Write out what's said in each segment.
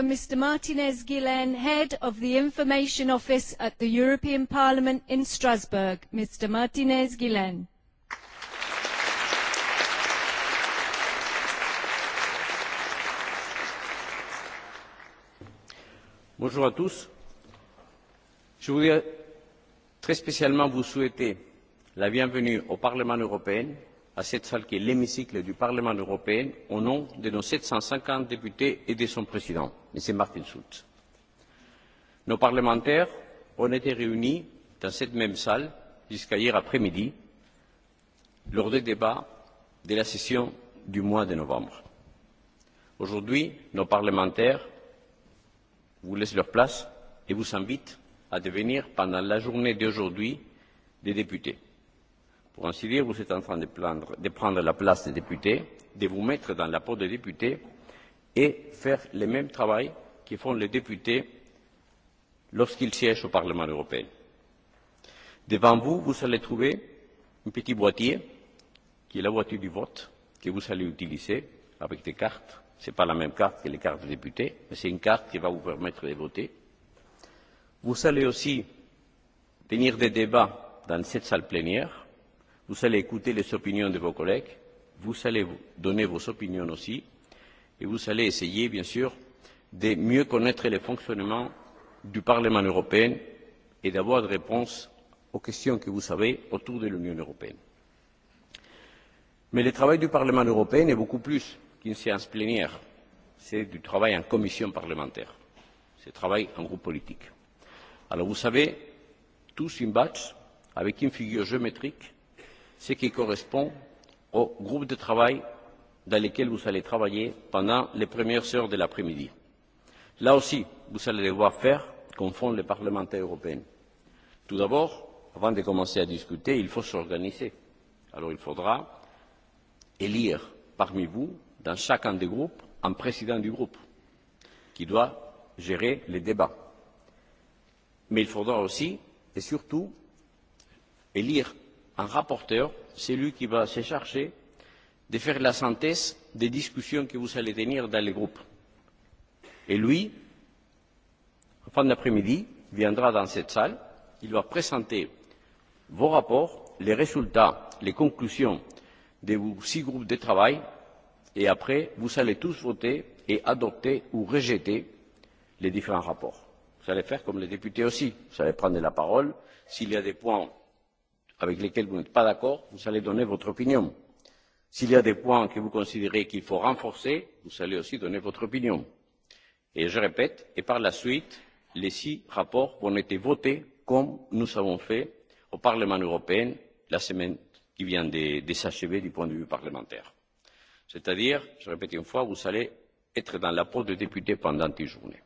welcome Mr. Martinez Gilen, Head of the Information Office at the European Parliament in Strasbourg. Mr. Martinez Gilen, Bonjour à tous. Je voudrais très spécialement vous souhaiter la bienvenue au Parlement européen à cette salle qui est l'hémicycle du Parlement européen au nom de nos sept cent cinquante députés et de son président, M. Martin Schulz. Nos parlementaires ont été réunis dans cette même salle jusqu'à hier après-midi lors des débats de la session du mois de novembre. Aujourd'hui, nos parlementaires vous laissent leur place et vous invitent à devenir, pendant la journée d'aujourd'hui, des députés pour ainsi dire, vous êtes en train de, plaindre, de prendre la place des députés, de vous mettre dans la peau des députés et faire le même travail que font les députés lorsqu'ils siègent au Parlement européen. Devant vous, vous allez trouver un petit boîtier qui est la voiture du vote que vous allez utiliser avec des cartes. Ce n'est pas la même carte que les cartes des députés, mais c'est une carte qui va vous permettre de voter. Vous allez aussi tenir des débats dans cette salle plénière Vous allez écouter les opinions de vos collègues, vous allez donner vos opinions aussi, et vous allez essayer, bien sûr, de mieux connaître le fonctionnement du Parlement européen et d'avoir des réponses aux questions que vous avez autour de l'Union européenne. Mais le travail du Parlement européen est beaucoup plus qu'une séance plénière. C'est du travail en commission parlementaire. C'est du travail en groupe politique. Alors vous savez, tous une batch avec une figure géométrique ce qui correspond au groupe de travail dans lequel vous allez travailler pendant les premières heures de l'après-midi. Là aussi, vous allez devoir faire comme font les parlementaires européens. Tout d'abord, avant de commencer à discuter, il faut s'organiser. Alors il faudra élire parmi vous, dans chacun des groupes, un président du groupe qui doit gérer les débats. Mais il faudra aussi et surtout élire un rapporteur, c'est lui qui va se charger de faire la synthèse des discussions que vous allez tenir dans les groupes. Et lui, en fin d'après-midi, viendra dans cette salle, il va présenter vos rapports, les résultats, les conclusions de vos six groupes de travail, et après, vous allez tous voter et adopter ou rejeter les différents rapports. Vous allez faire comme les députés aussi. Vous allez prendre la parole. S'il y a des points avec lesquels vous n'êtes pas d'accord, vous allez donner votre opinion. S'il y a des points que vous considérez qu'il faut renforcer, vous allez aussi donner votre opinion. Et je répète, et par la suite, les six rapports vont être votés comme nous avons fait au Parlement européen la semaine qui vient de, de s'achever du point de vue parlementaire. C'est-à-dire, je répète une fois, vous allez être dans la peau de député pendant une journée.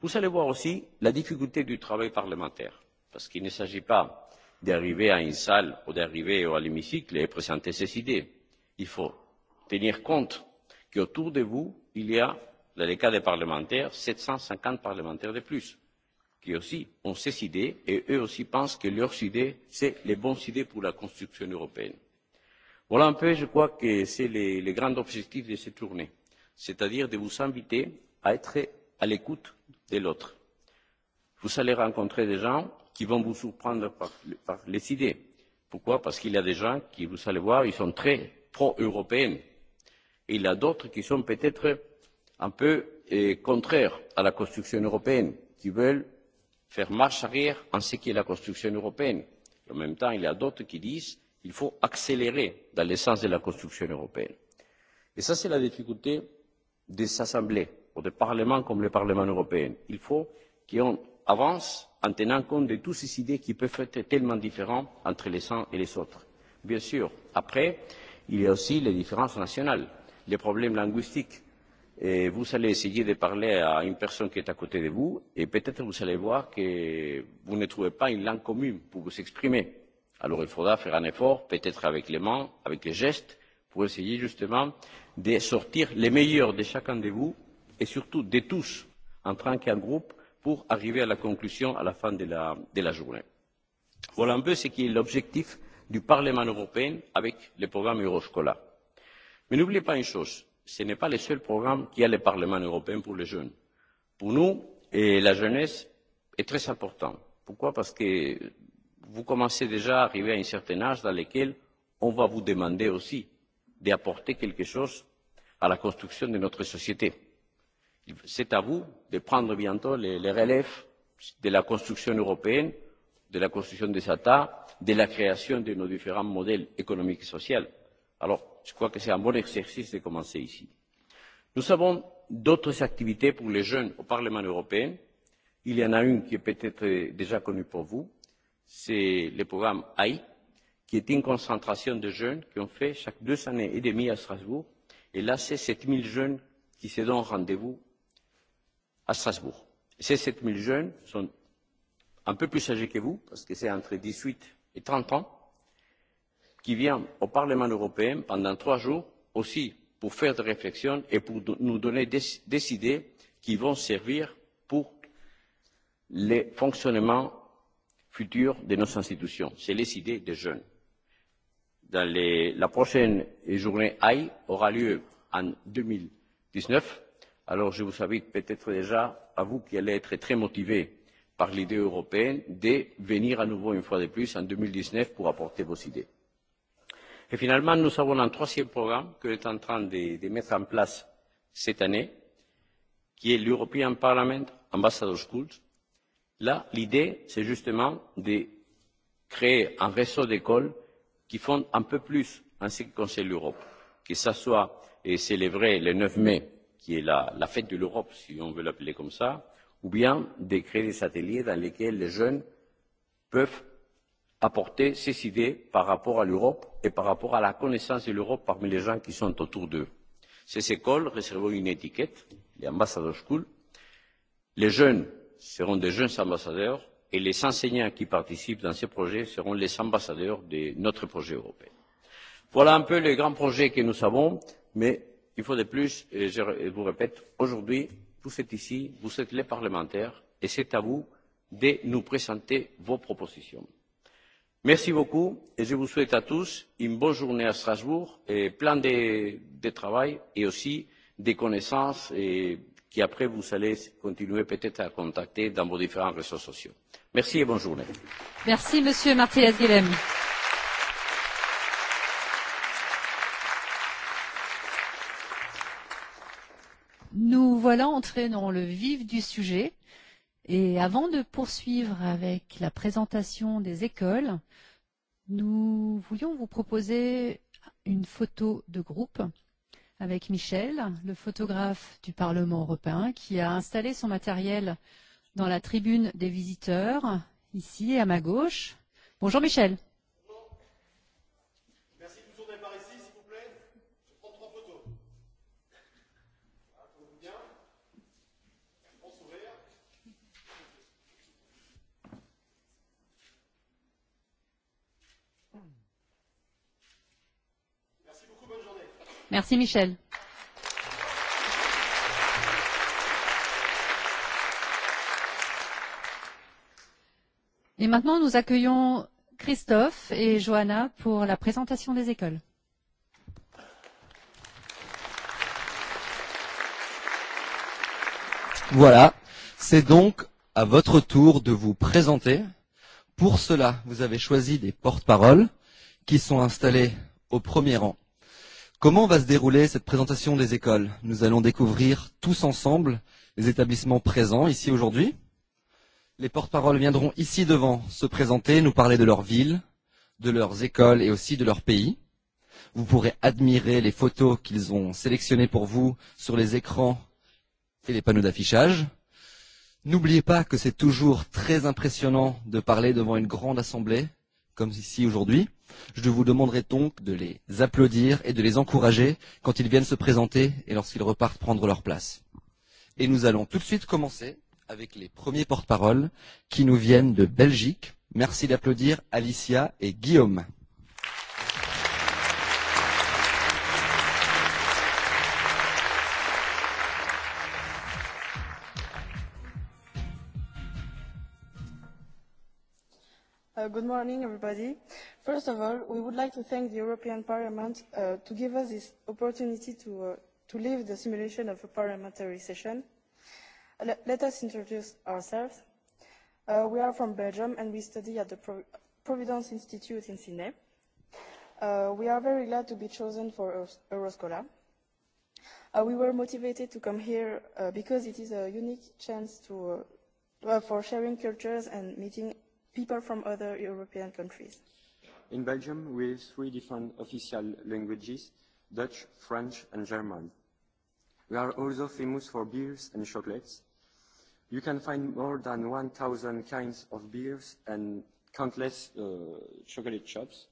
Vous allez voir aussi la difficulté du travail parlementaire, parce qu'il ne s'agit pas d'arriver à une salle ou d'arriver à l'hémicycle et présenter ses idées. Il faut tenir compte qu'autour de vous, il y a, dans le cas des parlementaires, 750 parlementaires de plus, qui aussi ont ces idées et eux aussi pensent que leurs idées, c'est les bonnes idées pour la construction européenne. Voilà un peu, je crois que c'est le, le grand objectif de cette journée, c'est-à-dire de vous inviter à être à l'écoute de l'autre. Vous allez rencontrer des gens qui vont vous surprendre par, par les idées. Pourquoi Parce qu'il y a des gens qui, vous allez voir, ils sont très pro-européens. Et il y a d'autres qui sont peut-être un peu eh, contraires à la construction européenne, qui veulent faire marche arrière en ce qui est la construction européenne. Et en même temps, il y a d'autres qui disent qu'il faut accélérer dans le sens de la construction européenne. Et ça, c'est la difficulté des assemblées, ou des parlements comme le Parlement européen. Il faut qu'ils avance en tenant compte de toutes ces idées qui peuvent être tellement différentes entre les uns et les autres. Bien sûr, après, il y a aussi les différences nationales, les problèmes linguistiques. Et vous allez essayer de parler à une personne qui est à côté de vous et peut-être vous allez voir que vous ne trouvez pas une langue commune pour vous exprimer. Alors il faudra faire un effort, peut-être avec les mains, avec les gestes, pour essayer justement de sortir les meilleurs de chacun de vous et surtout de tous en tant qu'un groupe pour arriver à la conclusion à la fin de la, de la journée. Voilà un peu ce qui est l'objectif du Parlement européen avec le programme Euroscola. Mais n'oubliez pas une chose, ce n'est pas le seul programme qui a le Parlement européen pour les jeunes. Pour nous, et la jeunesse est très importante. Pourquoi Parce que vous commencez déjà à arriver à un certain âge dans lequel on va vous demander aussi d'apporter quelque chose à la construction de notre société c'est à vous de prendre bientôt les, les relèves de la construction européenne, de la construction des États, de la création de nos différents modèles économiques et sociaux. Alors, je crois que c'est un bon exercice de commencer ici. Nous avons d'autres activités pour les jeunes au Parlement européen. Il y en a une qui est peut-être déjà connue pour vous. C'est le programme AI, qui est une concentration de jeunes qui ont fait chaque deux années et demie à Strasbourg. Et là, c'est 7000 jeunes qui se donnent rendez-vous à Strasbourg. Ces 7000 jeunes sont un peu plus âgés que vous, parce que c'est entre 18 et 30 ans, qui viennent au Parlement européen pendant trois jours aussi pour faire des réflexions et pour nous donner des, des idées qui vont servir pour le fonctionnement futur de nos institutions. C'est les idées des jeunes. Dans les, la prochaine journée AI aura lieu en 2019 Alors je vous invite peut-être déjà, à vous qui allez être très motivés par l'idée européenne, de venir à nouveau une fois de plus en 2019 pour apporter vos idées. Et finalement, nous avons un troisième programme que est en train de, de mettre en place cette année, qui est l'European Parliament Ambassador Schools. Là, l'idée, c'est justement de créer un réseau d'écoles qui font un peu plus en ce qui concerne l'Europe, que ça soit célébré le 9 mai qui est la, la fête de l'Europe, si on veut l'appeler comme ça, ou bien de créer des ateliers dans lesquels les jeunes peuvent apporter ces idées par rapport à l'Europe et par rapport à la connaissance de l'Europe parmi les gens qui sont autour d'eux. Ces écoles recevront une étiquette, les Ambassador School. Les jeunes seront des jeunes ambassadeurs et les enseignants qui participent dans ces projets seront les ambassadeurs de notre projet européen. Voilà un peu les grands projets que nous avons, mais Une fois de plus, je vous répète, aujourd'hui, vous êtes ici, vous êtes les parlementaires, et c'est à vous de nous présenter vos propositions. Merci beaucoup, et je vous souhaite à tous une bonne journée à Strasbourg, et plein de, de travail, et aussi des connaissances, et qui après vous allez continuer peut-être à contacter dans vos différents réseaux sociaux. Merci et bonne journée. Merci Monsieur Martínez Guilhem. voilà entrés dans le vif du sujet. Et avant de poursuivre avec la présentation des écoles, nous voulions vous proposer une photo de groupe avec Michel, le photographe du Parlement européen, qui a installé son matériel dans la tribune des visiteurs, ici à ma gauche. Bonjour Michel. Merci Michel. Et maintenant, nous accueillons Christophe et Johanna pour la présentation des écoles. Voilà, c'est donc à votre tour de vous présenter. Pour cela, vous avez choisi des porte-paroles qui sont installés au premier rang Comment va se dérouler cette présentation des écoles Nous allons découvrir tous ensemble les établissements présents ici aujourd'hui. Les porte-paroles viendront ici devant se présenter, nous parler de leur ville, de leurs écoles et aussi de leur pays. Vous pourrez admirer les photos qu'ils ont sélectionnées pour vous sur les écrans et les panneaux d'affichage. N'oubliez pas que c'est toujours très impressionnant de parler devant une grande assemblée, comme ici aujourd'hui. Je vous demanderai donc de les applaudir et de les encourager quand ils viennent se présenter et lorsqu'ils repartent prendre leur place. Et nous allons tout de suite commencer avec les premiers porte-paroles qui nous viennent de Belgique. Merci d'applaudir Alicia et Guillaume. Good morning, everybody. First of all, we would like to thank the European Parliament uh, to give us this opportunity to, uh, to leave the simulation of a parliamentary session. L let us introduce ourselves. Uh, we are from Belgium and we study at the Pro Providence Institute in Sydney. Uh, we are very glad to be chosen for Euroscola. Uh, we were motivated to come here uh, because it is a unique chance to, uh, for sharing cultures and meeting people from other European countries. In Belgium, we have three different official languages, Dutch, French and German. We are also famous for beers and chocolates. You can find more than 1,000 kinds of beers and countless uh, chocolate shops.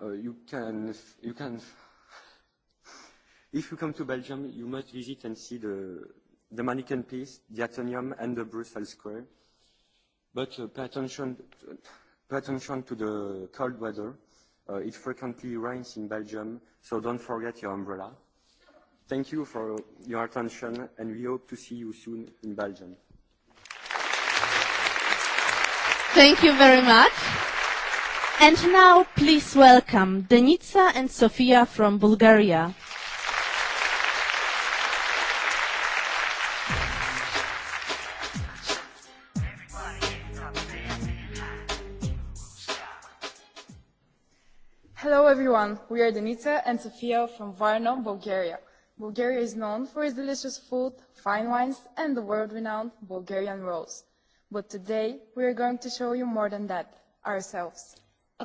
Uh, you can, you can, if you come to Belgium, you must visit and see the, the mannequin piece, the Atonium and the Brussels Square But uh, pay, attention, pay attention to the cold weather. Uh, it frequently rains in Belgium, so don't forget your umbrella. Thank you for your attention, and we hope to see you soon in Belgium. Thank you very much. And now, please welcome Denica and Sofia from Bulgaria. everyone, we are Danica and Sofia from Varna, Bulgaria. Bulgaria is known for its delicious food, fine wines, and the world-renowned Bulgarian rolls. But today, we are going to show you more than that, ourselves.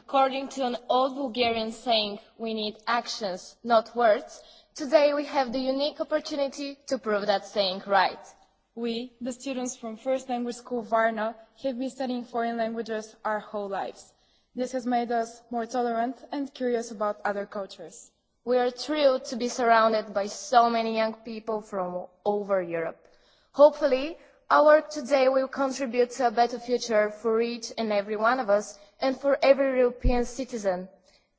According to an old Bulgarian saying, we need actions, not words, today we have the unique opportunity to prove that saying right. We, the students from First Language School Varna, have been studying foreign languages our whole lives – This has made us more tolerant and curious about other cultures. We are thrilled to be surrounded by so many young people from over Europe. Hopefully, our work today will contribute to a better future for each and every one of us and for every European citizen.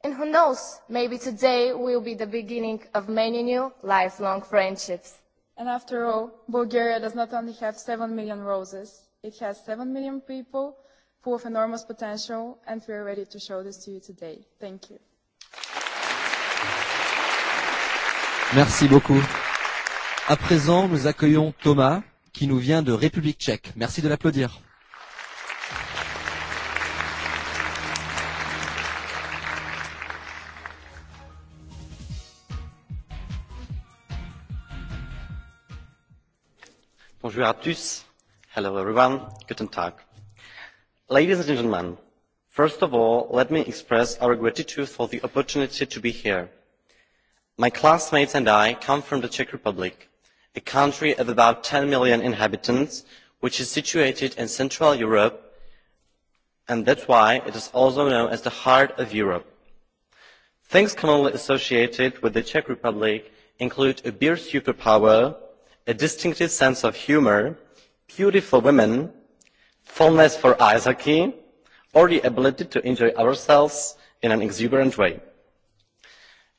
And who knows, maybe today will be the beginning of many new lifelong friendships. And after all, Bulgaria does not only have 7 million roses, it has 7 million people full of enormous potential, and we are ready to show this to you today. Thank you. Merci beaucoup. À présent, nous accueillons Thomas, qui nous vient de République tchèque. Merci de l'applaudir. Bonjour à tous. Hello everyone. Guten Tag. Uh, Ladies and gentlemen, first of all, let me express our gratitude for the opportunity to be here. My classmates and I come from the Czech Republic, a country of about 10 million inhabitants, which is situated in Central Europe, and that's why it is also known as the heart of Europe. Things commonly associated with the Czech Republic include a beer superpower, a distinctive sense of humor, beautiful women, fondness for ice hockey, or the ability to enjoy ourselves in an exuberant way.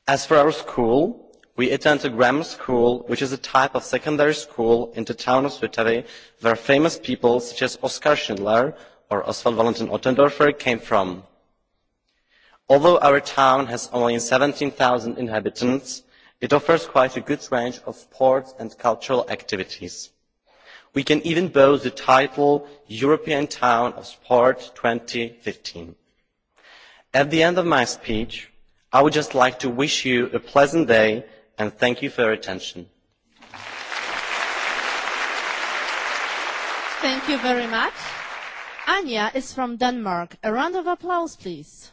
As for our school, we attend a grammar school, which is a type of secondary school in the town of Svitavy, where famous people such as Oskar Schindler or Oswald Valentin Ottendorfer came from. Although our town has only 17,000 inhabitants, it offers quite a good range of sports and cultural activities we can even boast the title European Town of Sport 2015. At the end of my speech, I would just like to wish you a pleasant day and thank you for your attention. Thank you very much. Anya is from Denmark. A round of applause, please.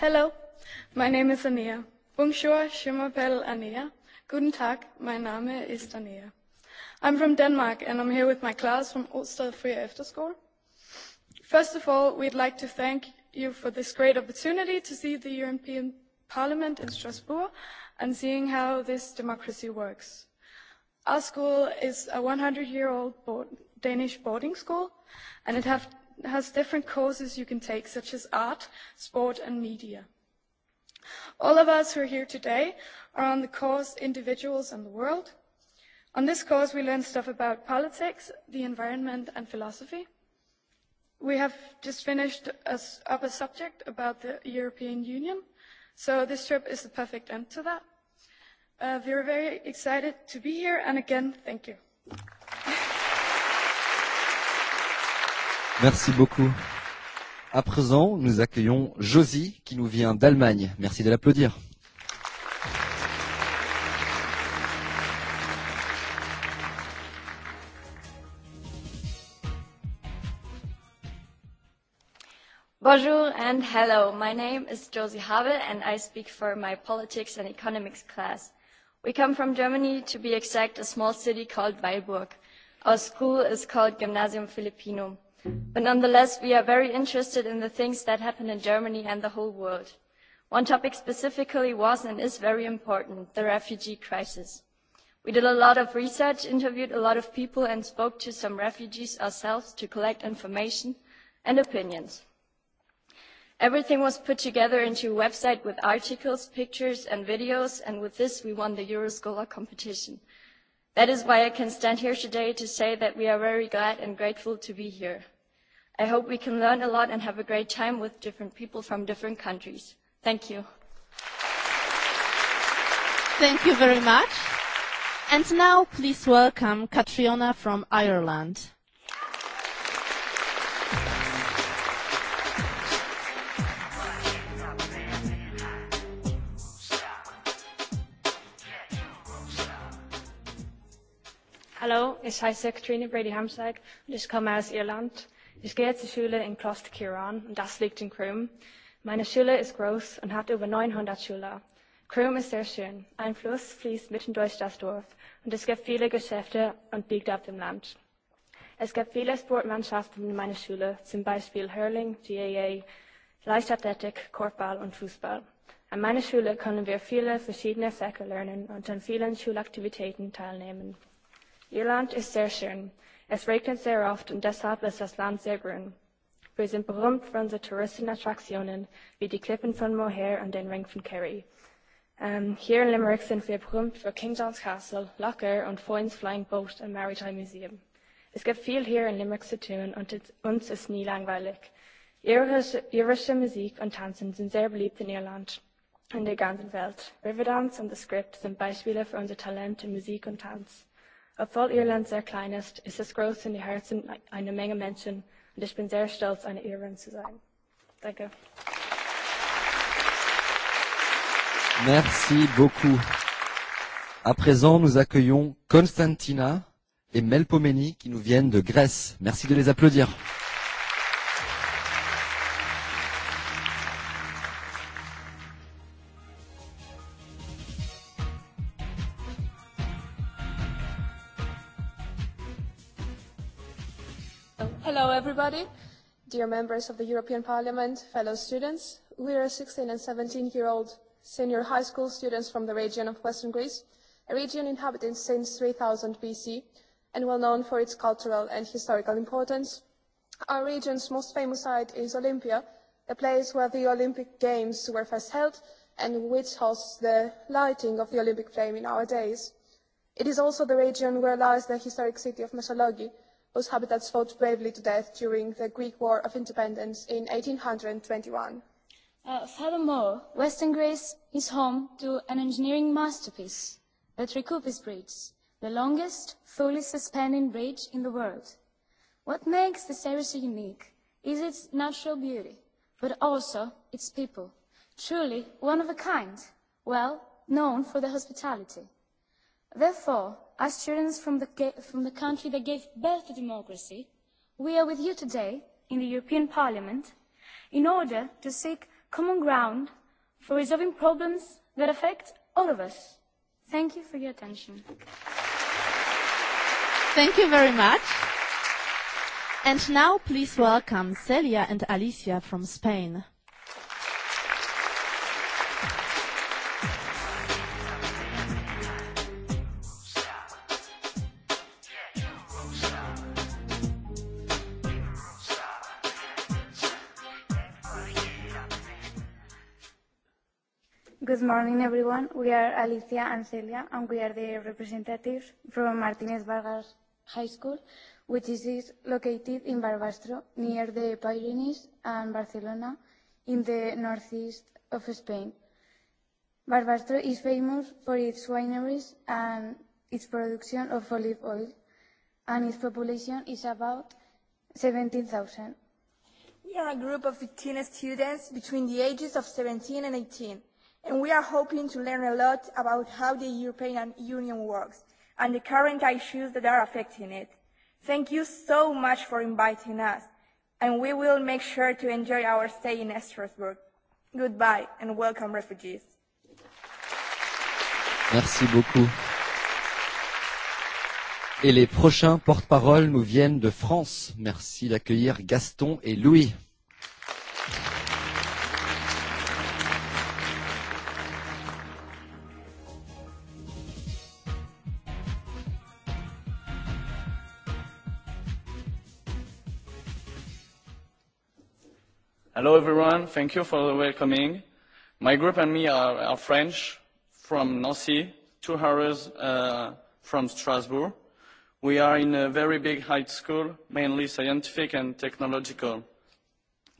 Hello, my name is Ania. Bonjour, je m'appelle Ania. Guten Tag, my Name is Ania. I'm from Denmark and I'm here with my class from Ulster Free After School. First of all, we'd like to thank you for this great opportunity to see the European Parliament in Strasbourg and seeing how this democracy works. Our school is a 100-year-old Danish boarding school and it has has different courses you can take, such as art, sport, and media. All of us who are here today are on the course Individuals and the World. On this course, we learn stuff about politics, the environment, and philosophy. We have just finished a, up a subject about the European Union, so this trip is the perfect end to that. Uh, we are very excited to be here, and again, thank you. Merci beaucoup. À présent, nous accueillons Josie qui nous vient d'Allemagne. Merci de l'applaudir. Bonjour and hello. My name is Josie Havel and I speak for my politics and economics class. We come from Germany, to be exact, a small city called Weilburg. Our school is called Gymnasium Filipinum But nonetheless, we are very interested in the things that happen in Germany and the whole world. One topic specifically was and is very important, the refugee crisis. We did a lot of research, interviewed a lot of people and spoke to some refugees ourselves to collect information and opinions. Everything was put together into a website with articles, pictures and videos and with this we won the Euroscholar competition. That is why I can stand here today to say that we are very glad and grateful to be here. I hope we can learn a lot and have a great time with different people from different countries. Thank you. Thank you very much. And now please welcome Catriona from Ireland. Hello, it's Isaac Trini Brady Hamside. I just come as Ireland. Ich gehe zur Schule in Klosterkiran und das liegt in Krum. Meine Schule ist groß und hat über 900 Schüler. Krum ist sehr schön. Ein Fluss fließt mitten durch das Dorf und es gibt viele Geschäfte und liegt auf dem Land. Es gibt viele Sportmannschaften in meiner Schule, zum Beispiel Hurling, GAA, Leichtathletik, Korbball und Fußball. An meiner Schule können wir viele verschiedene Fächer lernen und an vielen Schulaktivitäten teilnehmen. Irland ist sehr schön. Es regnet sehr oft und deshalb ist das Land sehr grün. Wir sind berühmt für unsere Touristenattraktionen wie die Klippen von Moher und den Ring von Kerry. Um, hier in Limerick sind wir berühmt für King John's Castle, Locker und Foynes Flying Boat und Maritime Museum. Es gibt viel hier in Limerick zu tun und uns ist nie langweilig. Irische Musik und Tanzen sind sehr beliebt in Irland und der ganzen Welt. Riverdance und The Script sind Beispiele für unser Talent in Musik und Tanz. Obwohl Irland sehr klein ist, ist es groß in den Herzen einer Menge Menschen und ich bin sehr stolz, eine Irin zu sein. Danke. Merci beaucoup. À présent, nous accueillons Constantina et Melpomeni qui nous viennent de Grèce. Merci de les applaudir. Hello, everybody. Dear members of the European Parliament, fellow students, we are 16 and 17-year-old senior high school students from the region of Western Greece, a region inhabited since 3000 BC and well known for its cultural and historical importance. Our region's most famous site is Olympia, a place where the Olympic Games were first held and which hosts the lighting of the Olympic flame in our days. It is also the region where lies the historic city of Mesologi, whose habitats fought bravely to death during the Greek War of Independence in 1821. Uh, furthermore, Western Greece is home to an engineering masterpiece, the Trikoupis Bridge, the longest fully suspending bridge in the world. What makes this area so unique is its natural beauty, but also its people, truly one of a kind, well known for their hospitality. Therefore, As students from the, from the country that gave birth to democracy, we are with you today in the European Parliament in order to seek common ground for resolving problems that affect all of us. Thank you for your attention. Thank you very much. And now please welcome Celia and Alicia from Spain. morning, everyone. We are Alicia and Celia, and we are the representatives from Martinez Vargas High School, which is located in Barbastro, near the Pyrenees and Barcelona, in the northeast of Spain. Barbastro is famous for its wineries and its production of olive oil, and its population is about 17,000. We are a group of 15 students between the ages of 17 and 18 and we are hoping to learn a lot about how the European Union works and the current issues that are affecting it. Thank you so much for inviting us, and we will make sure to enjoy our stay in Strasbourg. Goodbye and welcome refugees. Merci beaucoup. Et les prochains porte-parole nous viennent de France. Merci d'accueillir Gaston et Louis. Hello, everyone. Thank you for the welcoming. My group and me are, are French from Nancy, two hours uh, from Strasbourg. We are in a very big high school, mainly scientific and technological.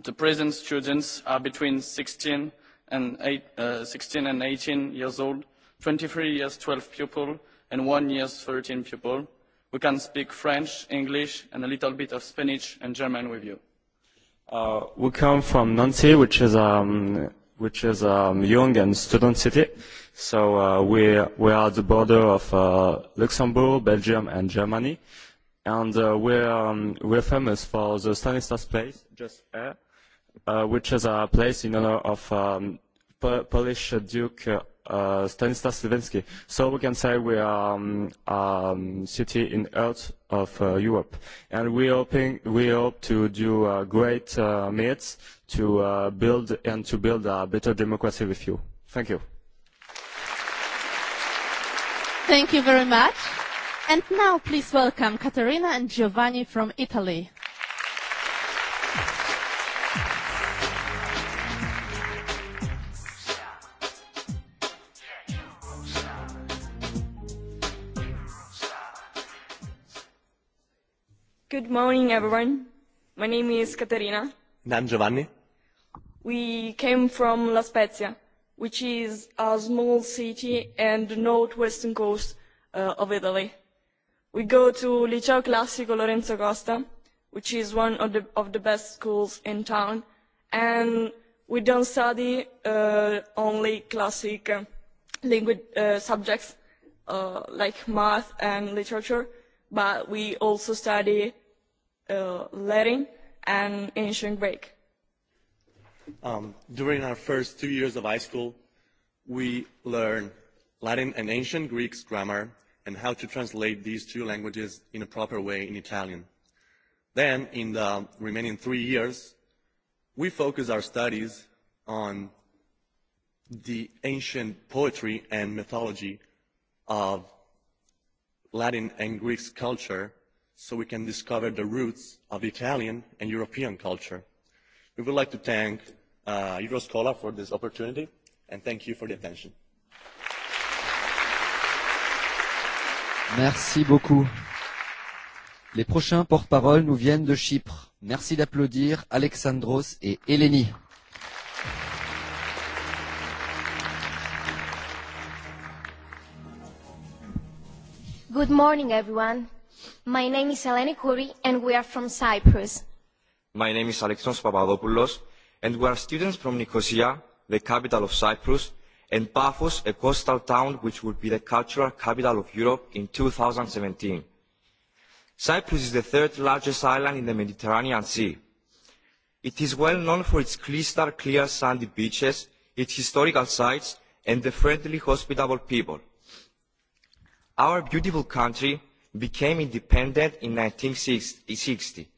The present students are between 16 and, eight, uh, 16 and 18 years old, 23 years 12 pupil, and one year 13 pupil. We can speak French, English, and a little bit of Spanish and German with you. Uh, we come from Nancy, which is um, which is a young and student city. So uh, we we are at the border of uh, Luxembourg, Belgium, and Germany, and uh, we're um, we're famous for the Stanislas Place, just here, uh, which is a place in honor of um, Polish Duke uh, Stanislas Levensky. So we can say we are um, um, city in heart of uh, Europe, and we hoping we hope to do uh, great uh, meets to uh, build and to build a better democracy with you. Thank you. Thank you very much. And now please welcome Caterina and Giovanni from Italy. Good morning, everyone. My name is Caterina. And I'm Giovanni. We came from La Spezia, which is a small city and the northwestern coast uh, of Italy. We go to Liceo Classico Lorenzo Costa, which is one of the, of the best schools in town, and we don't study uh, only classic uh, language uh, subjects uh, like math and literature, but we also study uh, Latin, and ancient Greek. Um, during our first two years of high school, we learn Latin and ancient Greek grammar and how to translate these two languages in a proper way in Italian. Then, in the remaining three years, we focus our studies on the ancient poetry and mythology of Latin and Greek culture so we can discover the roots of Italian and European culture. We would like to thank uh, Euroscola for this opportunity, and thank you for the attention. Merci beaucoup. Les prochains porte-parole nous viennent de Chypre. Merci d'applaudir Alexandros et Eleni. Good morning, everyone. My name is Eleni Kouri and we are from Cyprus. My name is Alexandros Papadopoulos and we are students from Nicosia, the capital of Cyprus, and Paphos, a coastal town which will be the cultural capital of Europe in 2017. Cyprus is the third largest island in the Mediterranean Sea. It is well known for its crystal clear sandy beaches, its historical sites, and the friendly, hospitable people. Our beautiful country became independent in 1960,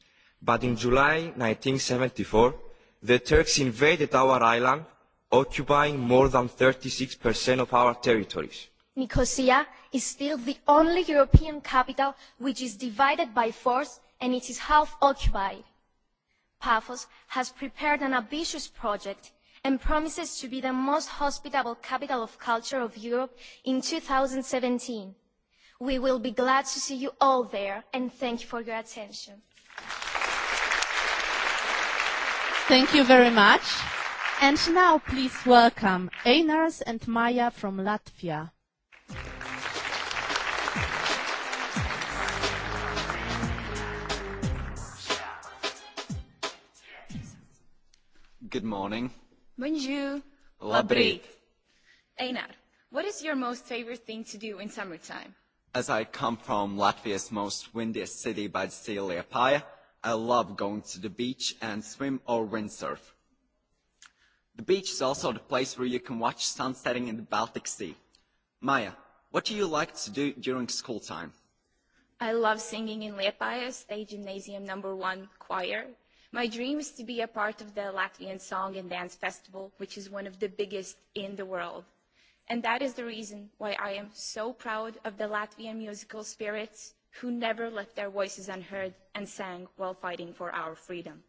but in July seventy four the Turks invaded our island, occupying more than 36% of our territories. Nicosia is still the only European capital which is divided by force and it is half occupied. Paphos has prepared an ambitious project and promises to be the most hospitable capital of culture of Europe in seventeen We will be glad to see you all there, and thank you for your attention. Thank you very much. And now please welcome Einars and Maya from Latvia. Good morning. Bonjour. Labrit. Einar, what is your most favorite thing to do in summertime? as I come from Latvia's most windiest city by the sea Liepāja, I love going to the beach and swim or windsurf. The beach is also the place where you can watch sun setting in the Baltic Sea. Maya, what do you like to do during school time? I love singing in Liepāja State Gymnasium number 1 choir. My dream is to be a part of the Latvian Song and Dance Festival, which is one of the biggest in the world. And that is the reason why I am so proud of the Latvian musical spirits who never left their voices unheard and sang while fighting for our freedom.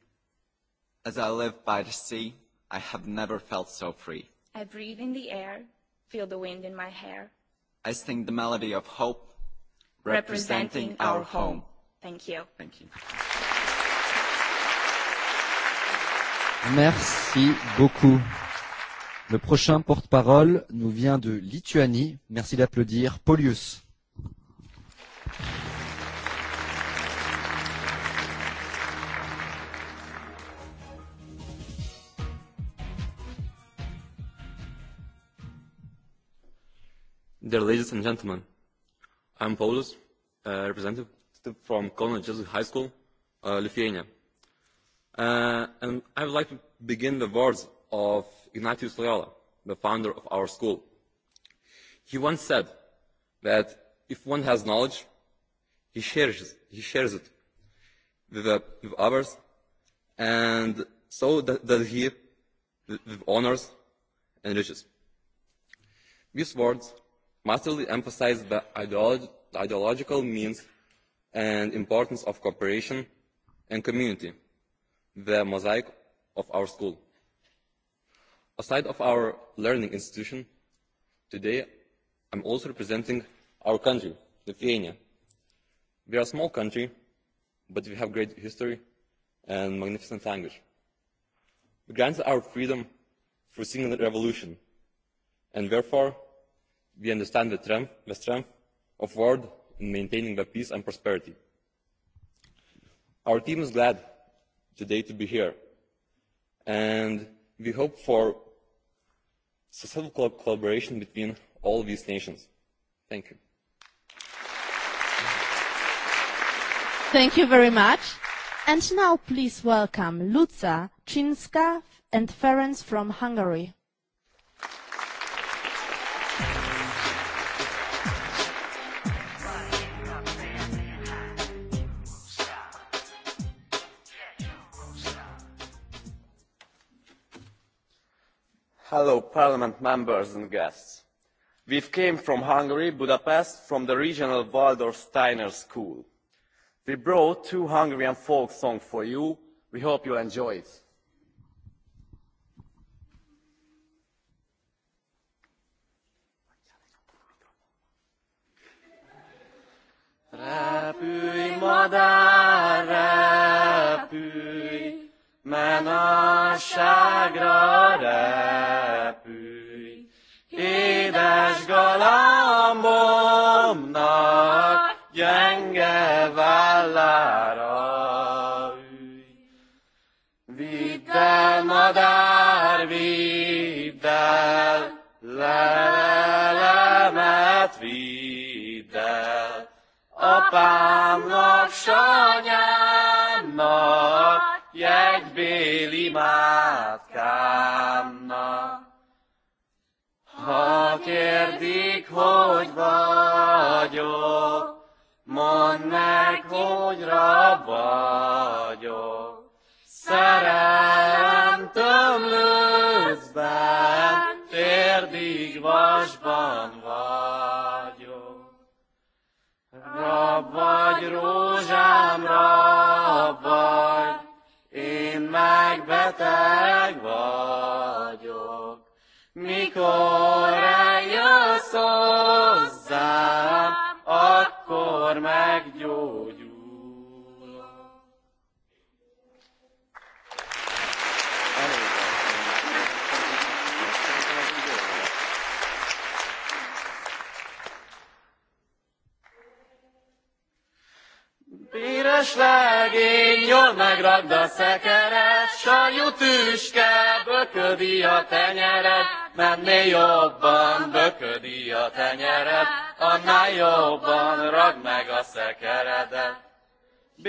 As I live by the sea, I have never felt so free. I breathe in the air, feel the wind in my hair. I sing the melody of hope, representing, representing our, our home. home. Thank you. Thank you. Merci beaucoup. Le prochain porte-parole nous vient de Lituanie. Merci d'applaudir Paulius. Dear ladies and gentlemen, I'm Paulus, uh, representative from Kaunas Jesuit High School, uh, Lithuania. Uh, and I would like to begin the words of Ignatius Loyola, the founder of our school. He once said that if one has knowledge, he shares, he shares it with, uh, with others, and so does he with, with honors and riches. These words masterly emphasize the ideolo- ideological means and importance of cooperation and community, the mosaic of our school. Aside of our learning institution, today I'm also representing our country, Lithuania. We are a small country, but we have great history and magnificent language. We granted our freedom through single revolution, and therefore we understand the, trem- the strength of world in maintaining the peace and prosperity. Our team is glad today to be here, and we hope for successful collaboration between all these nations. Thank you. Thank you very much. And now please welcome Luca Cinska and Ferenc from Hungary. Parliament members and guests. We came from Hungary, Budapest, from the regional Waldorf Steiner School. We brought two Hungarian folk songs for you. We hope you enjoy it. Repülj, madár, repülj, menasságra repülj édes galambomnak gyenge vállára ülj. Vidd el, madár, vidd el, lelemet vidd el, apámnak, sanyámnak, jegybéli mátkámnak. Ha kérdik, hogy vagyok, mondd meg, hogy rab vagyok. Szerelem tömlőzben, térdig vasban vagyok. Rab vagy, rózsám, rab vagy, én meg beteg vagyok. Mikor eljössz hozzám, akkor meggyógyul. Közöslegény nyol meg a szekeret, Sajú tüske, böködi a tenyered, Mennél jobban, böködi a tenyered, Annál jobban ragd meg a szekeredet. B.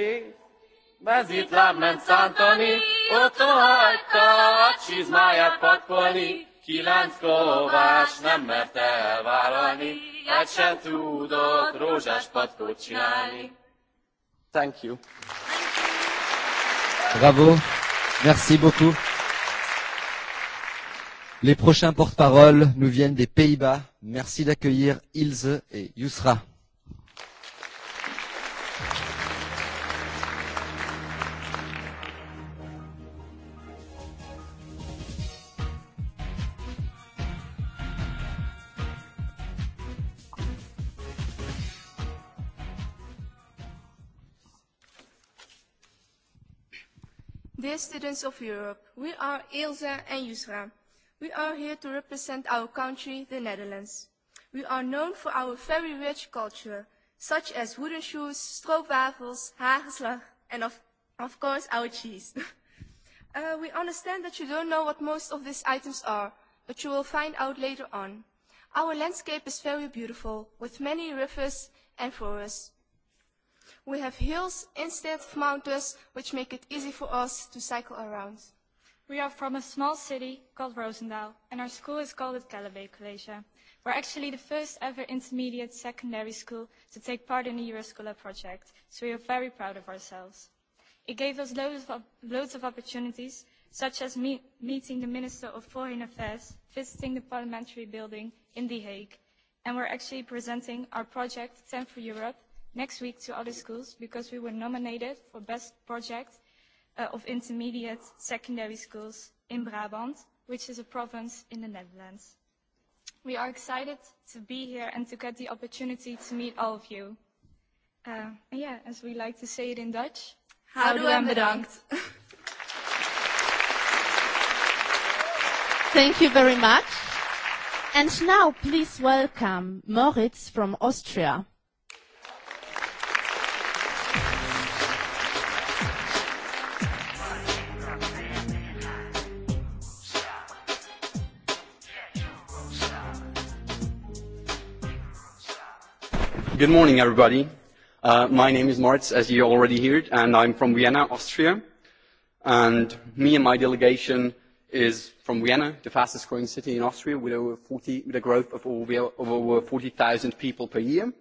Bezitlám ment szántani, ott hagyta a csizmáját pakolni, Kilenc kovás nem merte elvállalni, Egy sem tudott rózsás patkót csinálni. Thank you. Bravo. Merci beaucoup. Les prochains porte-parole nous viennent des Pays-Bas. Merci d'accueillir Ilse et Yusra. students of Europe. We are Ilse and Yusra. We are here to represent our country, the Netherlands. We are known for our very rich culture, such as wooden shoes, stroopwafels, hagelslag, and of, of course our cheese. uh, we understand that you don't know what most of these items are, but you will find out later on. Our landscape is very beautiful, with many rivers and forests. We have hills instead of mountains, which make it easy for us to cycle around. We are from a small city called Roosendaal, and our school is called the Calabay College. We're actually the first ever intermediate secondary school to take part in the Euroscola project, so we are very proud of ourselves. It gave us loads of, loads of opportunities, such as me meeting the Minister of Foreign Affairs, visiting the parliamentary building in The Hague, and we're actually presenting our project 10 for Europe next week to other schools because we were nominated for Best Project uh, of Intermediate Secondary Schools in Brabant, which is a province in the Netherlands. We are excited to be here and to get the opportunity to meet all of you. Uh, yeah, as we like to say it in Dutch. Houdoe en bedankt. Thank you very much. And now please welcome Moritz from Austria. Good morning, everybody. Uh, my name is Marz, as you already heard, and I'm from Vienna, Austria. And me and my delegation is from Vienna, the fastest growing city in Austria, with over 40, with a growth of over, of over 40,000 people per year.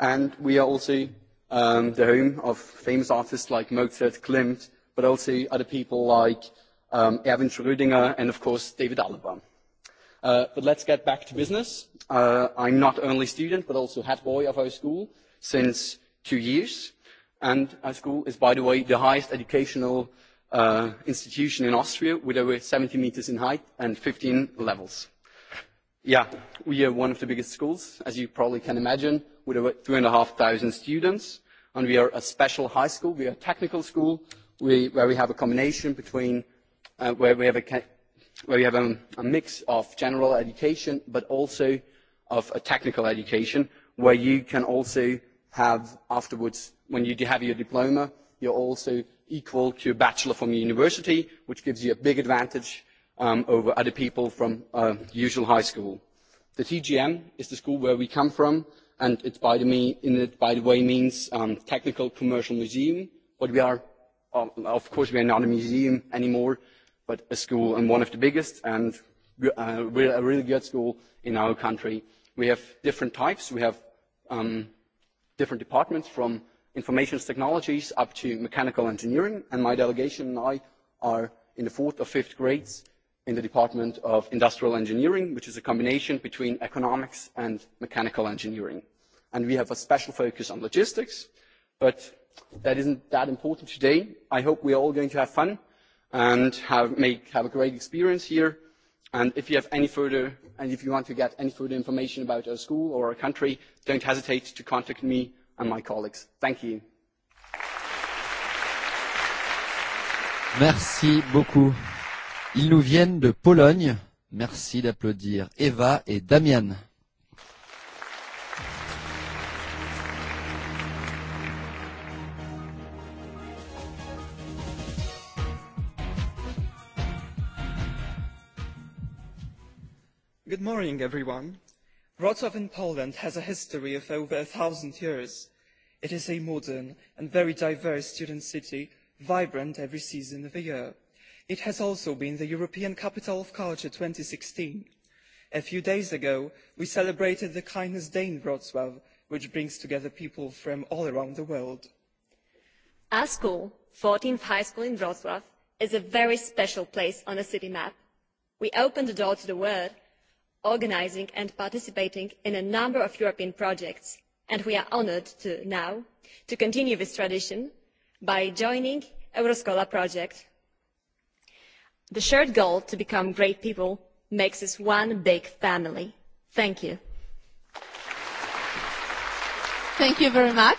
And we are also um, the home of famous artists like Mozart, Klimt, but also other people like um, Erwin Schrödinger and, of course, David Alaba but let's get back to business. Uh, I'm not only student, but also head boy of our school since two years. And our school is, by the way, the highest educational uh, institution in Austria with over 70 meters in height and 15 levels. Yeah, we are one of the biggest schools, as you probably can imagine, with over 3,500 students. And we are a special high school. We are a technical school we, where we have a combination between, uh, where we have a where we have a, a mix of general education but also of a technical education where you can also have afterwards, when you have your diploma, you're also equal to a bachelor from university, which gives you a big advantage um, over other people from uh, usual high school. The TGM is the school where we come from, and it by the, mean in it, by the way means um, Technical Commercial Museum, but we are, of course, we are not a museum anymore, but a school and one of the biggest and uh, a really good school in our country. We have different types. We have um, different departments from information technologies up to mechanical engineering and my delegation and I are in the fourth or fifth grades in the Department of Industrial Engineering, which is a combination between economics and mechanical engineering. And we have a special focus on logistics, but that isn't that important today. I hope we are all going to have fun and have, make, have a great experience here. And if you have any further, and if you want to get any further information about our school or our country, don't hesitate to contact me and my colleagues. Thank you. Merci beaucoup. Ils nous viennent de Pologne. Merci d'applaudir Eva et Damian. Good morning, everyone. Wrocław in Poland has a history of over a thousand years. It is a modern and very diverse student city, vibrant every season of the year. It has also been the European Capital of Culture sixteen. A few days ago, we celebrated the Kindness Day in Wrocław, which brings together people from all around the world. Our school, 14th High School in Wrocław, is a very special place on the city map. We opened the door to the world organising and participating in a number of European projects, and we are honoured now to continue this tradition by joining the Euroscola project. The shared goal to become great people makes us one big family. Thank you. Thank you very much.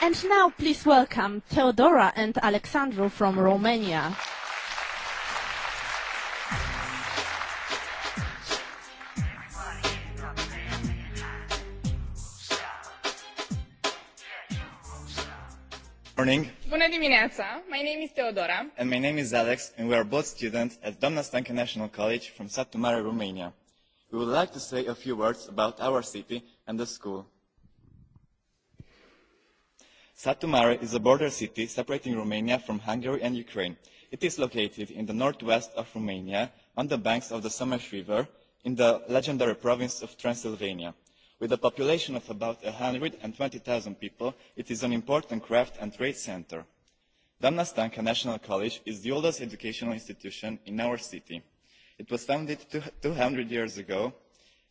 And now please welcome Theodora and Alexandru from Romania. morning. Bună dimineața. My name is Teodora. And my name is Alex, and we are both students at Doamna Stanca National College from Satu Mare, Romania. We would like to say a few words about our city and the school. Satu Mare is a border city separating Romania from Hungary and Ukraine. It is located in the northwest of Romania, on the banks of the Somes River, in the legendary province of Transylvania with a population of about one hundred and twenty zero people it is an important craft and trade centre. Damnastanka national college is the oldest educational institution in our city. it was founded two hundred years ago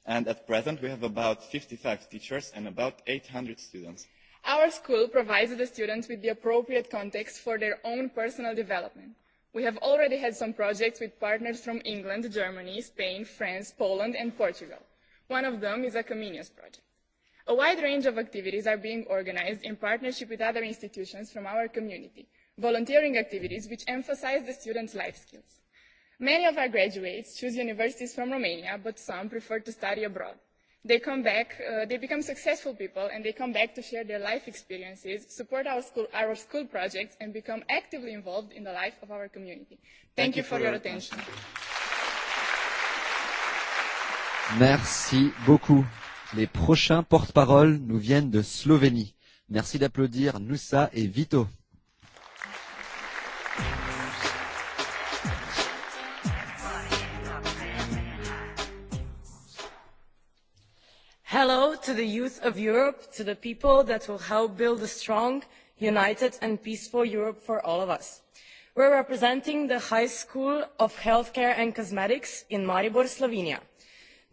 and at present we have about fifty five teachers and about eight hundred students. Our school provides the students with the appropriate context for their own personal development. We have already had some projects with partners from England, Germany, Spain, France, Poland and Portugal One of them is a Comenius project. A wide range of activities are being organized in partnership with other institutions from our community, volunteering activities which emphasize the students' life skills. Many of our graduates choose universities from Romania, but some prefer to study abroad. They come back, uh, they become successful people, and they come back to share their life experiences, support our school, our school projects, and become actively involved in the life of our community. Thank, Thank you for your attention. attention. Merci beaucoup. Les prochains porte-parole nous viennent de Slovénie. Merci d'applaudir Noussa et Vito. Hello to the youth of Europe, to the people that will help build a strong, united and peaceful Europe for all of us. We're representing the High School of Healthcare and Cosmetics in Maribor, Slovenia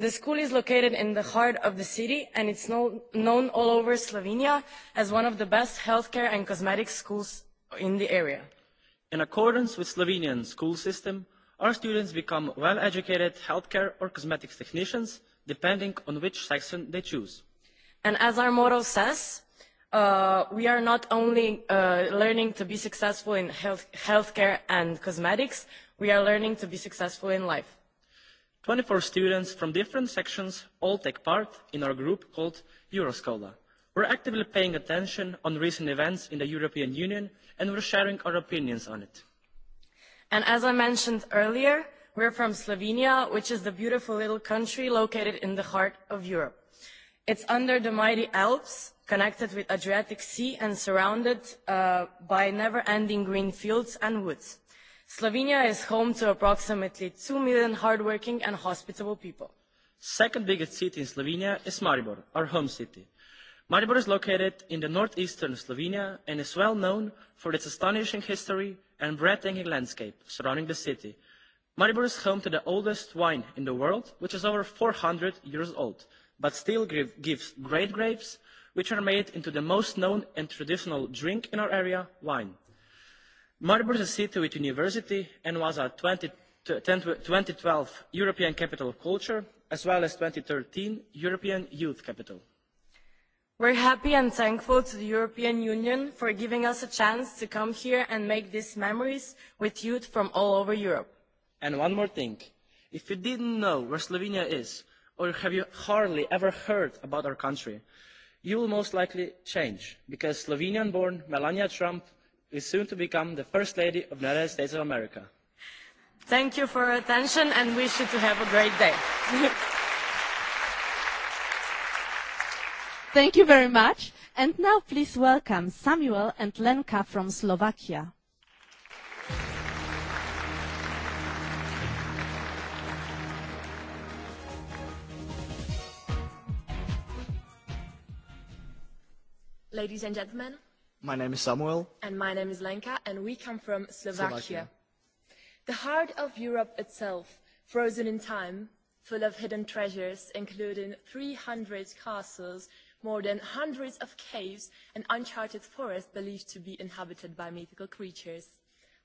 The school is located in the heart of the city and it's known all over Slovenia as one of the best healthcare and cosmetic schools in the area. In accordance with Slovenian school system, our students become well-educated healthcare or cosmetics technicians depending on which section they choose. And as our motto says, uh, we are not only uh, learning to be successful in health, healthcare and cosmetics, we are learning to be successful in life. 24 students from different sections all take part in our group called Euroscola. We're actively paying attention on recent events in the European Union and we're sharing our opinions on it. And as I mentioned earlier, we're from Slovenia, which is the beautiful little country located in the heart of Europe. It's under the mighty Alps, connected with Adriatic Sea and surrounded uh, by never-ending green fields and woods. Slovenia is home to approximately 2 million hardworking and hospitable people. Second biggest city in Slovenia is Maribor, our home city. Maribor is located in the northeastern Slovenia and is well known for its astonishing history and breathtaking landscape surrounding the city. Maribor is home to the oldest wine in the world, which is over 400 years old, but still gives great grapes, which are made into the most known and traditional drink in our area, wine. Maribor is a city with university and was a two thousand and twelve European Capital of Culture as well as two thousand and thirteen European Youth Capital. we are happy and thankful to the European Union for giving us a chance to come here and make these memories with youth from all over Europe. And one more thing. If you did not know where Slovenia is, or have you hardly ever heard about our country, you will most likely change, because Slovenian-born Melania Trump is soon to become the First Lady of the United States of America. Thank you for your attention and wish you to have a great day. Thank you very much. And now please welcome Samuel and Lenka from Slovakia. Ladies and gentlemen, My name is Samuel. And my name is Lenka, and we come from Slovakia. Slovakia. The heart of Europe itself, frozen in time, full of hidden treasures, including 300 castles, more than hundreds of caves, and uncharted forests believed to be inhabited by mythical creatures.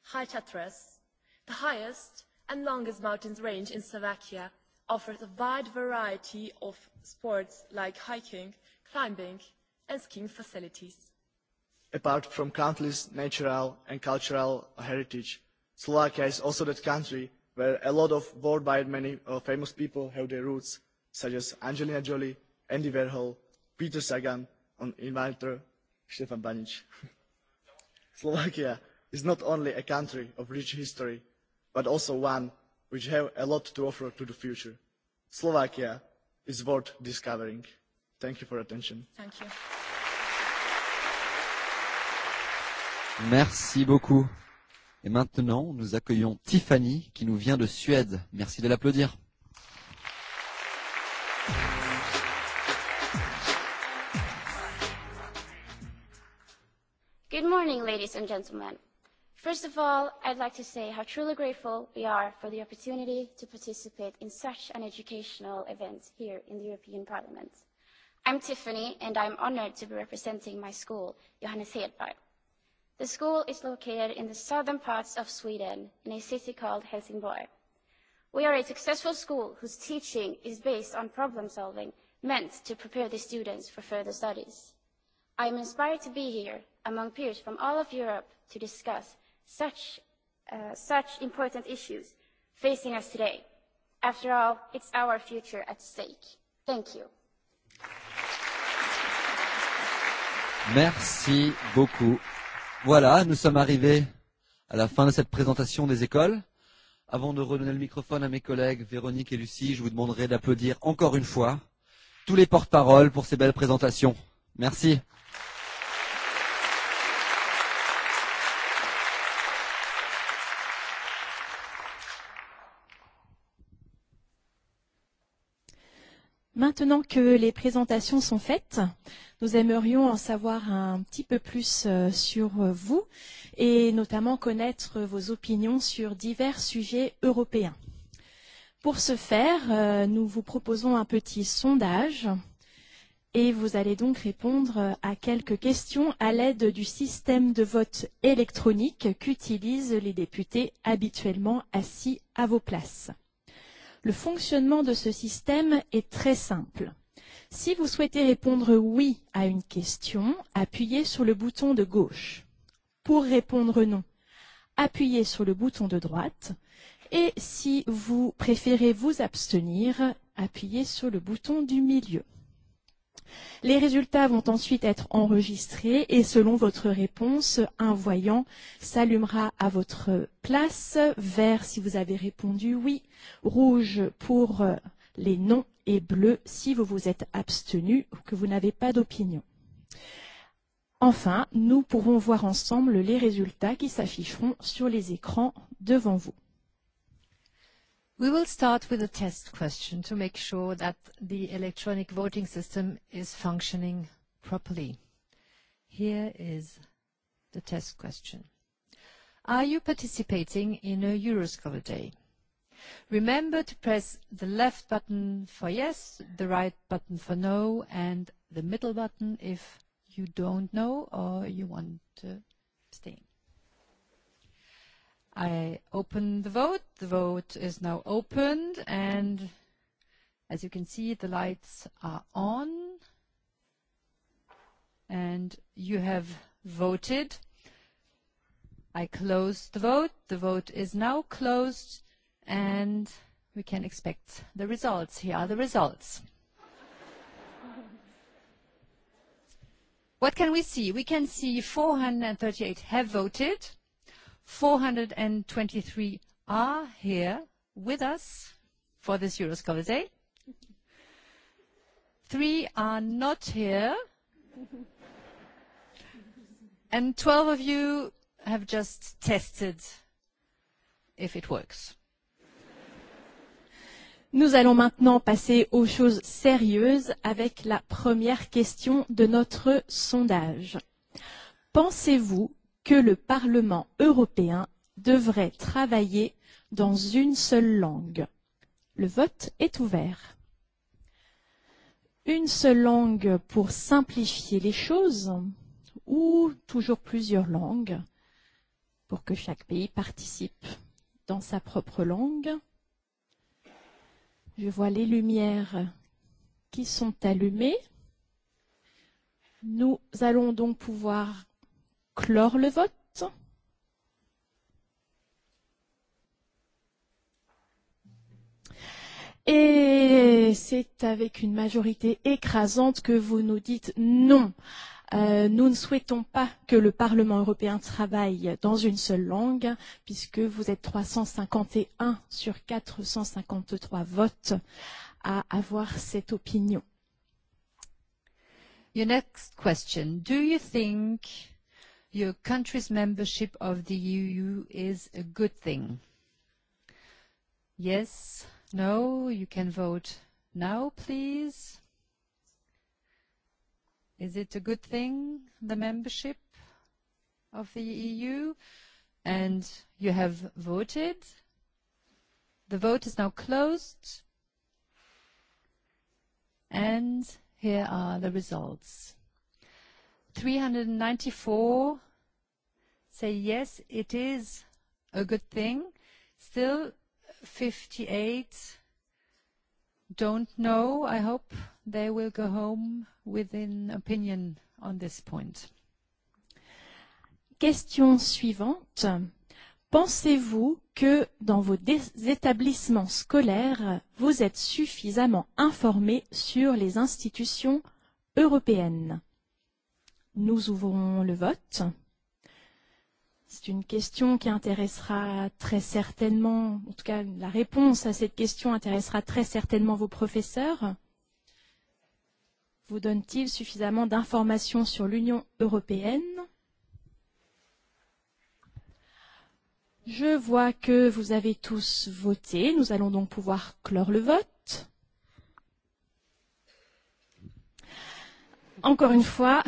High Tatras, the highest and longest mountains range in Slovakia, offers a wide variety of sports like hiking, climbing, and skiing facilities apart from countless natural and cultural heritage. Slovakia is also that country where a lot of worldwide many uh, famous people have their roots, such as Angelina Jolie, Andy Warhol, Peter Sagan, and inventor Stefan Banic. Slovakia is not only a country of rich history, but also one which has a lot to offer to the future. Slovakia is worth discovering. Thank you for attention. Thank you. Merci beaucoup. Et maintenant, nous accueillons Tiffany qui nous vient de Suède. Merci de l'applaudir. Good morning, ladies and gentlemen. First of all, I'd like to say how truly grateful we are for the opportunity to participate in such an educational event here in the European Parliament. I'm Tiffany, and I'm honored to be representing my school, Johannes Hedberg. The school is located in the southern parts of Sweden, in a city called Helsingborg. We are a successful school whose teaching is based on problem solving, meant to prepare the students for further studies. I am inspired to be here, among peers from all of Europe, to discuss such, uh, such important issues facing us today. After all, it's our future at stake. Thank you. Merci beaucoup. Voilà, nous sommes arrivés à la fin de cette présentation des écoles. Avant de redonner le microphone à mes collègues Véronique et Lucie, je vous demanderai d'applaudir encore une fois tous les porte-paroles pour ces belles présentations. Merci. Maintenant que les présentations sont faites, nous aimerions en savoir un petit peu plus sur vous et notamment connaître vos opinions sur divers sujets européens. Pour ce faire, nous vous proposons un petit sondage et vous allez donc répondre à quelques questions à l'aide du système de vote électronique qu'utilisent les députés habituellement assis à vos places. Le fonctionnement de ce système est très simple. Si vous souhaitez répondre oui à une question, appuyez sur le bouton de gauche. Pour répondre non, appuyez sur le bouton de droite. Et si vous préférez vous abstenir, appuyez sur le bouton du milieu. Les résultats vont ensuite être enregistrés et selon votre réponse, un voyant s'allumera à votre place, vert si vous avez répondu oui, rouge pour les non et bleu si vous vous êtes abstenu ou que vous n'avez pas d'opinion. Enfin, nous pourrons voir ensemble les résultats qui s'afficheront sur les écrans devant vous. We will start with a test question to make sure that the electronic voting system is functioning properly. Here is the test question. Are you participating in a Euroscholar Day? Remember to press the left button for yes, the right button for no, and the middle button if you don't know or you want to abstain. I open the vote. The vote is now opened, and as you can see, the lights are on, and you have voted. I close the vote. The vote is now closed, and we can expect the results. Here are the results. What can we see? We can see 438 have voted, 423 are here with us for this Euroscholar Day. Three are not here. And 12 of you have just tested if it works. Nous allons maintenant passer aux choses sérieuses avec la première question de notre sondage. Pensez-vous que le Parlement européen devrait travailler dans une seule langue. Le vote est ouvert. Une seule langue pour simplifier les choses ou toujours plusieurs langues pour que chaque pays participe dans sa propre langue. Je vois les lumières qui sont allumées. Nous allons donc pouvoir clore le vote. Et c'est avec une majorité écrasante que vous nous dites non. Euh, nous ne souhaitons pas que le Parlement européen travaille dans une seule langue, puisque vous êtes 351 sur 453 votes à avoir cette opinion. Your next question. Do you think your country's membership of the EU is a good thing? Yes, no, you can vote now, please. Is it a good thing, the membership of the EU? And you have voted. The vote is now closed. And here are the results. 394 say yes, it is a good thing. Still, 58 don't know. I hope they will go home with an opinion on this point. Question suivante. Pensez-vous que dans vos établissements scolaires, vous êtes suffisamment informés sur les institutions européennes Nous ouvrons le vote. C'est une question qui intéressera très certainement, en tout cas la réponse à cette question intéressera très certainement vos professeurs. Vous donne-t-il suffisamment d'informations sur l'Union européenne Je vois que vous avez tous voté. Nous allons donc pouvoir clore le vote. Encore une fois,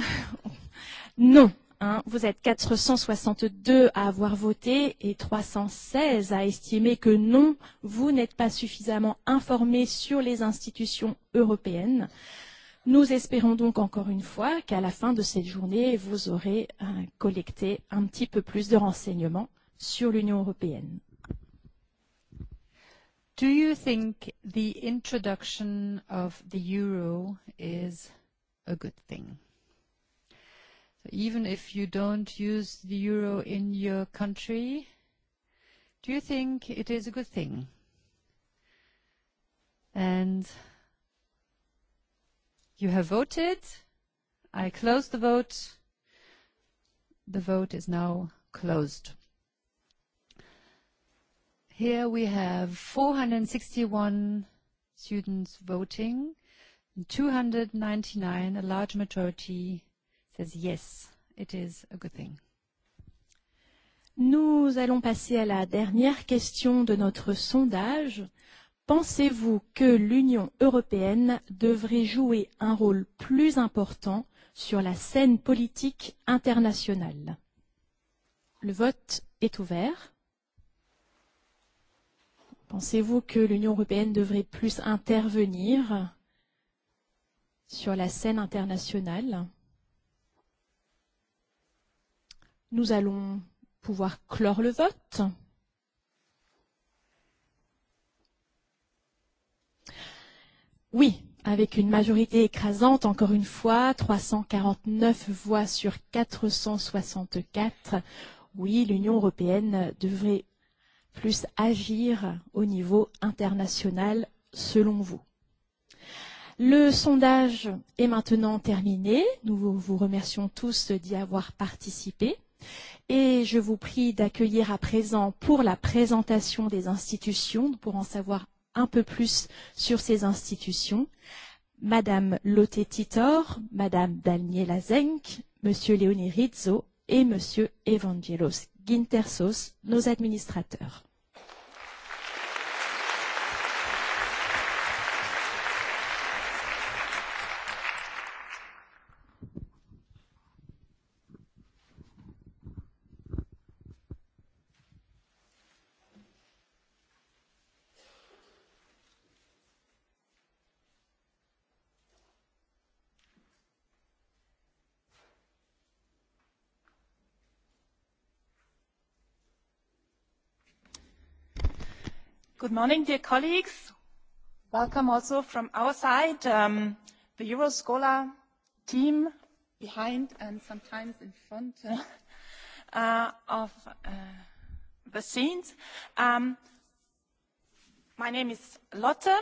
non. Hein, vous êtes 462 à avoir voté et 316 à estimer que non, vous n'êtes pas suffisamment informé sur les institutions européennes. Nous espérons donc encore une fois qu'à la fin de cette journée, vous aurez euh, collecté un petit peu plus de renseignements sur l'Union européenne. Do you think the introduction of the euro is a good thing? even if you don't use the euro in your country? Do you think it is a good thing? And you have voted. I close the vote. The vote is now closed. Here we have 461 students voting, 299, a large majority says yes, it is a good thing. Nous allons passer à la dernière question de notre sondage. Pensez-vous que l'Union européenne devrait jouer un rôle plus important sur la scène politique internationale Le vote est ouvert. Pensez-vous que l'Union européenne devrait plus intervenir sur la scène internationale Nous allons pouvoir clore le vote. Oui, avec une majorité écrasante, encore une fois, 349 voix sur 464. Oui, l'Union européenne devrait plus agir au niveau international, selon vous. Le sondage est maintenant terminé. Nous vous remercions tous d'y avoir participé. Et je vous prie d'accueillir à présent pour la présentation des institutions, pour en savoir un peu plus sur ces institutions, Madame Lotte Titor, Madame Daniela Zenk, Monsieur Léonie Rizzo et Monsieur Evangelos Gintersos, nos administrateurs. Good morning, dear colleagues. Welcome also from our side, um, the Euroscholar team behind and sometimes in front uh, of uh, the scenes. Um, my name is Lotte.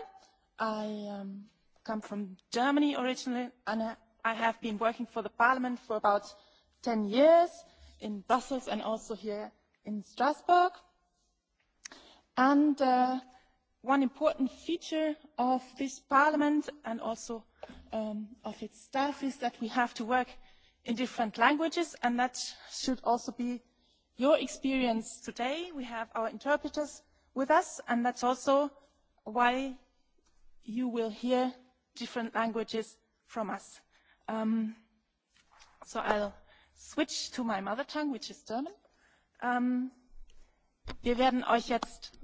I um, come from Germany originally, and I have been working for the Parliament for about 10 years in Brussels and also here in Strasbourg. And uh, one important feature of this parliament and also um, of its staff is that we have to work in different languages and that should also be your experience today. We have our interpreters with us and that's also why you will hear different languages from us. Um, so I'll switch to my mother tongue, which is German. Um, wir werden euch jetzt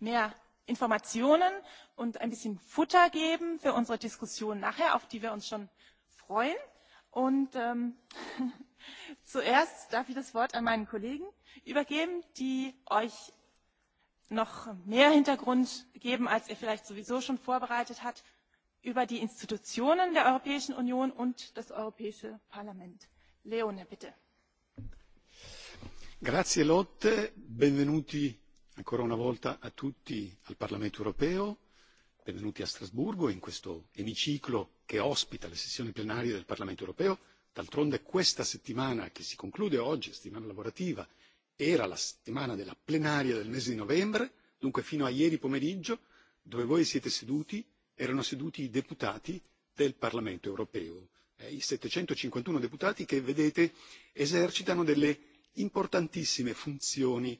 mehr Informationen und ein bisschen Futter geben für unsere Diskussion nachher, auf die wir uns schon freuen. Und ähm, zuerst darf ich das Wort an meinen Kollegen übergeben, die euch noch mehr Hintergrund geben, als ihr vielleicht sowieso schon vorbereitet habt, über die Institutionen der Europäischen Union und das Europäische Parlament. Leone, bitte. Grazie Lotte, benvenuti ancora una volta a tutti al Parlamento europeo, benvenuti a Strasburgo in questo emiciclo che ospita le sessioni plenarie del Parlamento europeo. D'altronde questa settimana che si conclude oggi, settimana lavorativa, era la settimana della plenaria del mese di novembre, dunque fino a ieri pomeriggio, dove voi siete seduti, erano seduti i deputati del Parlamento europeo, i settecentocinquantuno deputati che, vedete, esercitano delle importantissime funzioni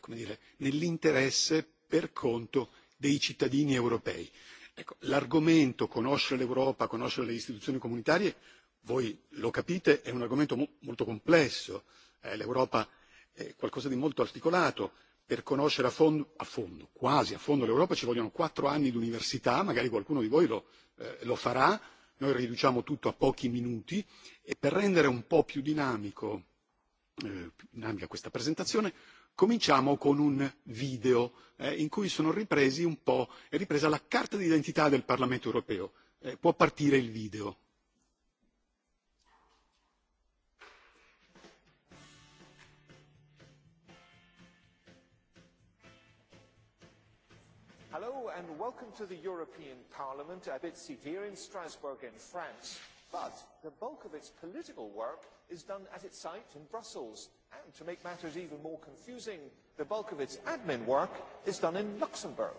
come dire, nell'interesse per conto dei cittadini europei. Ecco, l'argomento conoscere l'Europa, conoscere le istituzioni comunitarie, voi lo capite, è un argomento mo- molto complesso. Eh, L'Europa è qualcosa di molto articolato. Per conoscere a fondo, a fondo, quasi a fondo l'Europa ci vogliono quattro anni di università, magari qualcuno di voi lo, eh, lo farà, noi riduciamo tutto a pochi minuti e per rendere un po' più dinamico, eh, dinamica questa presentazione Cominciamo con un video eh, in cui sono ripresi un po', è ripresa la carta d'identità del Parlamento europeo. Eh, può partire il video. Hello and welcome to the European Parliament at its seat here in Strasbourg in France. But the bulk of its political work is done at its site in Brussels And to make matters even more confusing, the bulk of its admin work is done in Luxembourg.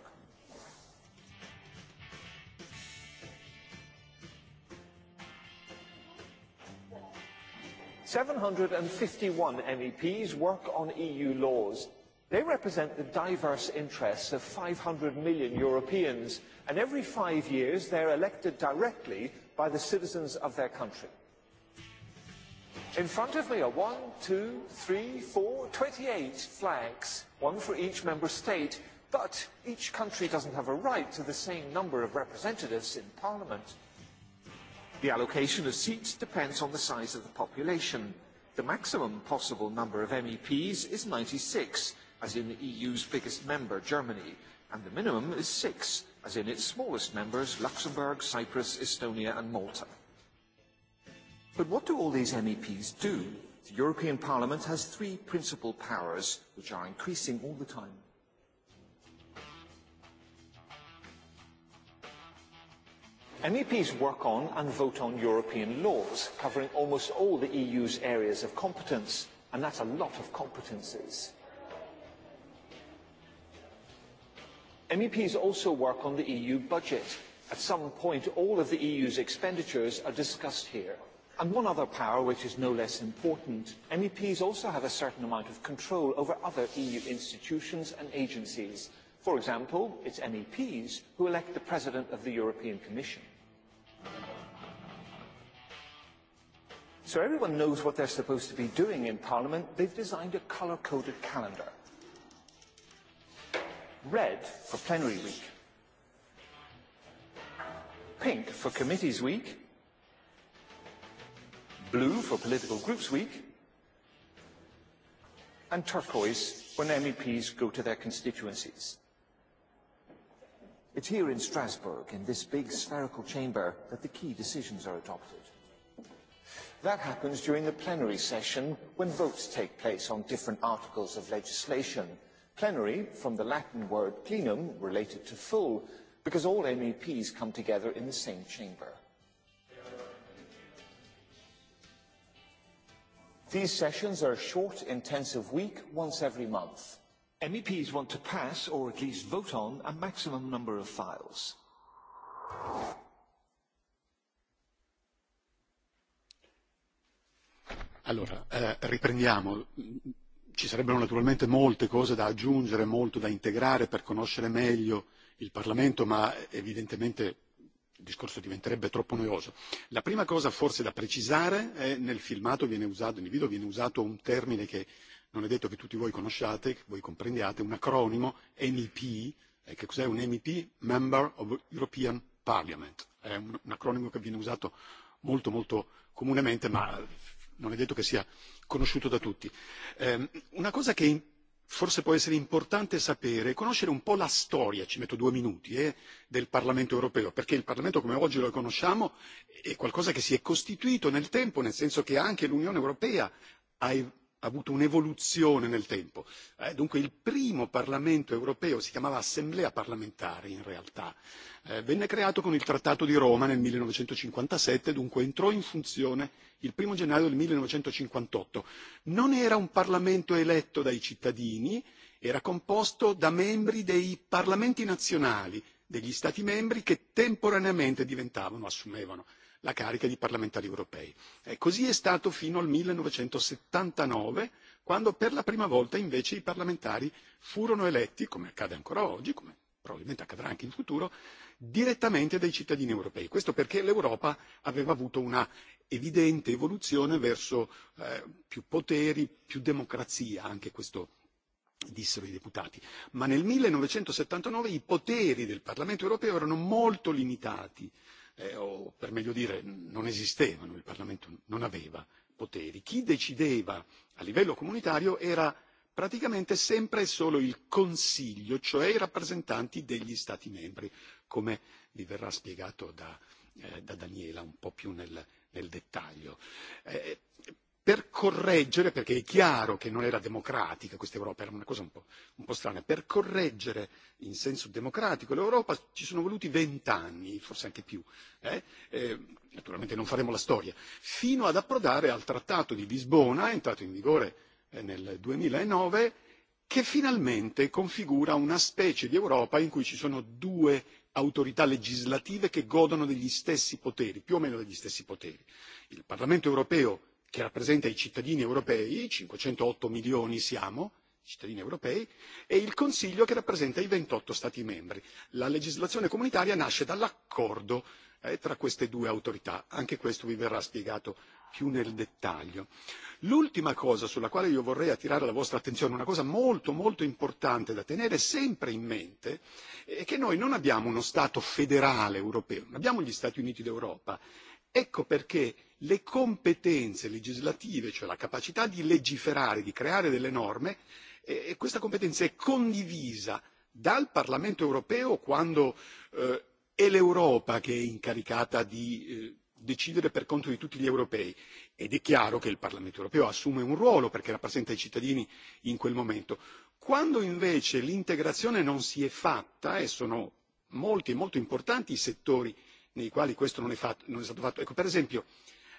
Seven hundred and fifty-one MEPs work on EU laws. They represent the diverse interests of five hundred million Europeans, and every five years they are elected directly by the citizens of their country. In front of me are one, two, three, four, 28 flags, one for each member state, but each country doesn't have a right to the same number of representatives in Parliament. The allocation of seats depends on the size of the population. The maximum possible number of MEPs is 96, as in the EU's biggest member, Germany, and the minimum is six, as in its smallest members, Luxembourg, Cyprus, Estonia and Malta. But what do all these MEPs do? The European Parliament has three principal powers, which are increasing all the time. MEPs work on and vote on European laws, covering almost all the EU's areas of competence, and that's a lot of competences. MEPs also work on the EU budget. At some point, all of the EU's expenditures are discussed here. And one other power, which is no less important, MEPs also have a certain amount of control over other EU institutions and agencies. For example, it's MEPs who elect the President of the European Commission. So everyone knows what they're supposed to be doing in Parliament. They've designed a colour-coded calendar. Red for plenary week. Pink for committees week blue for Political Groups Week, and turquoise when MEPs go to their constituencies. It's here in Strasbourg, in this big spherical chamber, that the key decisions are adopted. That happens during the plenary session when votes take place on different articles of legislation. Plenary, from the Latin word plenum, related to full, because all MEPs come together in the same chamber. These sessions are a short, intensive week, once every month. MEPs want to pass, or at least vote on, a maximum number of files. Allora, eh, riprendiamo. Ci sarebbero naturalmente molte cose da aggiungere, molto da integrare per conoscere meglio il Parlamento, ma evidentemente il discorso diventerebbe troppo noioso. La prima cosa forse da precisare è nel filmato viene usato, nel video viene usato un termine che non è detto che tutti voi conosciate, che voi comprendiate, un acronimo MEP, che cos'è un MEP? Member of European Parliament. È un, un acronimo che viene usato molto molto comunemente, ma non è detto che sia conosciuto da tutti. Eh, una cosa che forse può essere importante sapere, conoscere un po' la storia, ci metto due minuti, eh, del Parlamento europeo, perché il Parlamento come oggi lo conosciamo è qualcosa che si è costituito nel tempo, nel senso che anche l'Unione europea ha avuto un'evoluzione nel tempo. Eh, dunque il primo Parlamento europeo si chiamava Assemblea parlamentare in realtà. Eh, venne creato con il Trattato di Roma nel 1957, dunque entrò in funzione il 1 gennaio del 1958. Non era un Parlamento eletto dai cittadini, era composto da membri dei Parlamenti nazionali degli Stati membri che temporaneamente diventavano, assumevano la carica di parlamentari europei. E così è stato fino al millenovecentosettantanove, quando per la prima volta invece i parlamentari furono eletti, come accade ancora oggi, come probabilmente accadrà anche in futuro, direttamente dai cittadini europei. Questo perché l'Europa aveva avuto una evidente evoluzione verso eh, più poteri, più democrazia, anche questo dissero i deputati. Ma nel millenovecentosettantanove i poteri del Parlamento europeo erano molto limitati eh, o per meglio dire non esistevano, il Parlamento non aveva poteri. Chi decideva a livello comunitario era praticamente sempre e solo il Consiglio, cioè i rappresentanti degli Stati membri, come vi verrà spiegato da, eh, da Daniela un po' più nel, nel dettaglio. Eh, per correggere, perché è chiaro che non era democratica questa Europa, era una cosa un po', un po strana, per correggere in senso democratico l'Europa ci sono voluti vent'anni, forse anche più, eh? Eh, naturalmente non faremo la storia, fino ad approdare al Trattato di Lisbona, entrato in vigore nel duemilanove, che finalmente configura una specie di Europa in cui ci sono due autorità legislative che godono degli stessi poteri, più o meno degli stessi poteri. Il Parlamento europeo che rappresenta i cittadini europei, 508 milioni siamo, cittadini europei, e il Consiglio che rappresenta i 28 Stati membri. La legislazione comunitaria nasce dall'accordo eh, tra queste due autorità, anche questo vi verrà spiegato più nel dettaglio. L'ultima cosa sulla quale io vorrei attirare la vostra attenzione, una cosa molto molto importante da tenere sempre in mente, è che noi non abbiamo uno Stato federale europeo, non abbiamo gli Stati Uniti d'Europa Ecco perché le competenze legislative, cioè la capacità di legiferare, di creare delle norme, eh, questa competenza è condivisa dal Parlamento europeo quando eh, è l'Europa che è incaricata di eh, decidere per conto di tutti gli europei ed è chiaro che il Parlamento europeo assume un ruolo perché rappresenta i cittadini in quel momento. Quando invece l'integrazione non si è fatta, e sono molti e molto importanti i settori nei quali questo non è, fatto, non è stato fatto. Ecco, per esempio,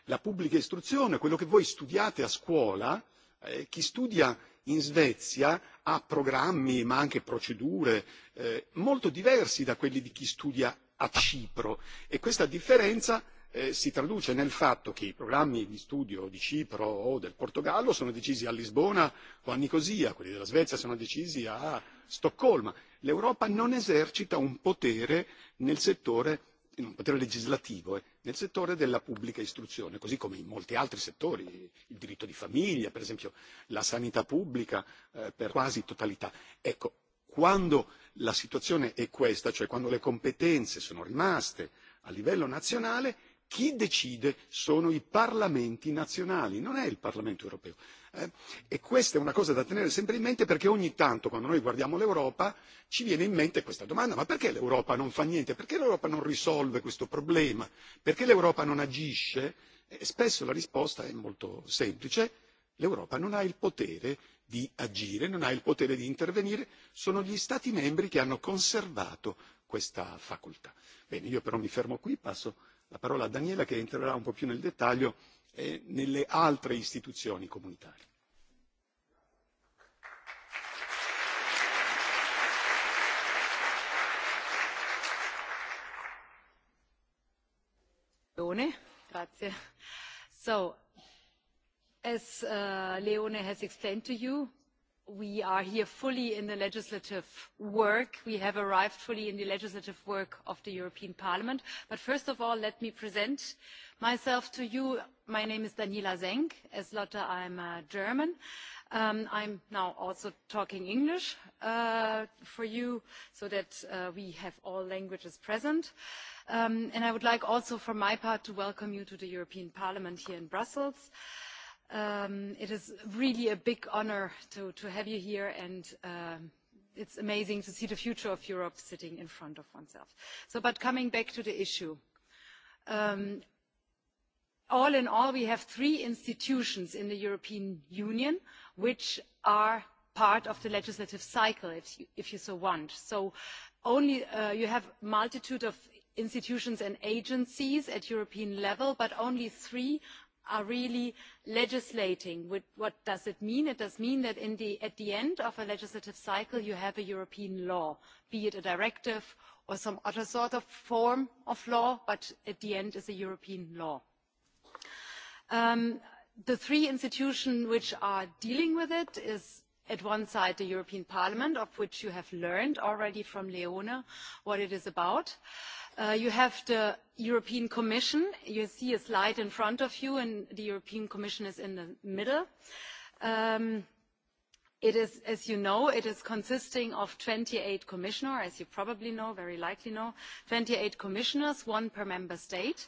la pubblica istruzione, quello che voi studiate a scuola, eh, chi studia in Svezia ha programmi ma anche procedure eh, molto diversi da quelli di chi studia a Cipro e questa differenza eh, si traduce nel fatto che i programmi di studio di Cipro o del Portogallo sono decisi a Lisbona o a Nicosia, quelli della Svezia sono decisi a Stoccolma. L'Europa non esercita un potere nel settore in un potere legislativo nel settore della pubblica istruzione, così come in molti altri settori, il diritto di famiglia, per esempio la sanità pubblica per quasi totalità. Ecco, quando la situazione è questa, cioè quando le competenze sono rimaste a livello nazionale, chi decide sono i parlamenti nazionali, non è il Parlamento europeo. E questa è una cosa da tenere sempre in mente perché ogni tanto quando noi guardiamo l'Europa ci viene in mente questa domanda, ma perché l'Europa non fa niente? Perché l'Europa non risolve questo problema? Perché l'Europa non agisce? E spesso la risposta è molto semplice, l'Europa non ha il potere di agire, non ha il potere di intervenire, sono gli Stati membri che hanno conservato questa facoltà. Bene, io però mi fermo qui, passo la parola a Daniela che entrerà un po' più nel dettaglio e nelle altre istituzioni comunitarie. Grazie. So, as uh, Leone has explained to you, we are here fully in the legislative work. We have arrived fully in the legislative work of the European Parliament. But first of all, let me present myself to you. My name is Daniela Senk. As Lotta, I'm a German. Um, I'm now also talking English uh, for you so that uh, we have all languages present. Um, and I would like also from my part to welcome you to the European Parliament here in Brussels. Um, it is really a big honor to, to have you here and um, it's amazing to see the future of Europe sitting in front of oneself. So, but coming back to the issue, um, all in all, we have three institutions in the European Union which are part of the legislative cycle, if you, if you so want. So only uh, you have multitude of institutions and agencies at European level, but only three are really legislating. What does it mean? It does mean that in the, at the end of a legislative cycle, you have a European law, be it a directive or some other sort of form of law, but at the end is a European law. the three institutions which are dealing with it is at one side the European Parliament, of which you have learned already from Leone what it is about. Uh, you have the European Commission. You see a slide in front of you, and the European Commission is in the middle. It is, as you know, it is consisting of twenty eight commissioners, as you probably know, very likely know, twenty eight commissioners, one per member state.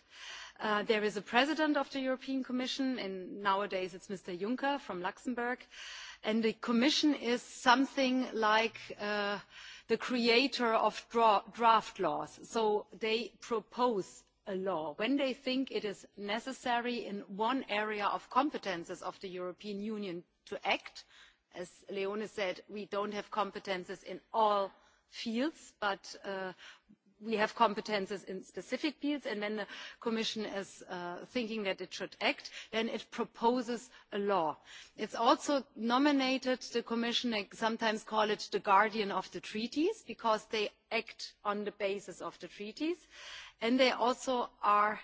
There is a president of the European Commission, and nowadays it's Mr. Juncker from Luxembourg. And the Commission is something like uh the creator of draft laws. So they propose a law when they think it is necessary in one area of competences of the European Union to act. As Leone said, we don't have competences in all fields, but we have competences in specific fields and when the commission is thinking that it should act then it proposes a law. it also nominated the commission they sometimes call it the guardian of the treaties because they act on the basis of the treaties and they also are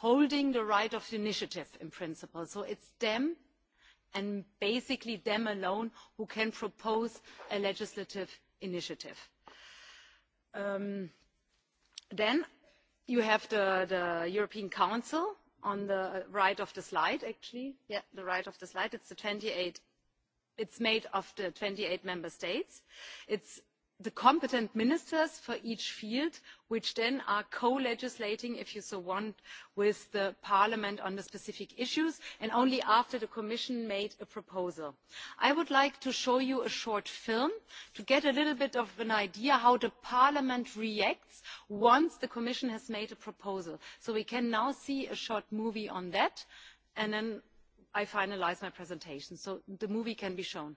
holding the right of initiative in principle so it is them and basically them alone who can propose a legislative initiative. Um, Then you have the, the European Council on the right of the slide, actually. Yeah, the right of the slide. It's the 28. It's made of the 28 member states. It's the competent ministers for each field, which then are co-legislating, if you so want, with the parliament on the specific issues, and only after the commission made a proposal. I would like to show you a short film to get a little bit of an idea how the parliament reacts once the commission has made a proposal. So we can now see a short movie on that, and then I finalise my presentation. So the movie can be shown.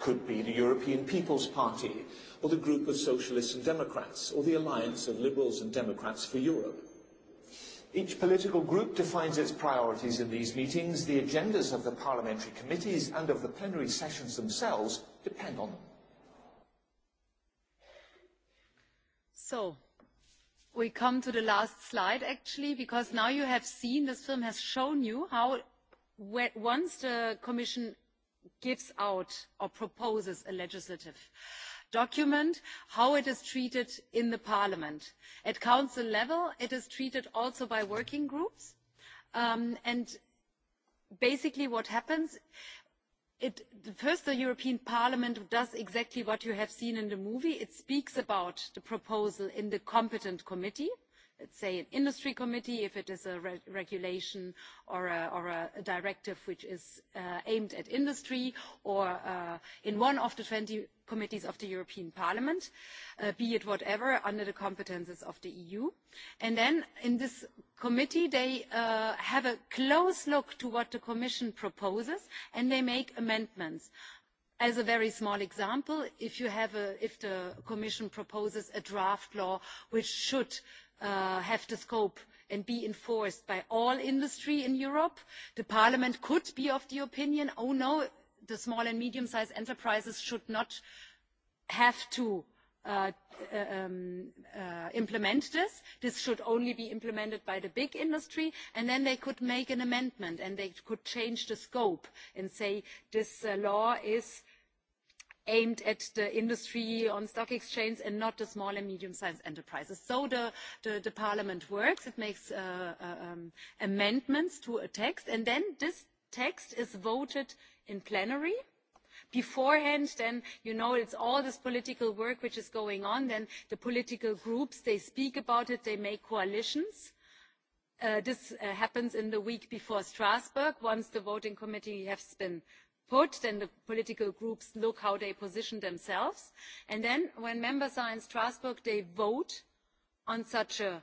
could be the European People's Party, or the group of Socialists and Democrats, or the Alliance of Liberals and Democrats for Europe. Each political group defines its priorities in these meetings. The agendas of the parliamentary committees and of the plenary sessions themselves depend on them. So, we come to the last slide actually, because now you have seen, this film has shown you how once the Commission gives out or proposes a legislative document, how it is treated in the parliament. At council level, it is treated also by working groups. and basically what happens, it, first the European Parliament does exactly what you have seen in the movie. It speaks about the proposal in the competent committee say, an industry committee, if it is a regulation or a, directive which is aimed at industry, or in one of the 20 committees of the European Parliament, uh, be it whatever, under the competences of the EU. And then in this committee, they uh, have a close look to what the Commission proposes, and they make amendments. As a very small example, if, you have a, if the Commission proposes a draft law which should have the scope and be enforced by all industry in Europe. Parliament could be of the opinion, oh no, the small and medium-sized enterprises should not have to implement this. This should only be implemented by the big industry, and then they could make an amendment and they could change the scope and say this law is aimed at the industry on stock exchange and not the small and medium-sized enterprises. So the, the, the parliament works, it makes uh, um, amendments to a text, and then this text is voted in plenary beforehand then you know it's all this political work which is going on then the political groups they speak about it they make coalitions this happens in the week before strasbourg once the voting committee has been put, then the political groups look how they position themselves. And then when members are in Strasbourg, they vote on such a,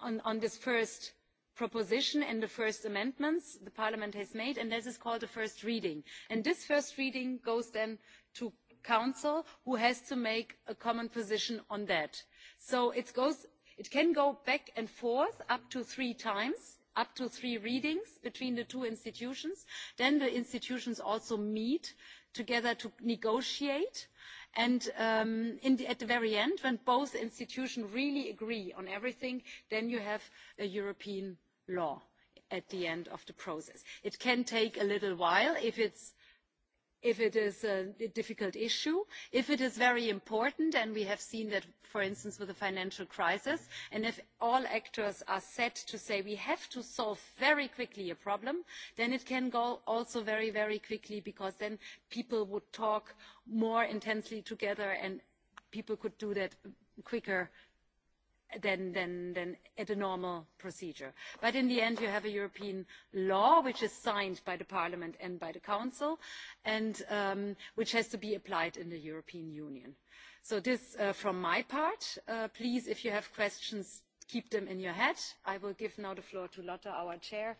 on, on this first proposition and the first amendments the parliament has made, and this is called the first reading. And this first reading goes then to council, who has to make a common position on that. So it goes, it can go back and forth up to three times up to three readings between the two institutions. Then the institutions also meet together to negotiate. And um, in the, at the very end, when both institutions really agree on everything, then you have a European law at the end of the process. It can take a little while if it's if it is a difficult issue, if it is very important, and we have seen that, for instance, with the financial crisis, and if all actors are set to say we have to solve very quickly a problem, then it can go also very, very quickly because then people would talk more intensely together and people could do that quicker than, than, than at a normal procedure. But in the end, you have a European law which is signed by the Parliament and by the Council, and um, which has to be applied in the European Union. So this uh, from my part. Uh, please, if you have questions, keep them in your head. I will give now the floor to Lotta, our chair,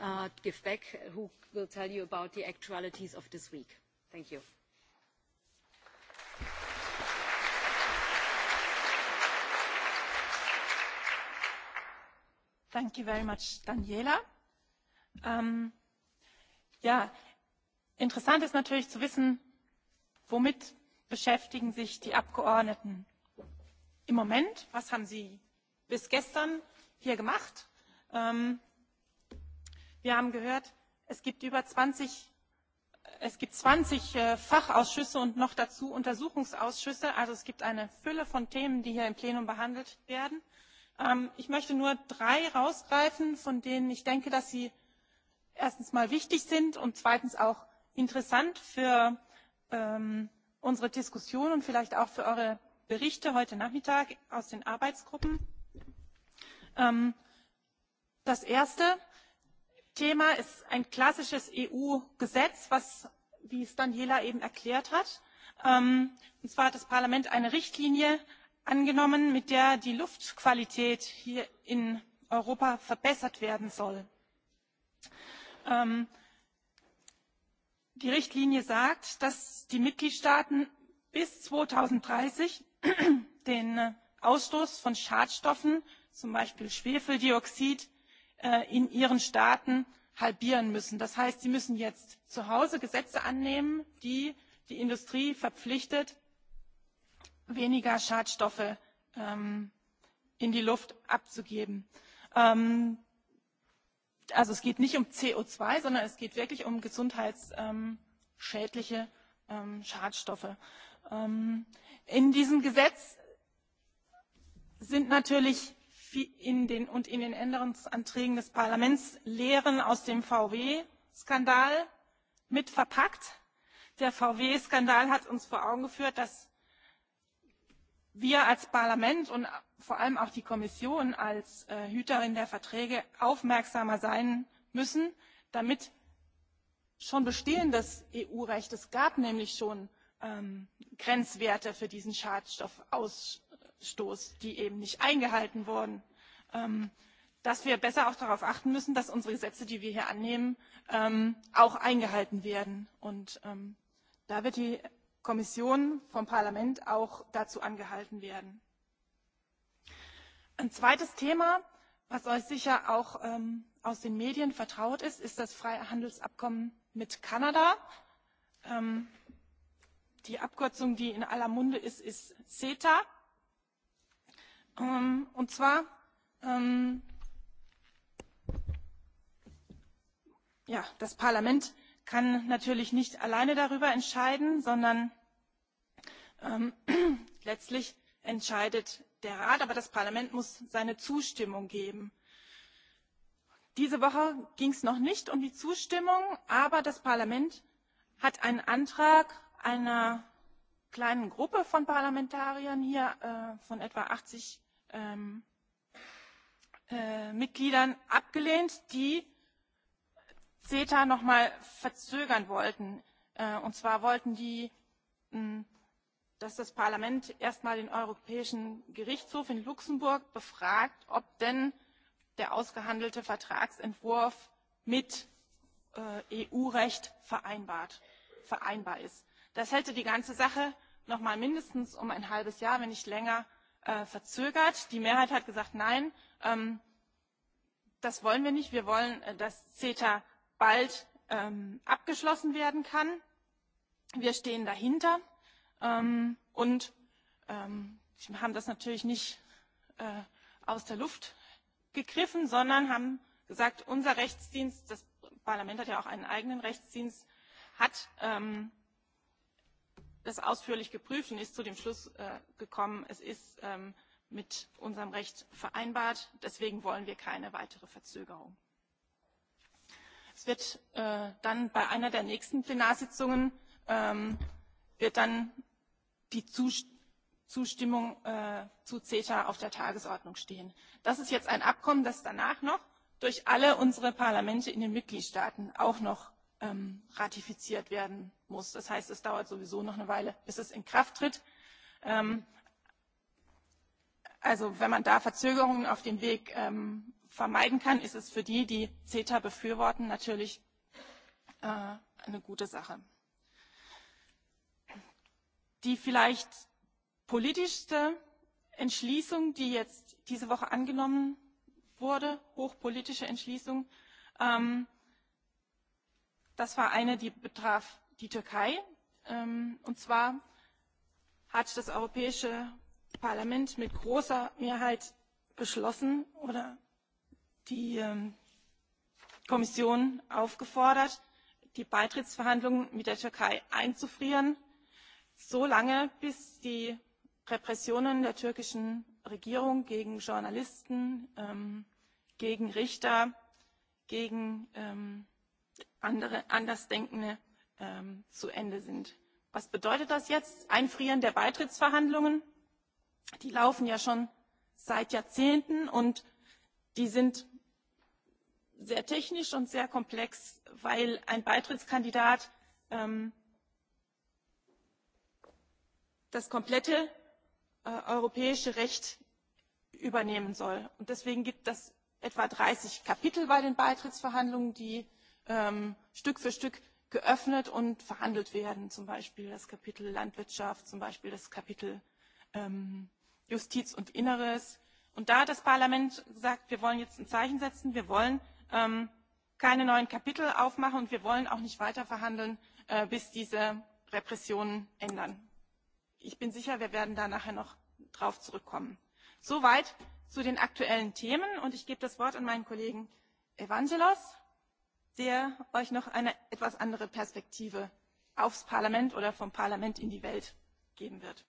uh, give back, who will tell you about the actualities of this week. Thank you. Thank you very much, Daniela. Ähm, ja, interessant ist natürlich zu wissen, womit beschäftigen sich die Abgeordneten im Moment? Was haben sie bis gestern hier gemacht? Ähm, wir haben gehört, es gibt über 20, es gibt 20 äh, Fachausschüsse und noch dazu Untersuchungsausschüsse. Also es gibt eine Fülle von Themen, die hier im Plenum behandelt werden ich möchte nur drei herausgreifen, von denen ich denke, dass sie erstens mal wichtig sind und zweitens auch interessant für unsere Diskussion und vielleicht auch für eure Berichte heute Nachmittag aus den Arbeitsgruppen. das erste Thema ist ein klassisches EU-Gesetz, was, wie es Daniela eben erklärt hat. und zwar hat das Parlament eine Richtlinie angenommen, mit der die Luftqualität hier in Europa verbessert werden soll. die Richtlinie sagt, dass die Mitgliedstaaten bis zweitausenddreißig den Ausstoß von Schadstoffen, zum Beispiel Schwefeldioxid, in ihren Staaten halbieren müssen. Das heißt, sie müssen jetzt zu Hause Gesetze annehmen, die die Industrie verpflichtet, weniger Schadstoffe in die Luft abzugeben. also es geht nicht um co zwei, sondern es geht wirklich um gesundheitsschädliche Schadstoffe. in diesem Gesetz sind natürlich in den, und in den Änderungsanträgen des Parlaments Lehren aus dem VW-Skandal mit verpackt. Der VW-Skandal hat uns vor Augen geführt, dass wir als Parlament und vor allem auch die Kommission als Hüterin der Verträge aufmerksamer sein müssen, damit schon bestehendes EU-Recht, es gab nämlich schon Grenzwerte für diesen Schadstoffausstoß, die eben nicht eingehalten wurden, dass wir besser auch darauf achten müssen, dass unsere Gesetze, die wir hier annehmen, auch eingehalten werden. Und da wird die Kommission, vom Parlament auch dazu angehalten werden. Ein zweites Thema, was euch sicher auch aus den Medien vertraut ist, ist das Freihandelsabkommen mit Kanada. die Abkürzung, die in aller Munde ist, ist CETA. und zwar ja, das Parlament kann natürlich nicht alleine darüber entscheiden, sondern letztlich entscheidet der Rat, aber das Parlament muss seine Zustimmung geben. Diese Woche ging es noch nicht um die Zustimmung, aber das Parlament hat einen Antrag einer kleinen Gruppe von Parlamentariern hier von etwa achtzig Mitgliedern abgelehnt, die CETA noch mal verzögern wollten. Und zwar wollten die, dass das Parlament erst mal den Europäischen Gerichtshof in Luxemburg befragt, ob denn der ausgehandelte Vertragsentwurf mit EU-Recht vereinbar ist. Das hätte die ganze Sache noch mal mindestens um ein halbes Jahr, wenn nicht länger, verzögert. Die Mehrheit hat gesagt, nein, das wollen wir nicht. Wir wollen, dass CETA bald ähm, abgeschlossen werden kann. Wir stehen dahinter ähm, und ähm, haben das natürlich nicht äh, aus der Luft gegriffen, sondern haben gesagt, unser Rechtsdienst, das Parlament hat ja auch einen eigenen Rechtsdienst, hat ähm, das ausführlich geprüft und ist zu dem Schluss äh, gekommen, es ist ähm, mit unserem Recht vereinbart. Deswegen wollen wir keine weitere Verzögerung. Es wird äh, dann bei einer der nächsten Plenarsitzungen ähm, wird dann die Zustimmung äh, zu CETA auf der Tagesordnung stehen. Das ist jetzt ein Abkommen, das danach noch durch alle unsere Parlamente in den Mitgliedstaaten auch noch ähm, ratifiziert werden muss. Das heißt, es dauert sowieso noch eine Weile, bis es in Kraft tritt. Ähm, also wenn man da Verzögerungen auf dem Weg ähm, vermeiden kann, ist es für die, die CETA befürworten, natürlich eine gute Sache. Die vielleicht politischste Entschließung, die jetzt diese Woche angenommen wurde, hochpolitische Entschließung, ähm, das war eine, die betraf die Türkei. Ähm, und zwar hat das Europäische Parlament mit großer Mehrheit beschlossen oder die Kommission aufgefordert, die Beitrittsverhandlungen mit der Türkei einzufrieren, so lange bis die Repressionen der türkischen Regierung gegen Journalisten, gegen Richter, gegen andere Andersdenkende zu Ende sind. Was bedeutet das jetzt? Einfrieren der Beitrittsverhandlungen? Die laufen ja schon seit Jahrzehnten und die sind sehr technisch und sehr komplex, weil ein Beitrittskandidat das komplette europäische Recht übernehmen soll. Und deswegen gibt es etwa dreißig Kapitel bei den Beitrittsverhandlungen, die Stück für Stück geöffnet und verhandelt werden. Zum Beispiel das Kapitel Landwirtschaft, zum Beispiel das Kapitel Justiz und Inneres. Und da hat das Parlament gesagt, wir wollen jetzt ein Zeichen setzen, wir wollen keine neuen Kapitel aufmachen und wir wollen auch nicht weiter verhandeln, bis diese Repressionen ändern. Ich bin sicher, wir werden da nachher noch darauf zurückkommen. Soweit zu den aktuellen Themen und ich gebe das Wort an meinen Kollegen Evangelos, der euch noch eine etwas andere Perspektive aufs Parlament oder vom Parlament in die Welt geben wird.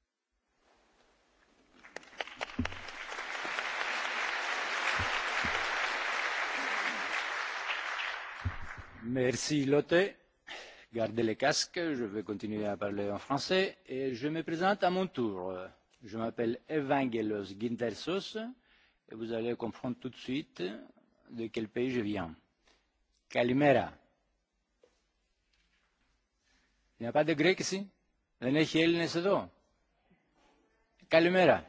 Merci Lotte. Gardez les casques, je vais continuer à parler en français et je me présente à mon tour. Je m'appelle Evangelos Gintersos et vous allez comprendre tout de suite de quel pays je viens. Calimera. Il n'y a pas de grec ici Δεν έχει Έλληνες εδώ. Καλημέρα.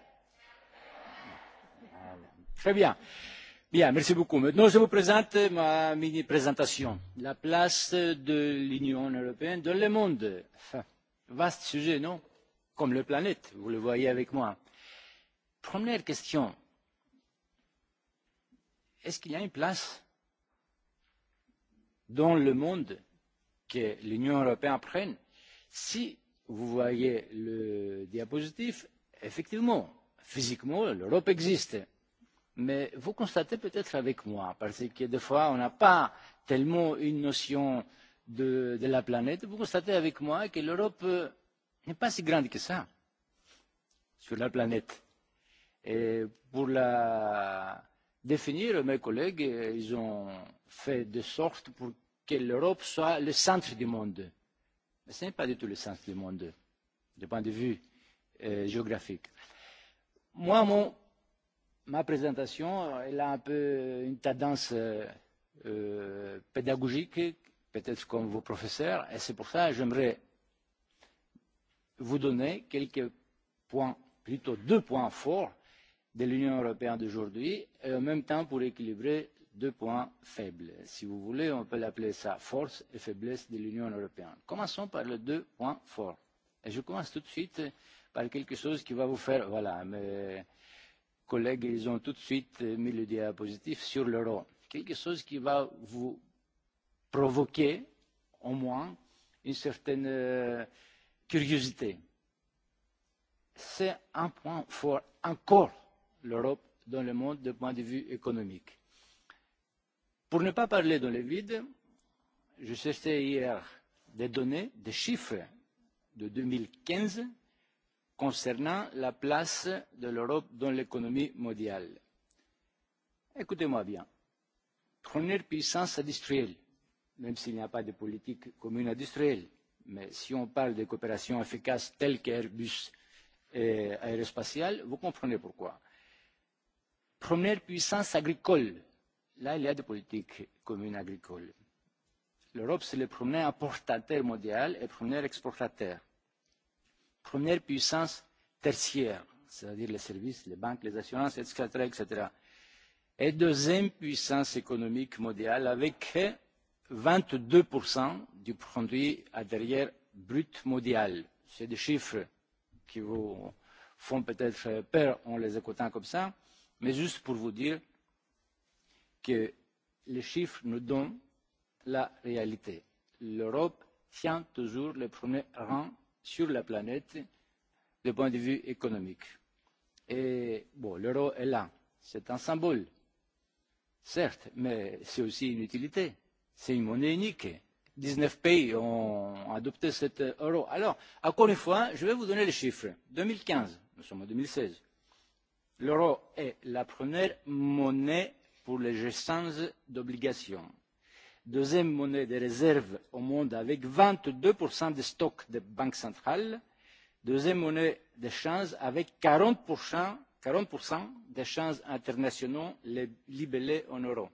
Très bien. Bien, merci beaucoup. Maintenant, je vous présente ma mini-présentation. La place de l'Union européenne dans le monde. Enfin, vaste sujet, non Comme le planète, vous le voyez avec moi. Première question. Est-ce qu'il y a une place dans le monde que l'Union européenne prenne Si vous voyez le diapositive, effectivement, physiquement, l'Europe existe mais vous constatez peut-être avec moi, parce que des fois on n'a pas tellement une notion de, de la planète, vous constatez avec moi que l'Europe n'est pas si grande que ça sur la planète. Et pour la définir, mes collègues, ils ont fait de sorte pour que l'Europe soit le centre du monde. Mais ce n'est pas du tout le centre du monde, du point de vue euh, géographique. Moi, mon ma présentation elle a un peu une tendance euh, pédagogique, peut-être comme vos professeurs, et c'est pour ça que j'aimerais vous donner quelques points, plutôt deux points forts de l'Union européenne d'aujourd'hui, et en même temps pour équilibrer deux points faibles. Si vous voulez, on peut l'appeler ça force et faiblesse de l'Union européenne. Commençons par les deux points forts. Et je commence tout de suite par quelque chose qui va vous faire, voilà, mais collègues, ils ont tout de suite mis le diapositive sur l'euro. Quelque chose qui va vous provoquer, au moins, une certaine curiosité. C'est un point fort encore l'Europe dans le monde du point de vue économique. Pour ne pas parler dans le vide, je cherchais hier des données, des chiffres de deux mille quinze concernant la place de l'Europe dans l'économie mondiale. Écoutez-moi bien. Première puissance industrielle, même s'il n'y a pas de politique commune industrielle, mais si on parle de coopération efficace telle qu'Airbus et aérospatiale, vous comprenez pourquoi. Première puissance agricole, là il y a des politiques communes agricoles. L'Europe, c'est le premier importateur mondial et le premier exportateur première puissance tertiaire, c'est-à-dire les services, les banques, les assurances, etc., etc. Et deuxième puissance économique mondiale avec 22% du produit intérieur brut mondial. C'est des chiffres qui vous font peut-être peur en les écoutant comme ça, mais juste pour vous dire que les chiffres nous donnent la réalité. L'Europe tient toujours le premier rang sur la planète du point de vue économique. Et bon, l'euro est là, c'est un symbole, certes, mais c'est aussi une utilité, c'est une monnaie unique. 19 pays ont adopté cet euro. Alors, encore une fois, je vais vous donner les chiffres. 2015, nous sommes en 2016, l'euro est la première monnaie pour les gestions d'obligations deuxième monnaie de réserve au monde avec vingt deux des stocks des banques centrales, deuxième monnaie d'échange avec quarante d'échanges internationaux libellés en euros.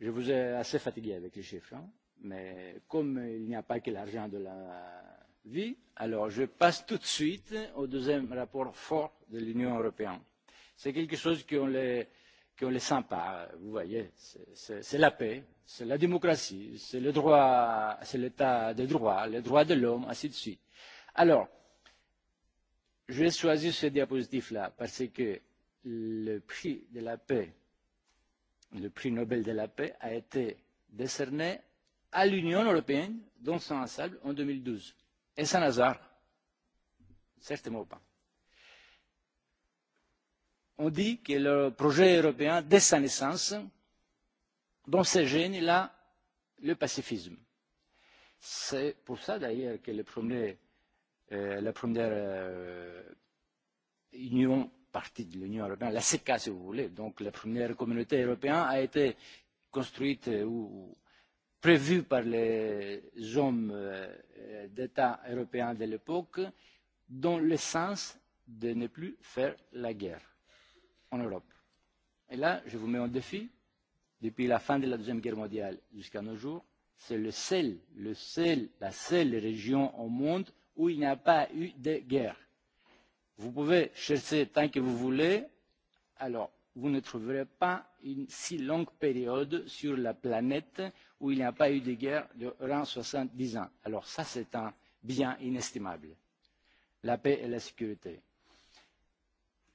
Je vous ai assez fatigué avec les chiffres, hein, mais comme il n'y a pas que l'argent de la vie, alors je passe tout de suite au deuxième rapport fort de l'Union européenne. C'est quelque chose qu'on les que les sympa, vous voyez, c'est la paix, c'est la démocratie, c'est le droit, c'est l'état des droits, les droits de l'homme, ainsi de suite. Alors, j'ai choisi ce diapositive-là parce que le prix de la paix, le prix Nobel de la paix, a été décerné à l'Union européenne dans son ensemble en 2012. Et c'est un hasard Certainement pas on dit que le projet européen, dès sa naissance, dans ses gènes, il a le pacifisme. C'est pour ça d'ailleurs que le premier, euh, la première euh, union, partie de l'Union européenne, la CECA si vous voulez, donc la première communauté européenne a été construite ou prévue par les hommes euh, d'État européens de l'époque dans le sens de ne plus faire la guerre en Europe. Et là, je vous mets en défi, depuis la fin de la Deuxième Guerre mondiale jusqu'à nos jours, c'est le seul, le seul, la seule région au monde où il n'y a pas eu de guerre. Vous pouvez chercher tant que vous voulez, alors vous ne trouverez pas une si longue période sur la planète où il n'y a pas eu de guerre de soixante dix ans. Alors ça, c'est un bien inestimable. La paix et la sécurité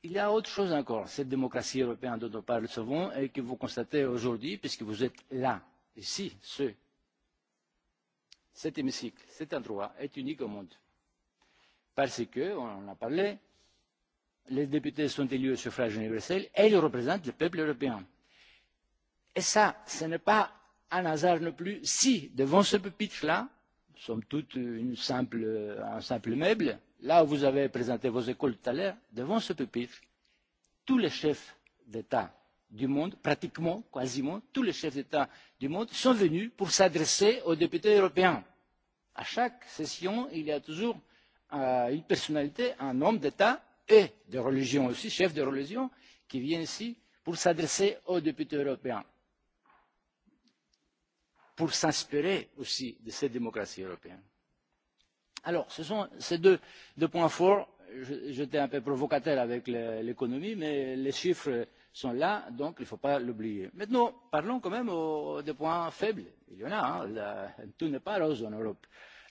Il y a autre chose encore, cette démocratie européenne dont on parle souvent et que vous constatez aujourd'hui, puisque vous êtes là, ici, ce, cet hémicycle, cet endroit est unique au monde. Parce que, on en a parlé, les députés sont élus au suffrage universel et ils représentent le peuple européen. Et ça, ce n'est pas un hasard non plus si, devant ce pupitre-là, somme toute une simple, un simple meuble, là où vous avez présenté vos écoles tout à l'heure, devant ce pupitre, tous les chefs d'État du monde, pratiquement, quasiment, tous les chefs d'État du monde sont venus pour s'adresser aux députés européens. À chaque session, il y a toujours une personnalité, un homme d'État et de religion aussi, chef de religion, qui vient ici pour s'adresser aux députés européens, pour s'inspirer aussi de cette démocratie européenne. Alors, ce sont ces deux, deux points forts. J'étais un peu provocateur avec l'économie, mais les chiffres sont là, donc il ne faut pas l'oublier. Maintenant, parlons quand même au, des points faibles. Il y en a, hein, la, tout n'est pas rose en Europe.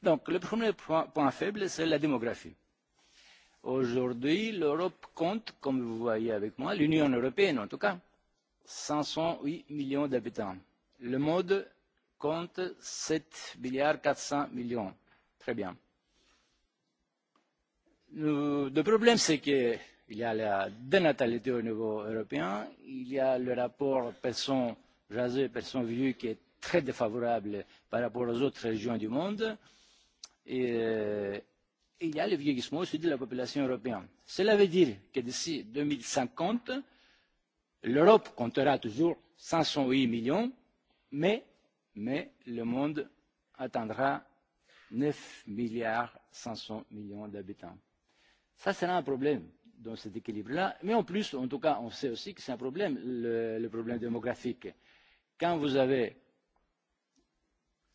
Donc, le premier point, point faible, c'est la démographie. Aujourd'hui, l'Europe compte, comme vous voyez avec moi, l'Union européenne en tout cas, 508 millions d'habitants. Le monde compte 7 milliards 400 millions. Très bien Le problème, c'est qu'il y a la dénatalité au niveau européen, il y a le rapport personne jasée, personne vieux qui est très défavorable par rapport aux autres régions du monde, et il y a le vieillissement aussi de la population européenne. Cela veut dire que d'ici deux mille cinquante, l'Europe comptera toujours cinq cent huit millions, mais, le monde atteindra neuf milliards cinq milliards millions d'habitants Ça, c'est un problème dans cet équilibre-là. Mais en plus, en tout cas, on sait aussi que c'est un problème, le, le problème démographique. Quand vous avez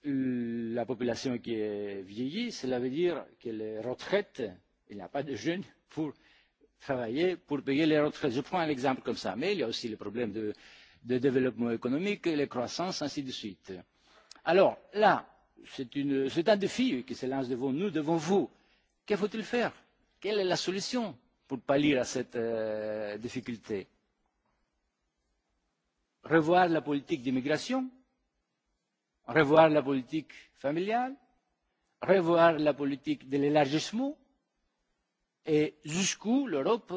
la population qui est vieillie, cela veut dire que les retraites, il n'y a pas de jeunes pour travailler, pour payer les retraites. Je prends un exemple comme ça, mais il y a aussi le problème de, de développement économique, les croissances, ainsi de suite. Alors là, c'est un défi qui se lance devant nous, devant vous. Que faut-il faire Quelle est la solution pour pallier à cette difficulté Revoir la politique d'immigration Revoir la politique familiale Revoir la politique de l'élargissement Et jusqu'où l'Europe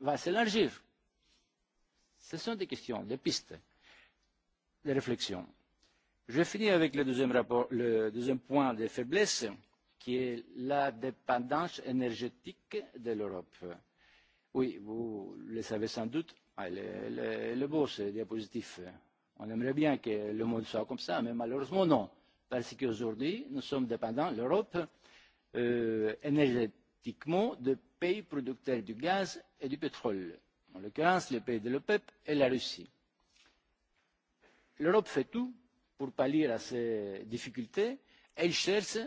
va s'élargir Ce sont des questions, des pistes de réflexion. Je finis avec le deuxième, rapport, le deuxième point de faiblesse qui est la dépendance énergétique de l'Europe. Oui, vous le savez sans doute, elle est, elle est, elle est beau ce diapositif. On aimerait bien que le monde soit comme ça, mais malheureusement non. Parce qu'aujourd'hui, nous sommes dépendants, l'Europe, euh, énergétiquement, de pays producteurs du gaz et du pétrole. En l'occurrence, les pays de l'OPEP et la Russie. L'Europe fait tout pour pallier à ces difficultés. Elle cherche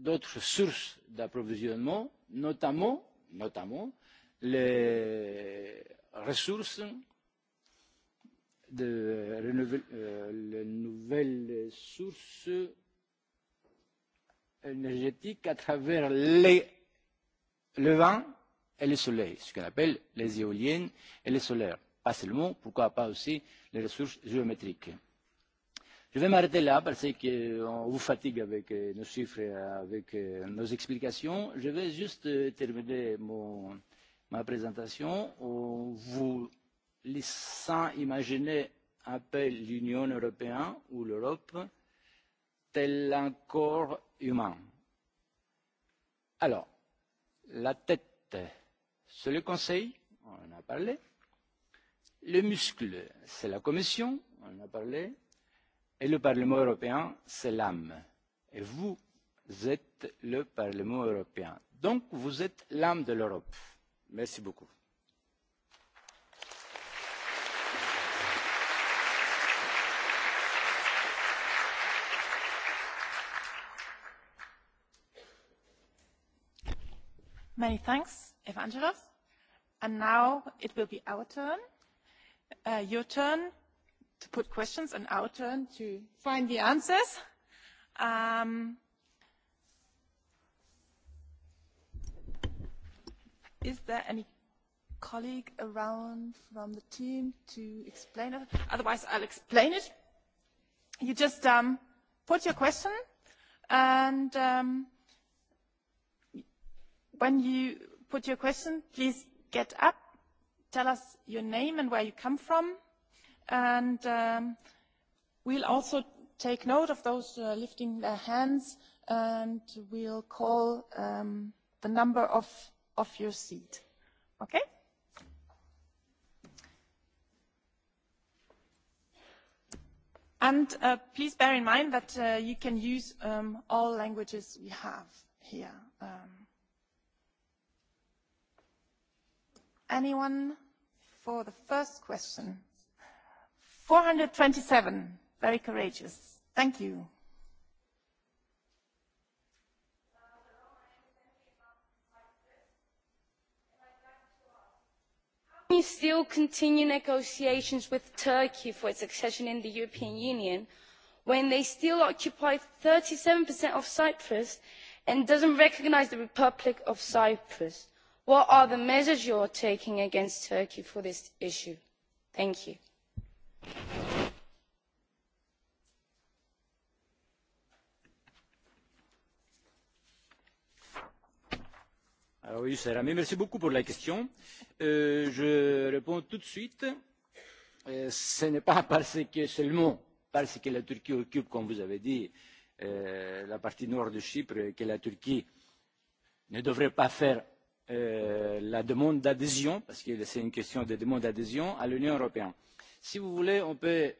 d'autres sources d'approvisionnement, notamment, notamment les ressources de les nouvelles sources énergétiques à travers les, le vent et le soleil, ce qu'on appelle les éoliennes et les solaires. Pas seulement, pourquoi pas aussi les ressources géométriques. Je vais m'arrêter là parce qu'on vous fatigue avec nos chiffres et avec nos explications. Je vais juste terminer mon, ma présentation en vous laissant imaginer un peu l'Union européenne ou l'Europe tel un corps humain. Alors, la tête, c'est le Conseil, on en a parlé. Le muscle, c'est la Commission, on en a parlé Et le Parlement européen, c'est l'âme. Et vous êtes le Parlement européen. Donc, vous êtes l'âme de l'Europe. Merci beaucoup. Many thanks, Evangelos. And now it will be our turn, uh, your turn, to put questions and our turn to find the answers. Um, is there any colleague around from the team to explain it? Otherwise, I'll explain it. You just um, put your question and um, when you put your question, please get up, tell us your name and where you come from And um, we'll also take note of those uh, lifting their hands and we'll call um, the number of, of your seat. Okay? And uh, please bear in mind that uh, you can use um, all languages we have here. Um, anyone for the first question? 427. Very courageous. Thank you. Can you still continue negotiations with Turkey for its accession in the European Union when they still occupy 37% of Cyprus and doesn't recognize the Republic of Cyprus? What are the measures you are taking against Turkey for this issue? Thank you. oui, Sarami, merci beaucoup pour la question. Euh, je réponds tout de suite. Euh, ce n'est pas parce que seulement parce que la Turquie occupe, comme vous avez dit, euh, la partie nord de Chypre que la Turquie ne devrait pas faire euh, la demande d'adhésion, parce que c'est une question de demande d'adhésion à l'Union européenne. Si vous voulez, on peut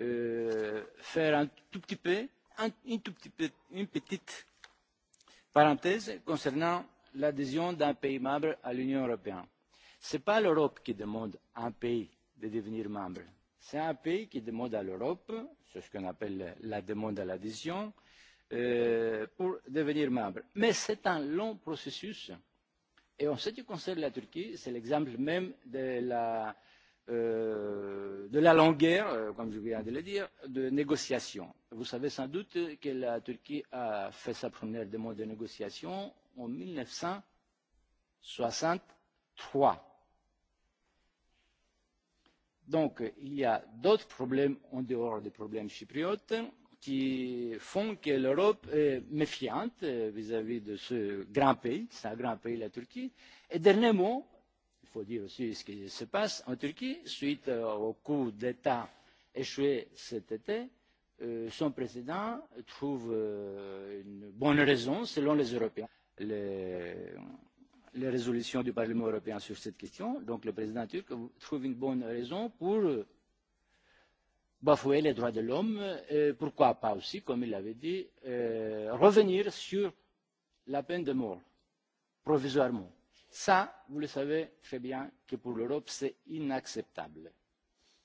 euh, faire un tout petit peu, un, une, tout petit peu, une petite parenthèse concernant l'adhésion d'un pays membre à l'Union européenne. Ce n'est pas l'Europe qui demande à un pays de devenir membre. C'est un pays qui demande à l'Europe, c'est ce qu'on appelle la demande à l'adhésion, euh, pour devenir membre. Mais c'est un long processus. Et en ce qui concerne la Turquie, c'est l'exemple même de la, euh, de la longueur, comme je viens de le dire, de négociation. Vous savez sans doute que la Turquie a fait sa première demande de négociation en 1963. Donc, il y a d'autres problèmes en dehors des problèmes chypriotes qui font que l'Europe est méfiante vis-à-vis de ce grand pays, c'est un grand pays, la Turquie. Et dernièrement, il faut dire aussi ce qui se passe en Turquie, suite au coup d'État échoué cet été, son président trouve une bonne raison, selon les Européens, les, les résolutions du Parlement européen sur cette question. Donc le président turc trouve une bonne raison pour bafouer les droits de l'homme et pourquoi pas aussi, comme il l'avait dit, euh, revenir sur la peine de mort provisoirement. Ça, vous le savez très bien que pour l'Europe, c'est inacceptable.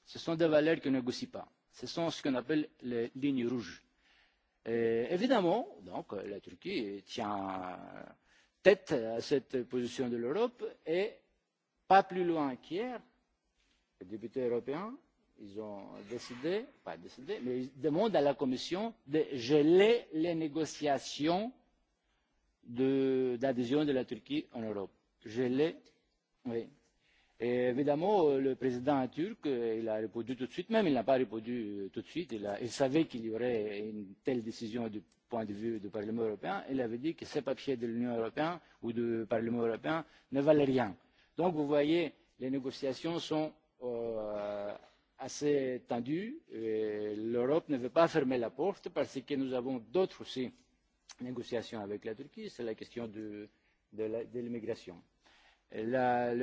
Ce sont des valeurs qui ne négocient pas. Ce sont ce qu'on appelle les lignes rouges Et évidemment, donc, la Turquie tient tête à cette position de l'Europe et pas plus loin qu'hier, les députés européens, ils ont décidé, pas décidé, mais ils demandent à la Commission de geler les négociations d'adhésion de, la Turquie en Europe. Geler, oui, Et évidemment, le président turc, il a répondu tout de suite, même il n'a pas répondu tout de suite, il, a, il savait qu'il y aurait une telle décision du point de vue du Parlement européen, il avait dit que ces papiers de l'Union européenne ou du Parlement européen ne valaient rien. Donc vous voyez, les négociations sont euh, assez tendues, et l'Europe ne veut pas fermer la porte parce que nous avons d'autres aussi négociations avec la Turquie, c'est la question de, de l'immigration. La,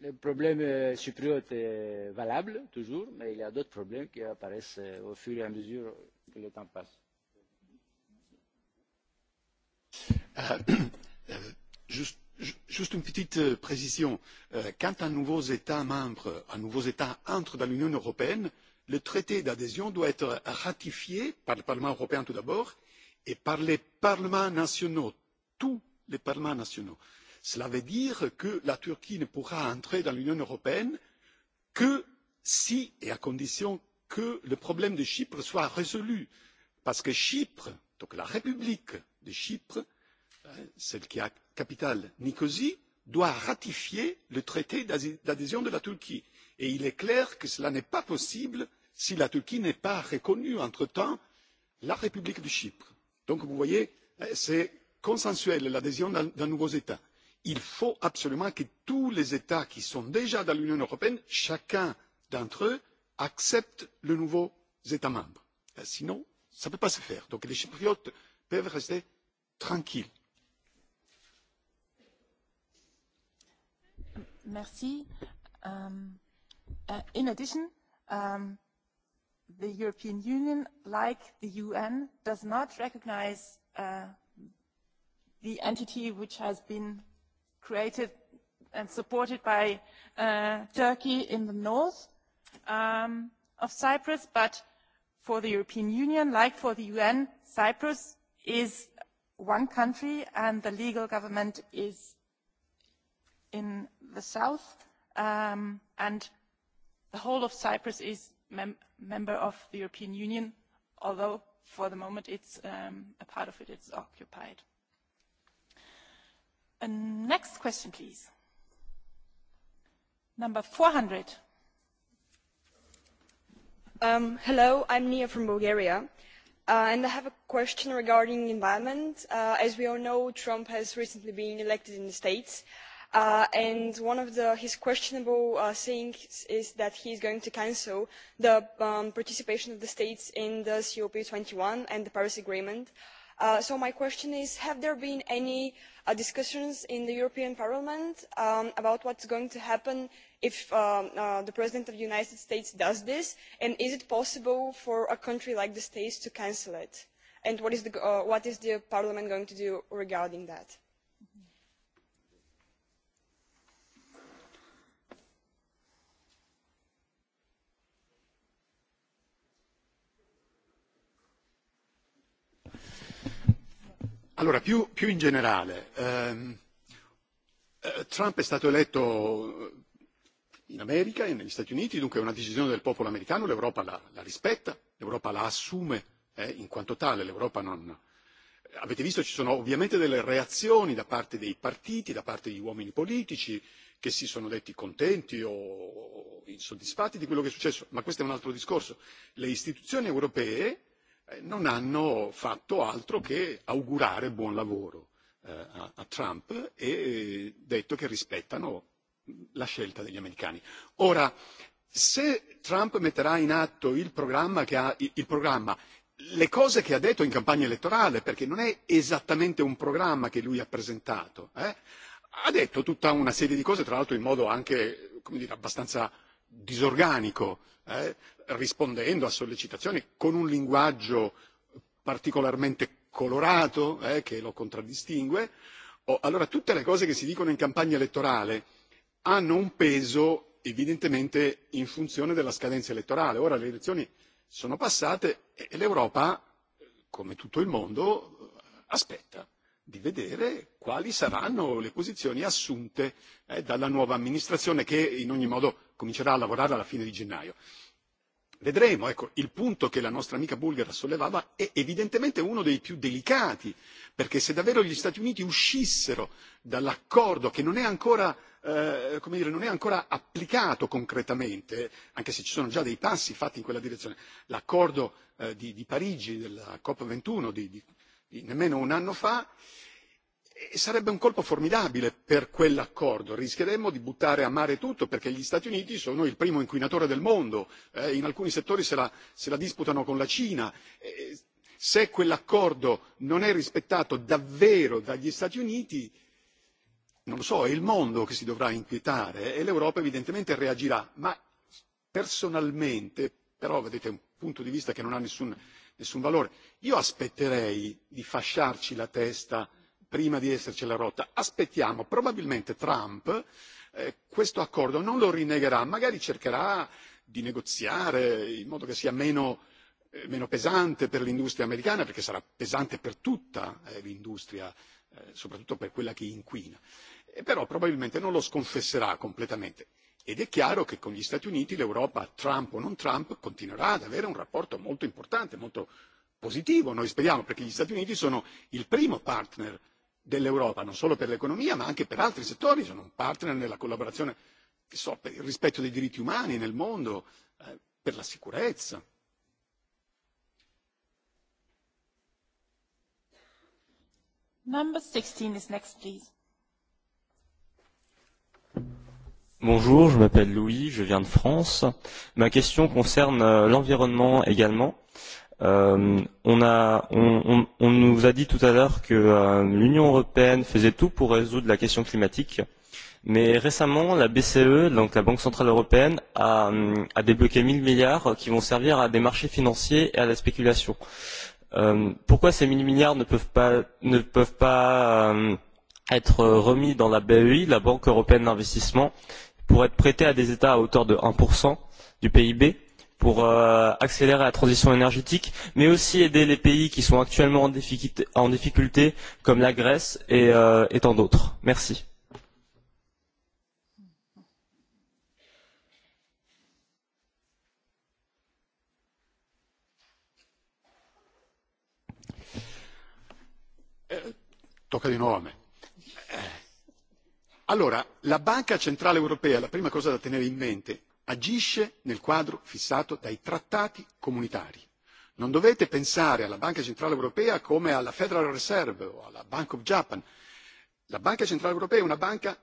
le problème chypriote est valable toujours, mais il y a d'autres problèmes qui apparaissent au fur et à mesure que le temps passe. Juste une petite précision. Quand un nouveau État membre, un nouveau État entre dans l'Union européenne, le traité d'adhésion doit être ratifié par le Parlement européen tout d'abord et par les parlements nationaux, tous les parlements nationaux Cela veut dire que la Turquie ne pourra entrer dans l'Union européenne que si et à condition que le problème de Chypre soit résolu. Parce que Chypre, donc la République de Chypre, celle qui a capitale Nicosie, doit ratifier le traité d'adhésion de la Turquie. Et il est clair que cela n'est pas possible si la Turquie n'a pas reconnu entre-temps la République de Chypre. Donc vous voyez, c'est consensuel l'adhésion d'un nouveau État il faut absolument que tous les États qui sont déjà dans l'Union européenne, chacun d'entre eux, accepte le nouveau État membre. Sinon, ça ne peut pas se faire. Donc les Chypriotes peuvent rester tranquilles. en outre l'union in addition, les the European Union, like the UN, does not été the entity which has been created and supported by uh, Turkey in the north um, of Cyprus, but for the European Union, like for the UN, Cyprus is one country and the legal government is in the south um, and the whole of Cyprus is mem member of the European Union, although for the moment it's um, a part of it it's occupied. Next question, please. Number 400. Um, hello, I'm Nia from Bulgaria. Uh, and I have a question regarding environment. Uh, as we all know, Trump has recently been elected in the States. Uh, and one of the, his questionable uh, is that he is going to cancel the um, participation of the states in the COP21 and the Paris Agreement. Uh, so my question is, have there been any discussions in the European Parliament about what is going to happen if the President of the United States does this, and is it possible for a country like the States to cancel it? And what is, the, what is the Parliament going to do regarding that? Allora, più, più in generale, ehm, Trump è stato eletto in America e negli Stati Uniti, dunque è una decisione del popolo americano, l'Europa la, la rispetta, l'Europa la assume eh, in quanto tale, l'Europa non... Avete visto ci sono ovviamente delle reazioni da parte dei partiti, da parte di uomini politici che si sono detti contenti o insoddisfatti di quello che è successo, ma questo è un altro discorso. Le istituzioni europee non hanno fatto altro che augurare buon lavoro a, Trump e detto che rispettano la scelta degli americani. Ora, se Trump metterà in atto il programma che ha il programma le cose che ha detto in campagna elettorale, perché non è esattamente un programma che lui ha presentato, eh? ha detto tutta una serie di cose, tra l'altro in modo anche come dire, abbastanza disorganico, rispondendo a sollecitazioni con un linguaggio particolarmente colorato che lo contraddistingue. allora tutte le cose che si dicono in campagna elettorale hanno un peso evidentemente in funzione della scadenza elettorale. Ora le elezioni sono passate e l'Europa, come tutto il mondo, aspetta di vedere quali saranno le posizioni assunte dalla nuova amministrazione che in ogni modo comincerà a lavorare alla fine di gennaio. Vedremo, ecco, il punto che la nostra amica bulgara sollevava è evidentemente uno dei più delicati, perché se davvero gli Stati Uniti uscissero dall'accordo che non è ancora come dire, non è ancora applicato concretamente, anche se ci sono già dei passi fatti in quella direzione. L'accordo di, Parigi, della COP21, di, nemmeno un anno fa, sarebbe un colpo formidabile per quell'accordo rischieremmo di buttare a mare tutto perché gli stati uniti sono il primo inquinatore del mondo in alcuni settori se la disputano con la cina se quell'accordo non è rispettato davvero dagli stati uniti non lo so è il mondo che si dovrà inquietare e l'europa evidentemente reagirà ma personalmente però vedete è un punto di vista che non ha nessun valore io aspetterei di fasciarci la testa prima di esserci la rotta. Aspettiamo, probabilmente Trump questo accordo non lo rinnegherà, magari cercherà di negoziare in modo che sia meno, pesante per l'industria americana, perché sarà pesante per tutta l'industria, soprattutto per quella che inquina. però probabilmente non lo sconfesserà completamente. Ed è chiaro che con gli Stati Uniti l'Europa, Trump o non Trump, continuerà ad avere un rapporto molto importante, molto positivo, noi speriamo, perché gli Stati Uniti sono il primo partner dell'Europa, non solo per l'economia ma anche per altri settori, sono un partner nella collaborazione che so, per il rispetto dei diritti umani nel mondo, eh, per la sicurezza. Number 16 is next, please. Bonjour, je m'appelle Louis, je viens de France. Ma question concerne l'environnement également. Euh, on, a, on, on, on nous a dit tout à l'heure que euh, l'Union européenne faisait tout pour résoudre la question climatique, mais récemment, la BCE, donc la Banque centrale européenne, a, a débloqué 1000 milliards qui vont servir à des marchés financiers et à la spéculation. Euh, pourquoi ces 1000 milliards ne peuvent pas, ne peuvent pas euh, être remis dans la BEI, la Banque européenne d'investissement, pour être prêtés à des États à hauteur de 1% du PIB pour euh, accélérer la transition énergétique, mais aussi aider les pays qui sont actuellement en difficulté, en difficulté comme la Grèce et, euh, et tant d'autres. Merci. Tocca di nuovo a me. Allora, la Banca Centrale Europea, la prima cosa da tenere in mente agisce nel quadro fissato dai trattati comunitari. Non dovete pensare alla Banca Centrale Europea come alla Federal Reserve o alla Bank of Japan. La Banca Centrale Europea è una banca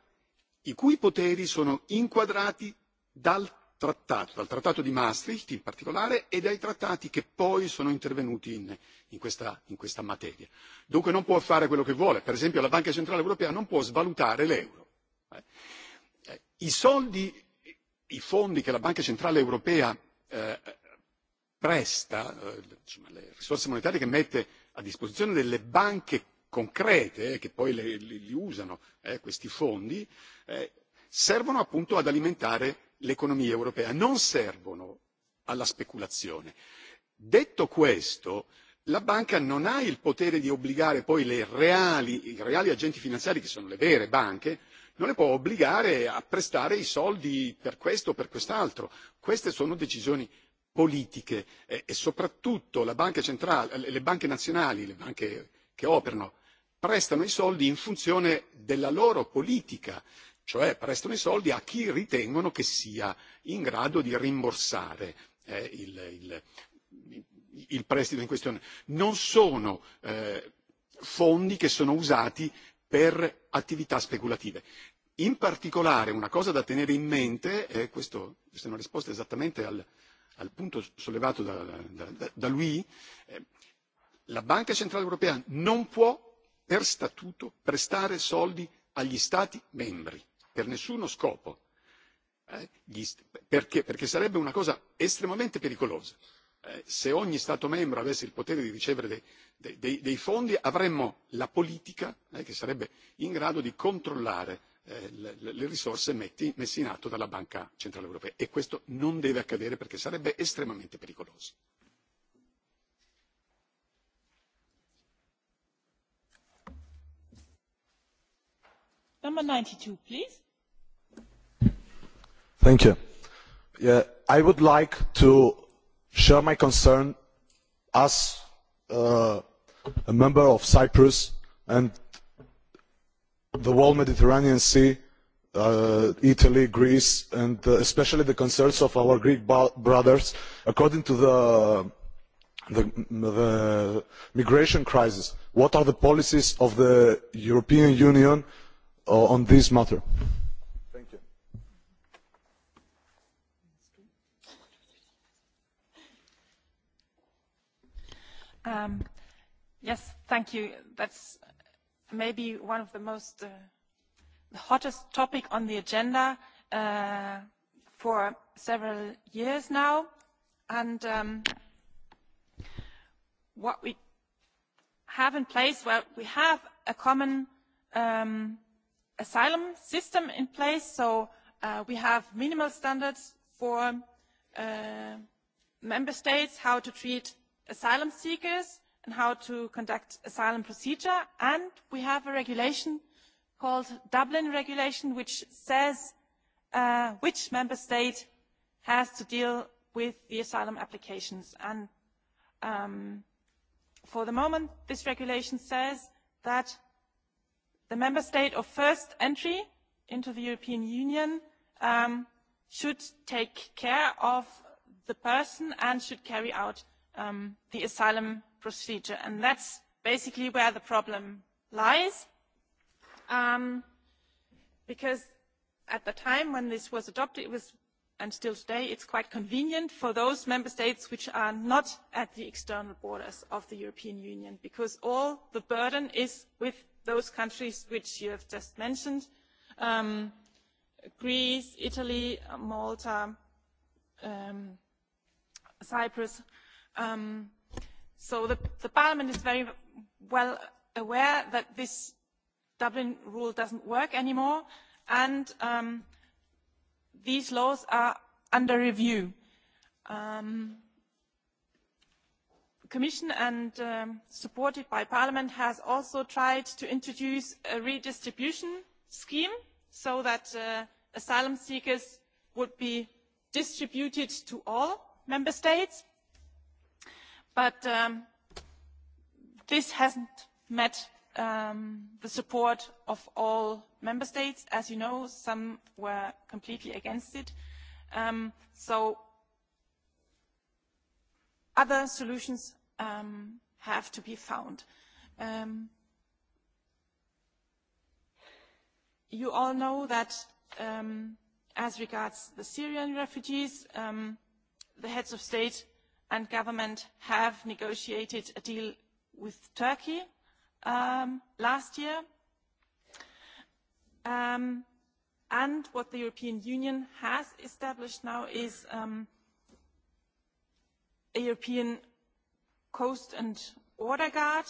i cui poteri sono inquadrati dal trattato, dal trattato di Maastricht in particolare e dai trattati che poi sono intervenuti in, in, questa, in questa materia. Dunque non può fare quello che vuole, per esempio la Banca Centrale Europea non può svalutare l'euro. I soldi i fondi che la Banca Centrale Europea presta, le risorse monetarie che mette a disposizione delle banche concrete che poi li usano questi fondi, servono appunto ad alimentare l'economia europea, non servono alla speculazione. Detto questo, la banca non ha il potere di obbligare poi i reali agenti finanziari, che sono le vere banche, non le può obbligare a prestare i soldi per questo o per quest'altro. Queste sono decisioni politiche e, e soprattutto la banca centrale, le banche nazionali, le banche che operano, prestano i soldi in funzione della loro politica, cioè prestano i soldi a chi ritengono che sia in grado di rimborsare eh, il, il, il prestito in questione. Non sono eh, fondi che sono usati per attività speculative. In particolare una cosa da tenere in mente, e questo, questa è una risposta esattamente al, al punto sollevato da, da, da lui, eh, la Banca Centrale Europea non può per statuto prestare soldi agli Stati membri, per nessuno scopo, eh, gli, perché, perché sarebbe una cosa estremamente pericolosa se ogni Stato membro avesse il potere di ricevere dei, fondi, avremmo la politica che sarebbe in grado di controllare le risorse messe in atto dalla Banca Centrale Europea e questo non deve accadere perché sarebbe estremamente pericoloso. i would like to share my concern as a member of Cyprus and the whole Mediterranean Sea, Italy, Greece, and especially the concerns of our Greek brothers according to the, the migration crisis. What are the policies of the European Union on this matter? yes, thank you. That's maybe one of the most uh, the hottest topic on the agenda uh, for several years now. And um, what we have in place, well, we have a common um, asylum system in place, so uh, we have minimal standards for uh, member states how to treat asylum seekers and how to conduct asylum procedure. And we have a regulation called Dublin Regulation, which says uh, which member state has to deal with the asylum applications. And um, for the moment, this regulation says that the member state of first entry into the European Union um, should take care of the person and should carry out the asylum procedure. And that's basically where the problem lies. Um, because at the time when this was adopted, it was, and still today, it's quite convenient for those member states which are not at the external borders of the European Union, because all the burden is with those countries which you have just mentioned, um, Greece, Italy, Malta, um, Cyprus, Um, so the, the Parliament is very well aware that this Dublin rule doesn't work anymore, and um, these laws are under review. Um, Commission and um, supported by Parliament has also tried to introduce a redistribution scheme so that uh, asylum seekers would be distributed to all member states But um, this hasn't met um, the support of all member states. As you know, some were completely against it. Um, so other solutions um, have to be found. Um, you all know that um, as regards the Syrian refugees, um, the heads of state and government have negotiated a deal with Turkey um, last year. Um, and what the European Union has established now is um, a European Coast and Border Guard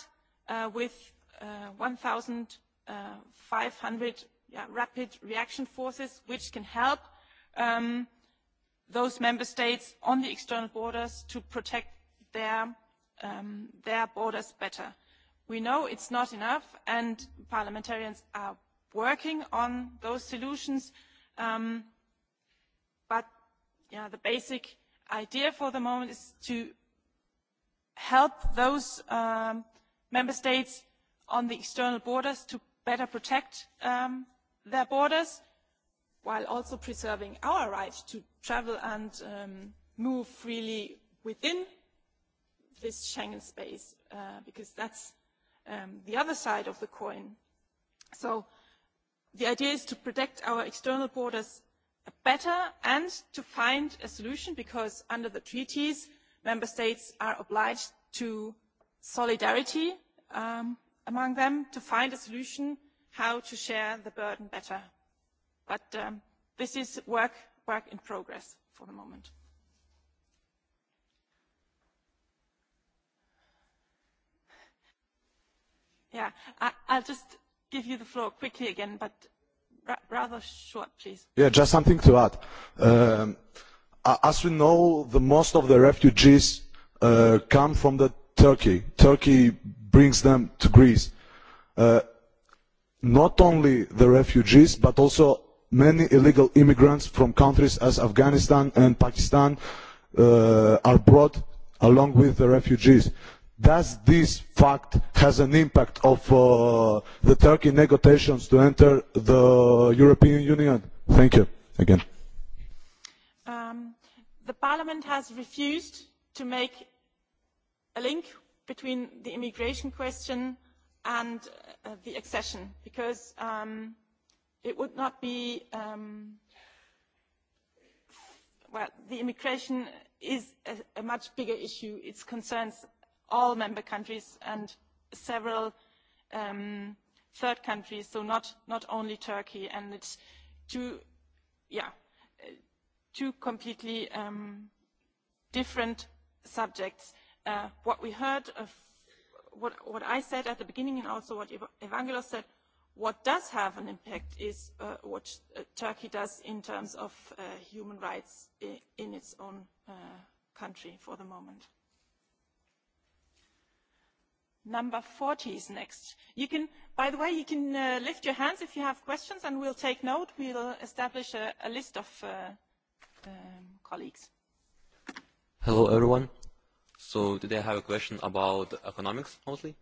uh, with uh, 1,500 yeah, rapid reaction forces, which can help um, those member states on the external borders to protect their, um, their borders better. We know it's not enough, and parliamentarians are working on those solutions, um, but yeah, the basic idea for the moment is to help those um, member states on the external borders to better protect um, their borders while also preserving our right to travel and um, move freely within this Schengen space, uh, because that's um, the other side of the coin. So the idea is to protect our external borders better and to find a solution because under the treaties, member states are obliged to solidarity um, among them to find a solution how to share the burden better. But this is work in progress for the moment. Yeah. I'll just give you the floor quickly again, but rather short, please. Yeah, just something to add. Um, as we know, the most of the refugees uh, come from the Turkey. Turkey brings them to Greece. Uh, not only the refugees, but also many illegal immigrants from countries as Afghanistan and Pakistan are brought along with the refugees. Does this fact has an impact of the Turkey negotiations to enter the European Union? Thank you again. the Parliament has refused to make a link between the immigration question and the accession because um, it would not be um, well the immigration is a, a much bigger issue it concerns all member countries and several um, third countries so not not only turkey and it's two yeah two completely um, different subjects uh, what we heard of what, what I said at the beginning and also what Evangelos said What does have an impact is what Turkey does in terms of human rights in its own country for the moment. Number 40 is next. You can, by the way, you can uh, lift your hands if you have questions and we'll take note. We'll establish a, a list of uh, um, colleagues. Hello, everyone. So today I have a question about economics mostly.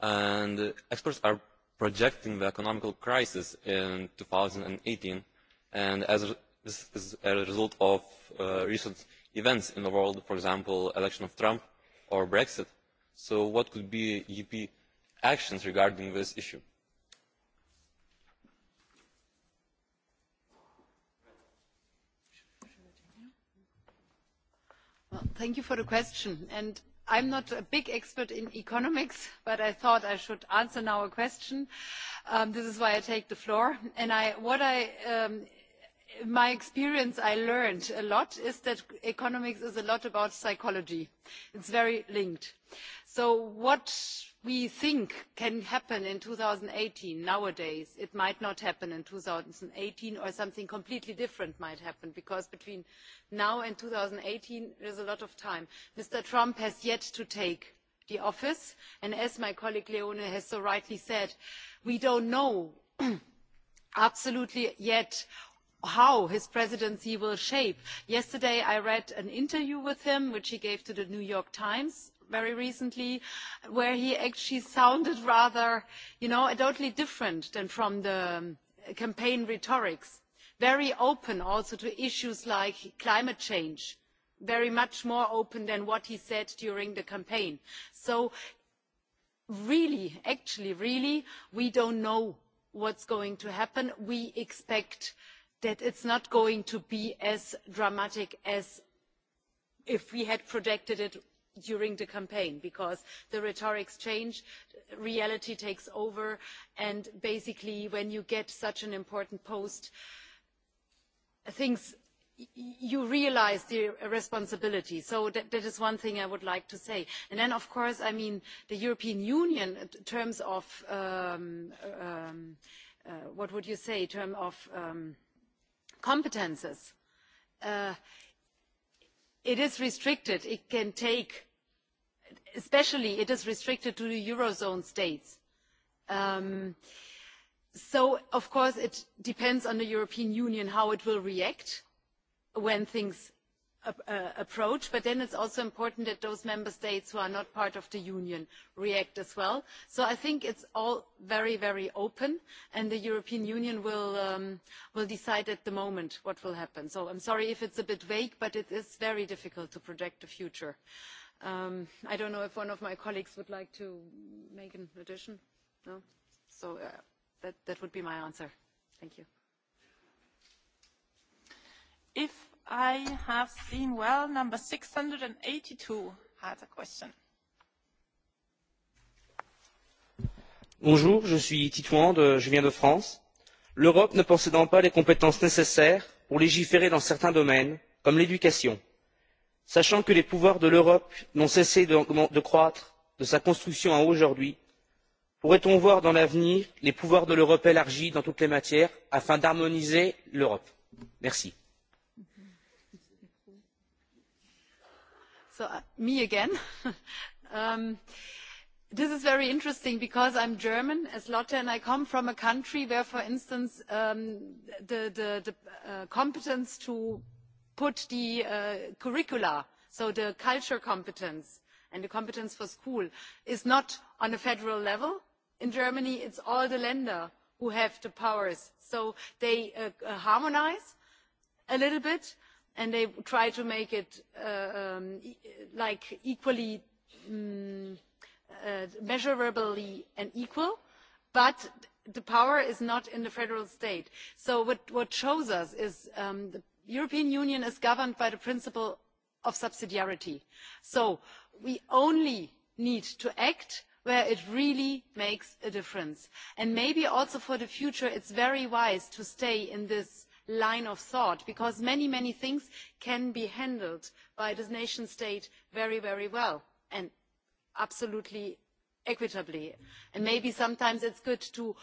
And experts are projecting the economic crisis in 2018 and as a, is a result of uh, recent events in the world, for example, election of Trump or Brexit. So what could be EP actions regarding this issue? Well, thank you for the question. And I'm not a big expert in economics, but I thought I should answer now a question. Um, this is why I take the floor. And I, what I, um, in my experience, I learned a lot is that economics is a lot about psychology. It's very linked. So what we think can happen in eighteen nowadays, it might not happen in eighteen or something completely different might happen because between now and eighteen there is a lot of time. Mr. Trump has yet to take the office and as my colleague Leone has so rightly said, we don't know absolutely yet how his presidency will shape. Yesterday I read an interview with him which he gave to the New York Times very recently, where he actually sounded rather, you know, totally different than from the campaign rhetorics. Very open also to issues like climate change, very much more open than what he said during the campaign. So really, actually, really, we don't know what's going to happen. We expect that it's not going to be as dramatic as if we had projected it during the campaign because the rhetorics change, reality takes over, and basically when you get such an important post, things you realise the responsibility. So that, that is one thing I would like to say. And then, of course, I mean, the European Union, in terms of, um, um, uh, what would you say, in terms of um, competences, uh, it is restricted. It can take especially it is restricted to the eurozone states. so of course it depends on the European Union how it will react when things approach, but then it's also important that those member states who are not part of the union react as well. So I think it's all very, very open, and the European Union will, will decide at the moment what will happen. So I'm sorry if it's a bit vague, but it is very difficult to project the future. I don't know if one of my colleagues would like to make an addition. No? So that, that would be my answer. Thank you. If I have seen well, number 682 has a question. Bonjour, je suis Titouan, je viens de France. L'Europe ne possédant pas les compétences nécessaires pour légiférer dans certains domaines, comme l'éducation sachant que les pouvoirs de l'europe n'ont cessé de croître de sa construction à aujourd'hui pourrait on voir à l'avenir les pouvoirs de l'europe élargis dans toutes les matières afin d'harmoniser l'europe? merci. this is very interesting because i'm german as lotte and i come from a country where for instance the competence to put the curricula, so the culture competence and the competence for school, is not on a federal level. In Germany, it's all the lender who have the powers. So they uh, harmonize a little bit and they try to make it uh, um, e like equally um, uh, measurably and equal, but the power is not in the federal state. So what, what shows us is um, the European Union is governed by the principle of subsidiarity. So we only need to act where it really makes a difference. And maybe also for the future, it's very wise to stay in this line of thought because many, many things can be handled by the nation state very, very well and absolutely equitably. And maybe sometimes it's good to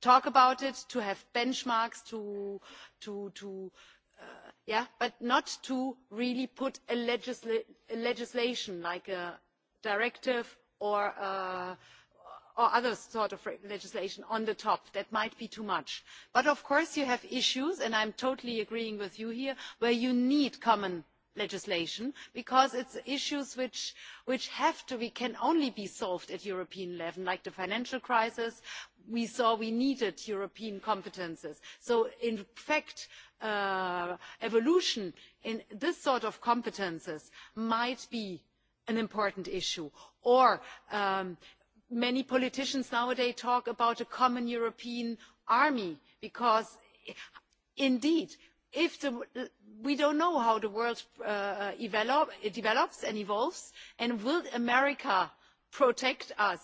talk about it, to have benchmarks, to, to, to, but not to really put a, legislation like a directive or, other sort of legislation on the top. That might be too much. But of course you have issues, and I am totally agreeing with you here, where you need common legislation because it's issues which which have to be can only be solved at european level like the financial crisis we saw we needed european competences so in fact evolution in this sort of competences might be an important issue. Or many politicians nowadays talk about a common European army because indeed if the, we don't know how the world uh, develops and evolves and will America protect us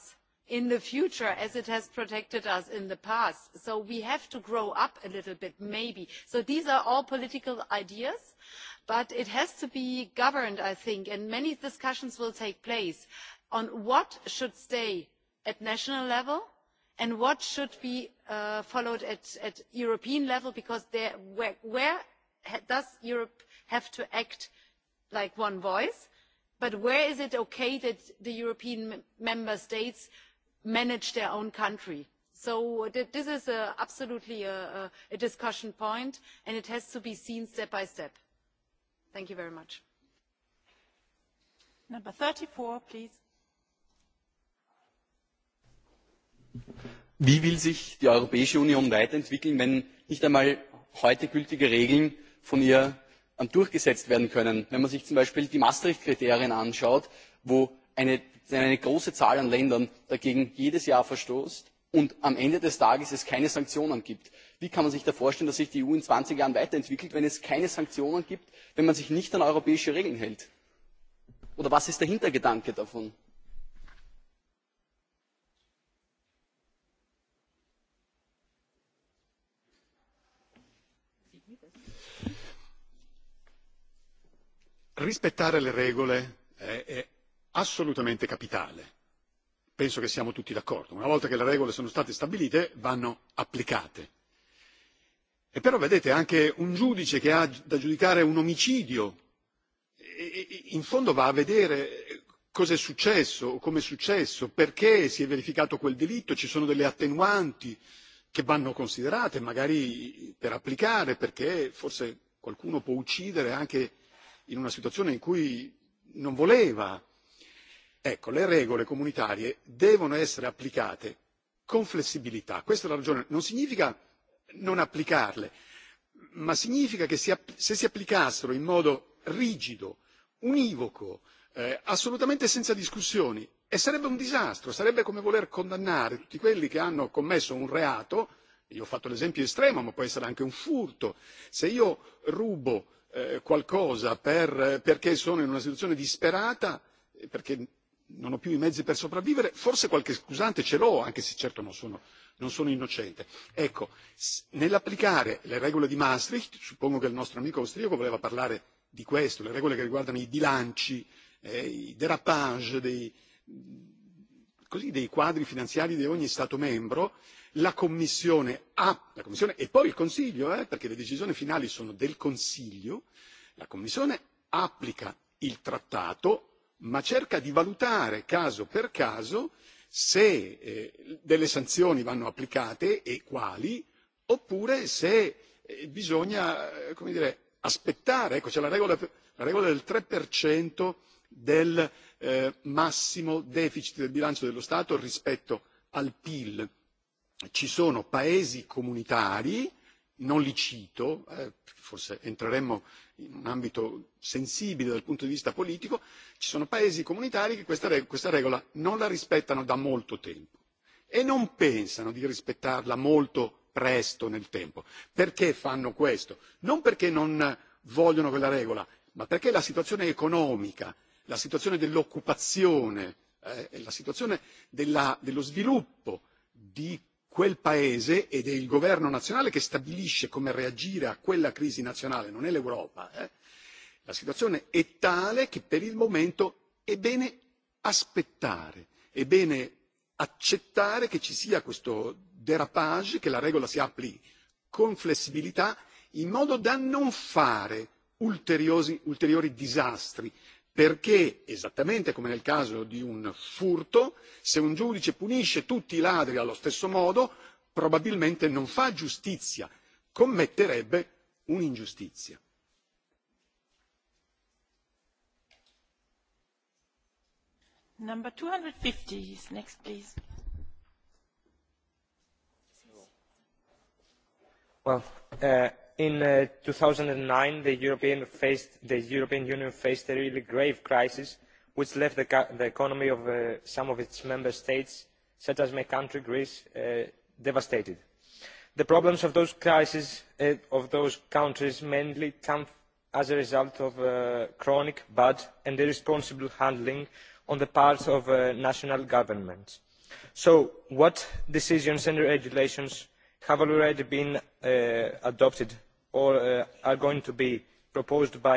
in the future as it has protected us in the past. So we have to grow up a little bit, maybe. So these are all political ideas, but it has to be governed, I think, and many discussions will take place on what should stay at national level and what should be followed at, European level, because there, where, where does Europe have to act like one voice? But where is it okay that the European member states manage their own country. So this is a, absolutely a, a discussion point, and it has to be seen step by step. Thank you very much. Number 34, please. Wie will sich die Europäische Union weiterentwickeln, wenn nicht einmal heute gültige Regeln von ihr durchgesetzt werden können? Wenn man sich zum Beispiel die Maastricht-Kriterien anschaut, wo eine, eine große Zahl an Ländern dagegen jedes Jahr verstößt und am Ende des Tages es keine Sanktionen gibt. Wie kann man sich da vorstellen, dass sich die EU in zwanzig Jahren weiterentwickelt, wenn es keine Sanktionen gibt, wenn man sich nicht an europäische Regeln hält? Oder was ist der Hintergedanke davon? Rispettare le regole è assolutamente capitale. Penso che siamo tutti d'accordo. Una volta che le regole sono state stabilite, vanno applicate. E però vedete anche un giudice che ha da giudicare un omicidio, in fondo va a vedere cosa è successo, come è successo, perché si è verificato quel delitto, ci sono delle attenuanti che vanno considerate magari per applicare, perché forse qualcuno può uccidere anche in una situazione in cui non voleva Ecco, le regole comunitarie devono essere applicate con flessibilità. Questa è la ragione. Non significa non applicarle, ma significa che se si applicassero in modo rigido, univoco, assolutamente senza discussioni, e sarebbe un disastro, sarebbe come voler condannare tutti quelli che hanno commesso un reato, io ho fatto l'esempio estremo, ma può essere anche un furto, se io rubo qualcosa perché sono in una situazione disperata, perché non ho più i mezzi per sopravvivere, forse qualche scusante ce l'ho, anche se certo non sono, non sono innocente. Ecco, nell'applicare le regole di Maastricht, suppongo che il nostro amico austriaco voleva parlare di questo, le regole che riguardano i bilanci, eh, i derapage dei, così, dei quadri finanziari di ogni Stato membro, la Commissione ha, la Commissione e poi il Consiglio, eh, perché le decisioni finali sono del Consiglio, la Commissione applica il trattato ma cerca di valutare caso per caso se delle sanzioni vanno applicate e quali, oppure se bisogna come dire, aspettare. Ecco, c'è la regola, la regola del 3% del massimo deficit del bilancio dello Stato rispetto al PIL. Ci sono paesi comunitari non li eh, forse entreremmo in un ambito sensibile dal punto di vista politico, ci sono paesi comunitari che questa, reg- questa regola non la rispettano da molto tempo e non pensano di rispettarla molto presto nel tempo. Perché fanno questo? Non perché non vogliono quella regola, ma perché la situazione economica, la situazione dell'occupazione, eh, la situazione della, dello sviluppo di quel paese ed è il governo nazionale che stabilisce come reagire a quella crisi nazionale, non è l'Europa. Eh? La situazione è tale che per il momento è bene aspettare, è bene accettare che ci sia questo derapage, che la regola si applichi con flessibilità, in modo da non fare ulteriori, disastri, perché esattamente come nel caso di un furto, se un giudice punisce tutti i ladri allo stesso modo, probabilmente non fa giustizia, commetterebbe un'ingiustizia. Number 250 is next, please. Well, uh, in two thousand and nine the european union faced a really grave crisis which left the economy of some of its member states such as my country greece devastated. the problems of those crises of those countries mainly come as a result of chronic bad and irresponsible handling on the part of national governments. so what decisions and regulations have already been adopted or are going to be proposed by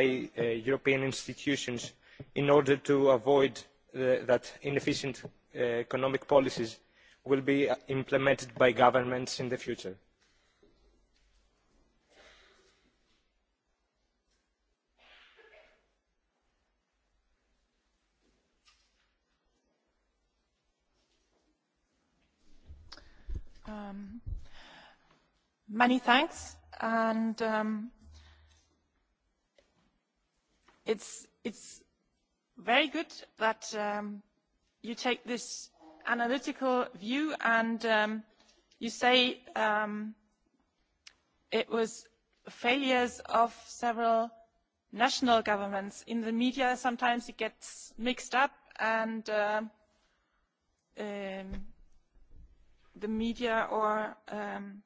European institutions in order to avoid inefficient economic policies will be implemented by governments in the future. many thanks and um, it's it's very good that um, you take this analytical view and um, you say um, it was failures of several national governments. In the media, sometimes it gets mixed up, and uh, um, the media or um,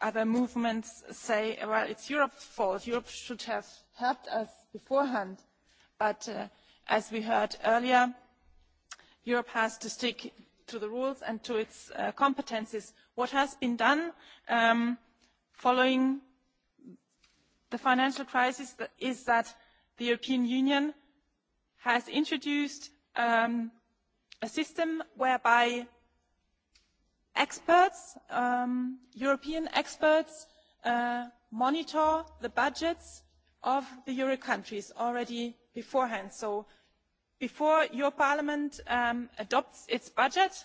other movements say, well, it's Europe's fault. Europe should have helped us beforehand. But uh, as we heard earlier, Europe has to stick to the rules and to its uh, competences. What has been done um, following the financial crisis is that the European Union has introduced um, a system whereby experts, um, European experts, uh, monitor the budgets of the Euro countries already beforehand. So before your parliament um, adopts its budget,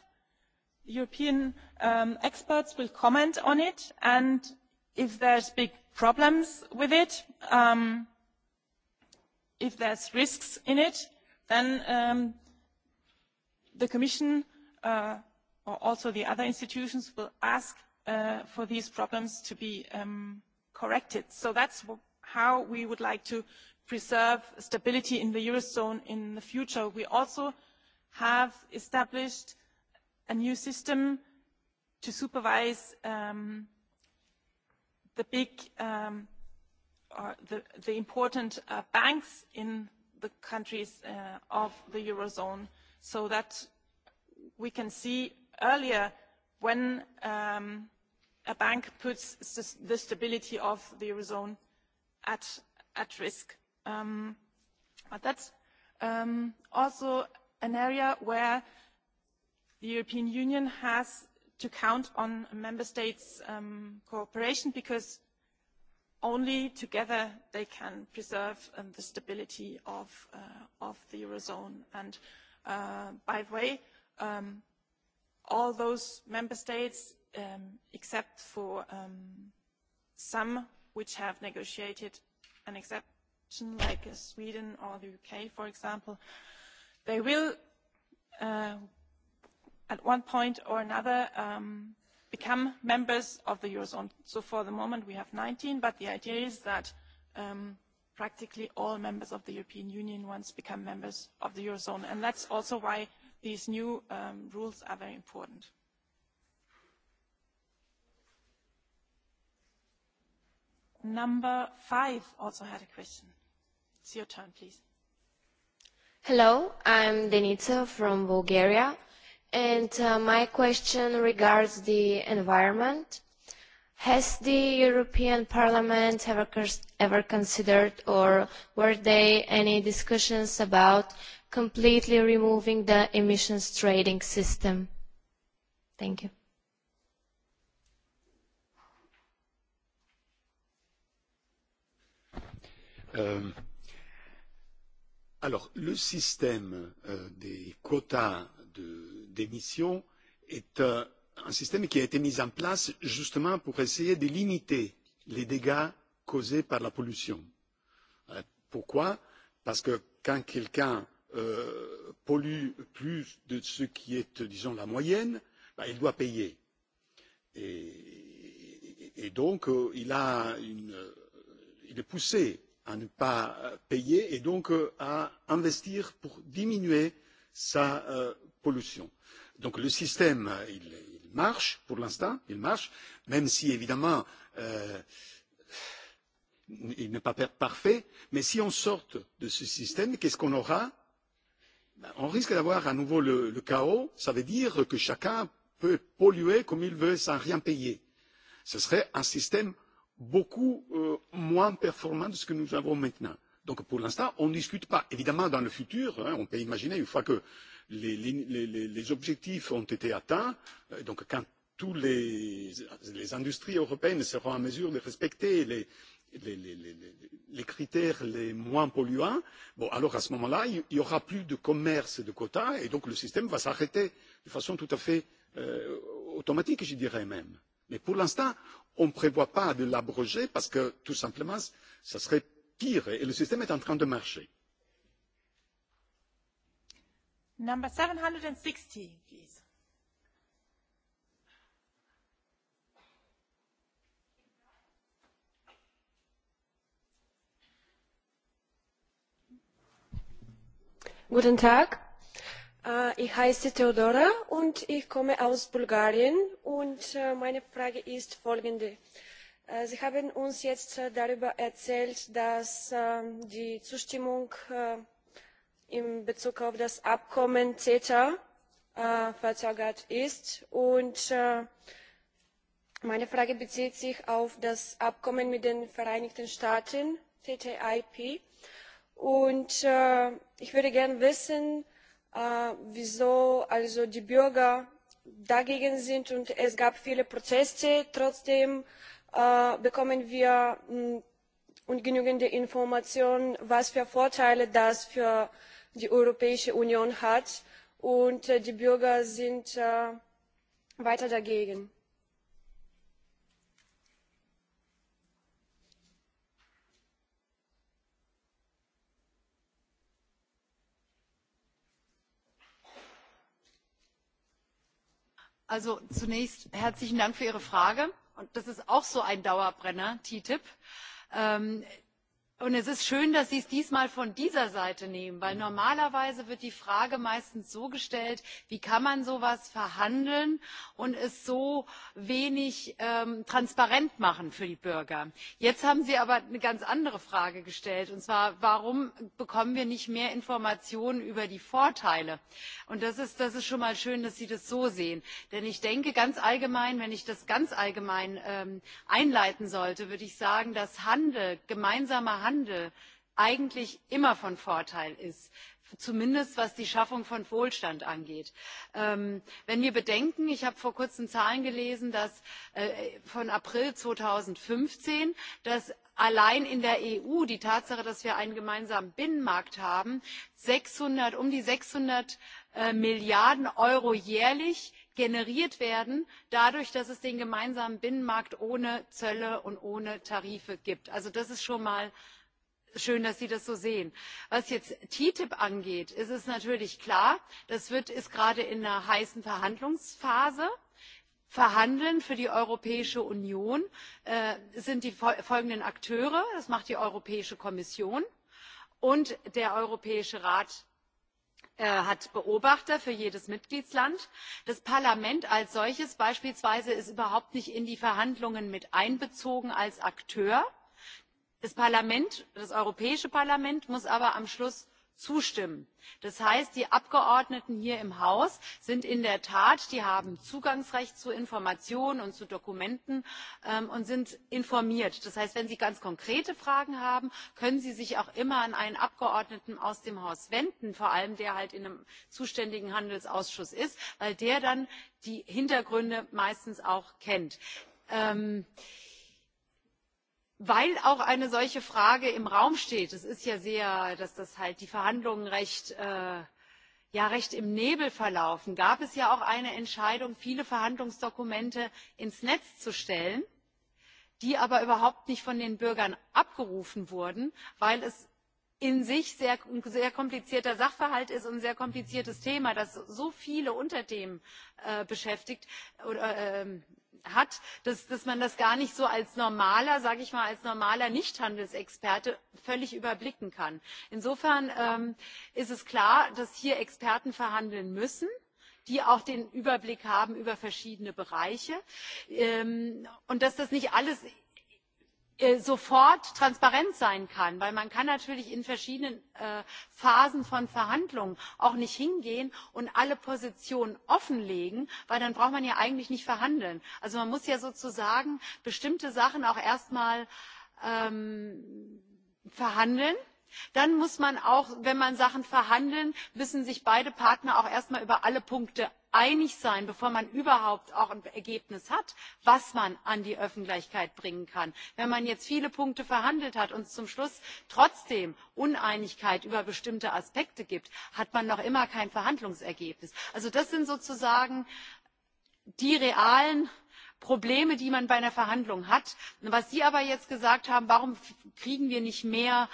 European um, experts will comment on it and if there's big problems with it, um, if there's risks in it, then um, the Commission uh, or also the other institutions will ask uh, for these problems to be um, corrected. So that's how we would like to preserve stability in the Eurozone in the future. We also have established a new system to supervise um, the big um, or the, the important uh, banks in the countries uh, of the Eurozone so that we can see earlier when a bank puts the stability of the eurozone at, at risk. Um, but that's um, also an area where the European Union has to count on member states' um, cooperation because only together they can preserve um, the stability of, uh, of the eurozone. And uh, by the way, um, all those member states um, except for um, some which have negotiated an exception like uh, Sweden or the UK for example they will uh, at one point or another um, become members of the Eurozone. So for the moment we have 19 but the idea is that um, practically all members of the European Union once become members of the Eurozone and that's also why these new um, rules are very important. Number five also had a question. It's your turn, please. Hello, I'm Denitsa from Bulgaria, and uh, my question regards the environment. Has the European Parliament ever, ever considered or were there any discussions about completely removing the emissions trading system? Thank you. Euh, alors, le système euh, des quotas d'émissions de, est un, un système qui a été mis en place justement pour essayer de limiter les dégâts causés par la pollution. Euh, pourquoi Parce que quand quelqu'un pollue plus de ce qui est, disons, la moyenne, il doit payer. Et, donc, il, est poussé à ne pas payer et donc à investir pour diminuer sa pollution. Donc le système, marche pour l'instant, il marche, même si évidemment il n'est pas parfait, mais si on sort de ce système, qu'est-ce qu'on aura on risque d'avoir à nouveau le, le chaos. Ça veut dire que chacun peut polluer comme il veut sans rien payer. Ce serait un système beaucoup euh, moins performant de ce que nous avons maintenant. Donc pour l'instant, on ne discute pas. Évidemment, dans le futur, hein, on peut imaginer une fois que les, les, les, les objectifs ont été atteints, euh, donc quand toutes les, les industries européennes seront en mesure de respecter les, les, les, les, les critères les moins polluants, bon, alors à ce moment-là, il n'y aura plus de commerce de quotas et donc le système va s'arrêter de façon tout à fait euh, automatique, je dirais même. Mais pour l'instant, on ne prévoit pas de l'abroger parce que tout simplement, ça serait pire et le système est en train de marcher. Number 760, please. Guten Tag. Ich heiße Theodora und ich komme aus Bulgarien und meine Frage ist folgende. Sie haben uns jetzt darüber erzählt, dass die Zustimmung in Bezug auf das Abkommen CETA verzögert ist und meine Frage bezieht sich auf das Abkommen mit den Vereinigten Staaten, TTIP Und ich würde gern wissen, wieso also die Bürger dagegen sind. Und es gab viele Proteste. Trotzdem bekommen wir ungenügende Informationen, was für Vorteile das für die Europäische Union hat. Und die Bürger sind weiter dagegen. Also zunächst herzlichen Dank für Ihre Frage. Und das ist auch so ein Dauerbrenner, TTIP. Ähm, Und es ist schön, dass Sie es diesmal von dieser Seite nehmen, weil normalerweise wird die Frage meistens so gestellt, wie kann man sowas verhandeln und es so wenig ähm, transparent machen für die Bürger. Jetzt haben Sie aber eine ganz andere Frage gestellt, und zwar, warum bekommen wir nicht mehr Informationen über die Vorteile? Und das ist, das ist schon mal schön, dass Sie das so sehen. Denn ich denke ganz allgemein, wenn ich das ganz allgemein ähm, einleiten sollte, würde ich sagen, dass Handel, gemeinsamer handel eigentlich immer von Vorteil ist, zumindest was die Schaffung von Wohlstand angeht. wenn wir bedenken, ich habe vor kurzem Zahlen gelesen, dass von April zweitausendfünfzehn dass allein in der EU die Tatsache, dass wir einen gemeinsamen Binnenmarkt haben, um die sechshundert Milliarden Euro jährlich generiert werden dadurch dass es den gemeinsamen binnenmarkt ohne zölle und ohne tarife gibt. also das ist schon mal schön, dass Sie das so sehen. Was jetzt TTIP angeht, ist es natürlich klar, das wird, ist gerade in einer heißen Verhandlungsphase verhandeln für die Europäische Union sind die folgenden Akteure. Das macht die Europäische Kommission und der Europäische Rat hat Beobachter für jedes Mitgliedsland. Das Parlament als solches beispielsweise ist überhaupt nicht in die Verhandlungen mit einbezogen als Akteur das parlament das europäische parlament muss aber am schluss zustimmen. das heißt die abgeordneten hier im haus sind in der tat die haben zugangsrecht zu informationen und zu dokumenten und sind informiert. das heißt wenn sie ganz konkrete fragen haben können sie sich auch immer an einen abgeordneten aus dem haus wenden vor allem der halt in einem zuständigen handelsausschuss ist weil der dann die hintergründe meistens auch kennt weil auch eine solche Frage im Raum steht. Es ist ja sehr, dass das halt die Verhandlungen recht, äh, ja, recht im Nebel verlaufen. Gab es ja auch eine Entscheidung, viele Verhandlungsdokumente ins Netz zu stellen, die aber überhaupt nicht von den Bürgern abgerufen wurden, weil es in sich sehr, ein sehr komplizierter Sachverhalt ist und ein sehr kompliziertes Thema, das so viele Unterthemen äh, beschäftigt oder äh, hat, dass, man das gar nicht so als normaler, sage ich mal, als normaler Nichthandelsexperte völlig überblicken kann. Insofern ist es klar, dass hier Experten verhandeln müssen die auch den Überblick haben über verschiedene Bereiche und dass das nicht alles sofort transparent sein kann denn man kann natürlich in verschiedenen phasen von verhandlungen auch nicht hingehen und alle positionen offenlegen denn dann braucht man ja eigentlich nicht verhandeln. also man muss ja sozusagen bestimmte sachen auch erst mal verhandeln dann muss man auch wenn man sachen verhandelt müssen sich beide partner auch erst einmal über alle punkte einig sein bevor man überhaupt auch ein ergebnis hat was man an die öffentlichkeit bringen kann. wenn man jetzt viele punkte verhandelt hat und es zum schluss trotzdem uneinigkeit über bestimmte aspekte gibt hat man noch immer kein verhandlungsergebnis. also das sind sozusagen die realen Probleme, die man bei einer Verhandlung hat. Was Sie aber jetzt gesagt haben, warum kriegen wir nicht mehr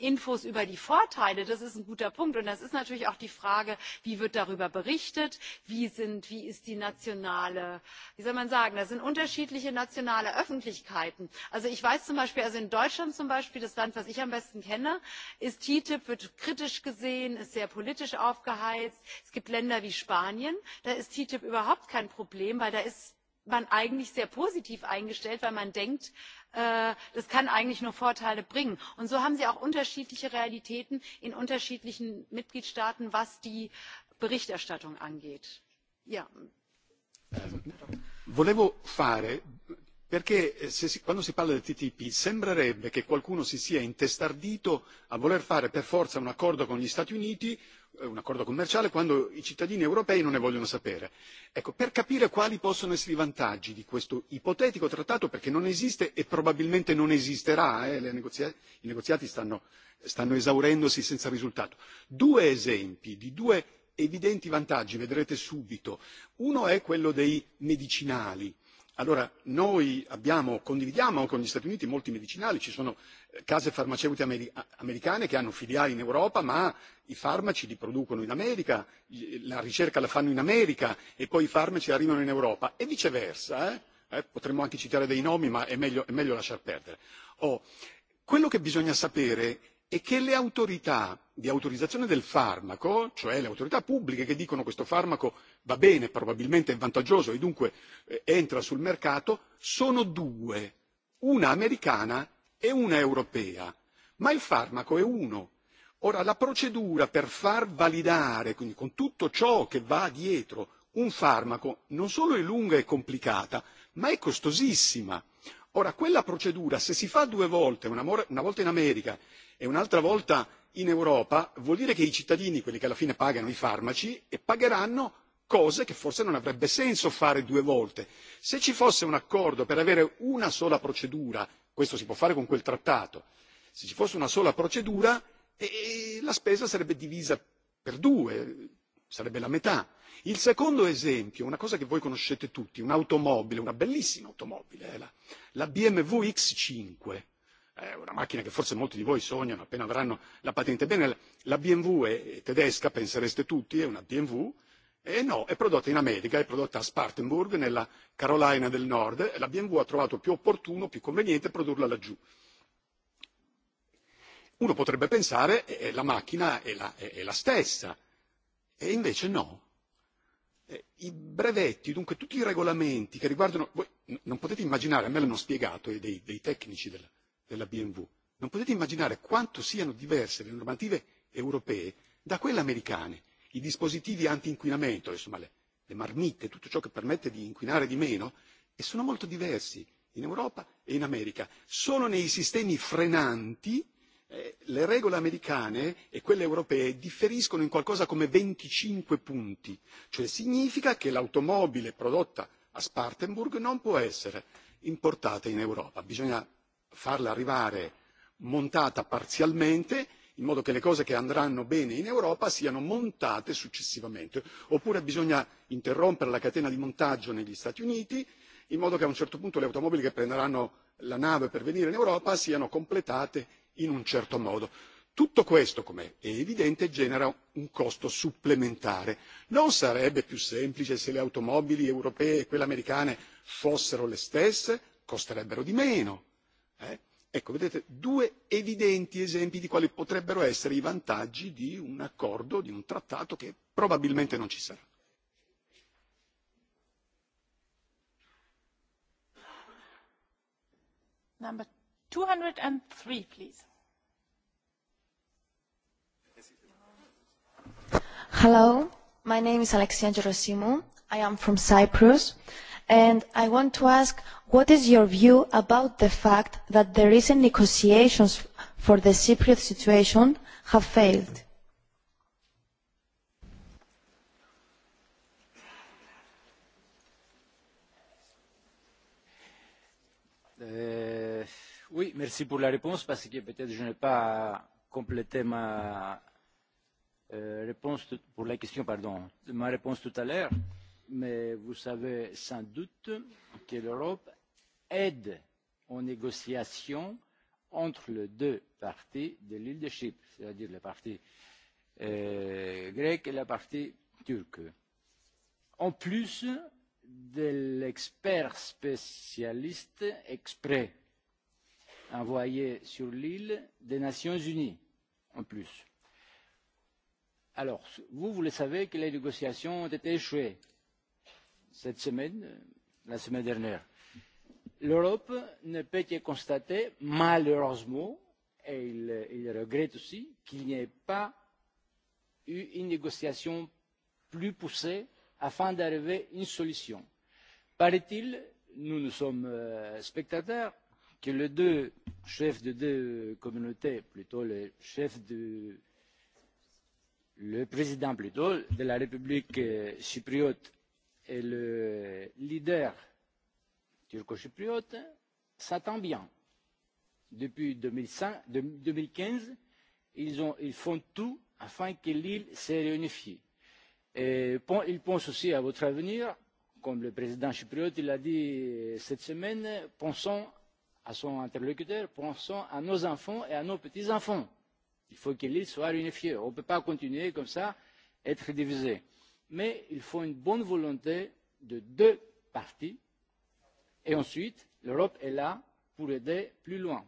Infos über die Vorteile, das ist ein guter Punkt. Und das ist natürlich auch die Frage, wie wird darüber berichtet, wie, ist die nationale, wie soll man sagen, das sind unterschiedliche nationale Öffentlichkeiten. Also ich weiß zum Beispiel, also in Deutschland zum Beispiel, das Land, das ich am besten kenne, ist TTIP, wird kritisch gesehen, ist sehr politisch aufgeheizt. Es gibt Länder wie Spanien, da ist TTIP überhaupt kein Problem, weil da ist man eigentlich sehr positiv eingestellt, weil man denkt, das kann eigentlich nur Vorteile bringen. Und so haben Sie auch unterschiedliche Realitäten in unterschiedlichen Mitgliedstaaten, was die Berichterstattung angeht. Volevo fare, perché quando si parla del TTIP sembrerebbe che qualcuno si sia intestardito a voler fare per forza un accordo con gli Stati Uniti un accordo commerciale quando i cittadini europei non ne vogliono sapere. Ecco, per capire quali possono essere i vantaggi di questo ipotetico trattato, perché non esiste e probabilmente non esisterà, eh, le negoziati, i negoziati stanno, stanno esaurendosi senza risultato. Due esempi di due evidenti vantaggi, vedrete subito. Uno è quello dei medicinali. Allora, noi abbiamo, condividiamo con gli Stati Uniti molti medicinali, ci sono case farmaceutiche americane che hanno filiali in Europa, ma i farmaci li producono in America, la ricerca la fanno in America e poi i farmaci arrivano in Europa e viceversa. Eh? Eh, potremmo anche citare dei nomi, ma è meglio, è meglio lasciar perdere. Oh, quello che bisogna sapere è che le autorità di autorizzazione del farmaco, cioè le autorità pubbliche che dicono questo farmaco va bene, probabilmente è vantaggioso e dunque entra sul mercato, sono due, una americana e una europea, ma il farmaco è uno. Ora, la procedura per far validare, quindi con tutto ciò che va dietro, un farmaco non solo è lunga e complicata, ma è costosissima. Ora, quella procedura, se si fa due volte, una, una volta in America e un'altra volta in Europa, vuol dire che i cittadini, quelli che alla fine pagano i farmaci, e pagheranno cose che forse non avrebbe senso fare due volte. Se ci fosse un accordo per avere una sola procedura questo si può fare con quel trattato se ci fosse una sola procedura la spesa sarebbe divisa per due sarebbe la metà. Il secondo esempio, una cosa che voi conoscete tutti, un'automobile, una bellissima automobile, la, la BMW X5, è una macchina che forse molti di voi sognano appena avranno la patente. Bene, la BMW è tedesca, pensereste tutti, è una BMW, E no, è prodotta in America, è prodotta a Spartanburg, nella Carolina del Nord, e la BMW ha trovato più opportuno, più conveniente produrla laggiù. Uno potrebbe pensare che la macchina è la, è la stessa, e invece no. I brevetti, dunque tutti i regolamenti che riguardano... Voi non potete immaginare, a me l'hanno spiegato dei, dei tecnici della, della BMW, non potete immaginare quanto siano diverse le normative europee da quelle americane i dispositivi antinquinamento, insomma le, le marmitte, tutto ciò che permette di inquinare di meno, e sono molto diversi in Europa e in America. Solo nei sistemi frenanti le regole americane e quelle europee differiscono in qualcosa come venticinque punti, cioè significa che l'automobile prodotta a Spartanburg non può essere importata in Europa, bisogna farla arrivare montata parzialmente in modo che le cose che andranno bene in Europa siano montate successivamente. Oppure bisogna interrompere la catena di montaggio negli Stati Uniti in modo che a un certo punto le automobili che prenderanno la nave per venire in Europa siano completate in un certo modo. Tutto questo, come è evidente, genera un costo supplementare. Non sarebbe più semplice se le automobili europee e quelle americane fossero le stesse? Costerebbero di meno. Eh? Ecco, vedete, due evidenti esempi di quali potrebbero essere i vantaggi di un accordo, di un trattato che probabilmente non ci sarà. Number 203, please. Hello, my name is Alexia I am from Cyprus. And I want to ask, what is your view about the fact that the recent negotiations for the Cypriot situation have failed? oui, merci pour la réponse parce que peut-être je n'ai pas complété ma réponse pour la question, pardon, ma réponse tout à l'heure. Euh, mais vous savez sans doute que l'Europe aide aux négociations entre les deux parties de l'île de Chypre, c'est-à-dire la partie grecque et la partie turque. En plus de l'expert spécialiste exprès envoyé sur l'île des Nations Unies, en plus. Alors, vous, vous le savez que les négociations ont été échouées cette semaine, la semaine dernière. L'Europe ne peut que constater, malheureusement, et il, il regrette aussi, qu'il n'y ait pas eu une négociation plus poussée afin d'arriver à une solution. Paraît-il, nous nous sommes spectateurs, que les deux chefs de deux communautés, plutôt le chef de le président plutôt de la République chypriote et le leader turco-chypriote s'entend bien. Depuis deux mille quinze, ils font tout afin que l'île se réunifie. Et ils pensent aussi à votre avenir, comme le président chypriote l'a dit cette semaine, pensons à son interlocuteur, pensons à nos enfants et à nos petits-enfants. Il faut que l'île soit réunifiée. On ne peut pas continuer comme ça, être divisé mais il faut une bonne volonté de deux parties. Et ensuite, l'Europe est là pour aider plus loin.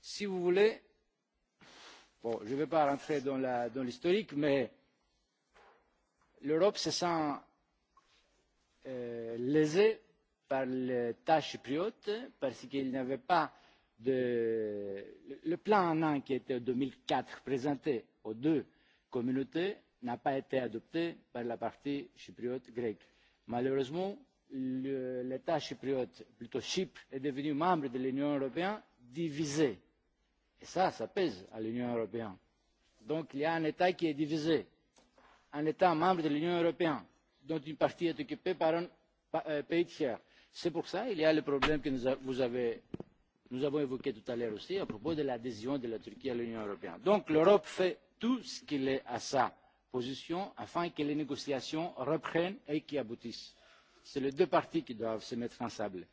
Si vous voulez, bon, je ne vais pas rentrer dans, la, dans l'historique, mais l'Europe se sent euh, lésée par les tâches chypriotes parce qu'il n'y avait pas de... Le plan en un qui était en 2004 présenté aux deux communautés n'a pas été adopté par la partie chypriote grecque. Malheureusement, l'État chypriote, plutôt Chypre, est devenu membre de l'Union européenne divisé. Et ça, ça pèse à l'Union européenne. Donc il y a un État qui est divisé, un État membre de l'Union européenne, dont une partie est occupée par un pays tiers. C'est pour ça qu'il y a le problème que nous, vous avez, nous avons évoqué tout à l'heure aussi à propos de l'adhésion de la Turquie à l'Union européenne. Donc l'Europe fait tout ce qu'il est à ça position afin que les négociations reprennent et qu'y aboutissent. Ce sont les deux parties qui doivent se mettre ensemble.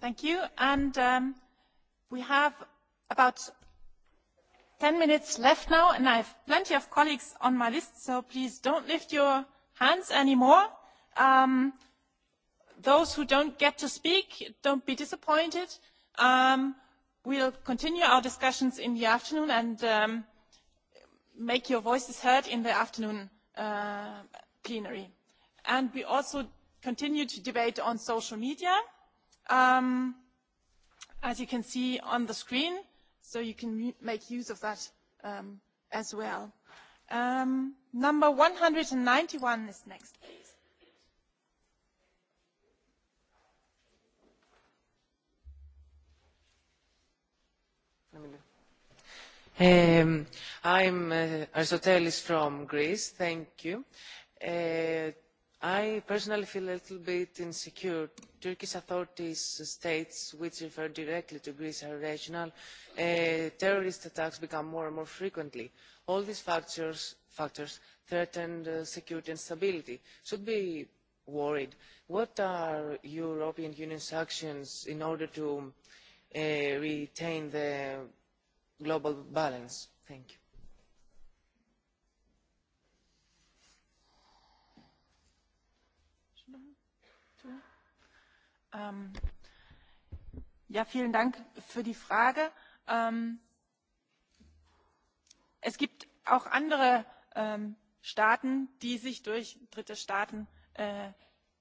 Thank you. And we have about ten minutes left now, and I have plenty of colleagues on my list, so please don't lift your hands anymore. those who don't get to speak, don't be disappointed. Um, we'll continue our discussions in the afternoon, and make your voices heard in the afternoon uh, plenary. And we also continue to debate on social media, um, as you can see on the screen, so you can make use of that um, as well. Um, number 191 is next, please. Let me Um, I'm uh, Arsotelis from Greece. Thank you. Uh, I personally feel a little bit insecure. Turkish authorities states which refer directly to Greece are regional. Uh, terrorist attacks become more and more frequently. All these factors, factors threaten uh, security and stability. Should be worried. What are European Union's actions in order to uh, retain the global balance. Thank you. Ähm, ja, vielen Dank für die Frage. Ähm, es gibt auch andere ähm, Staaten, die sich durch dritte Staaten äh,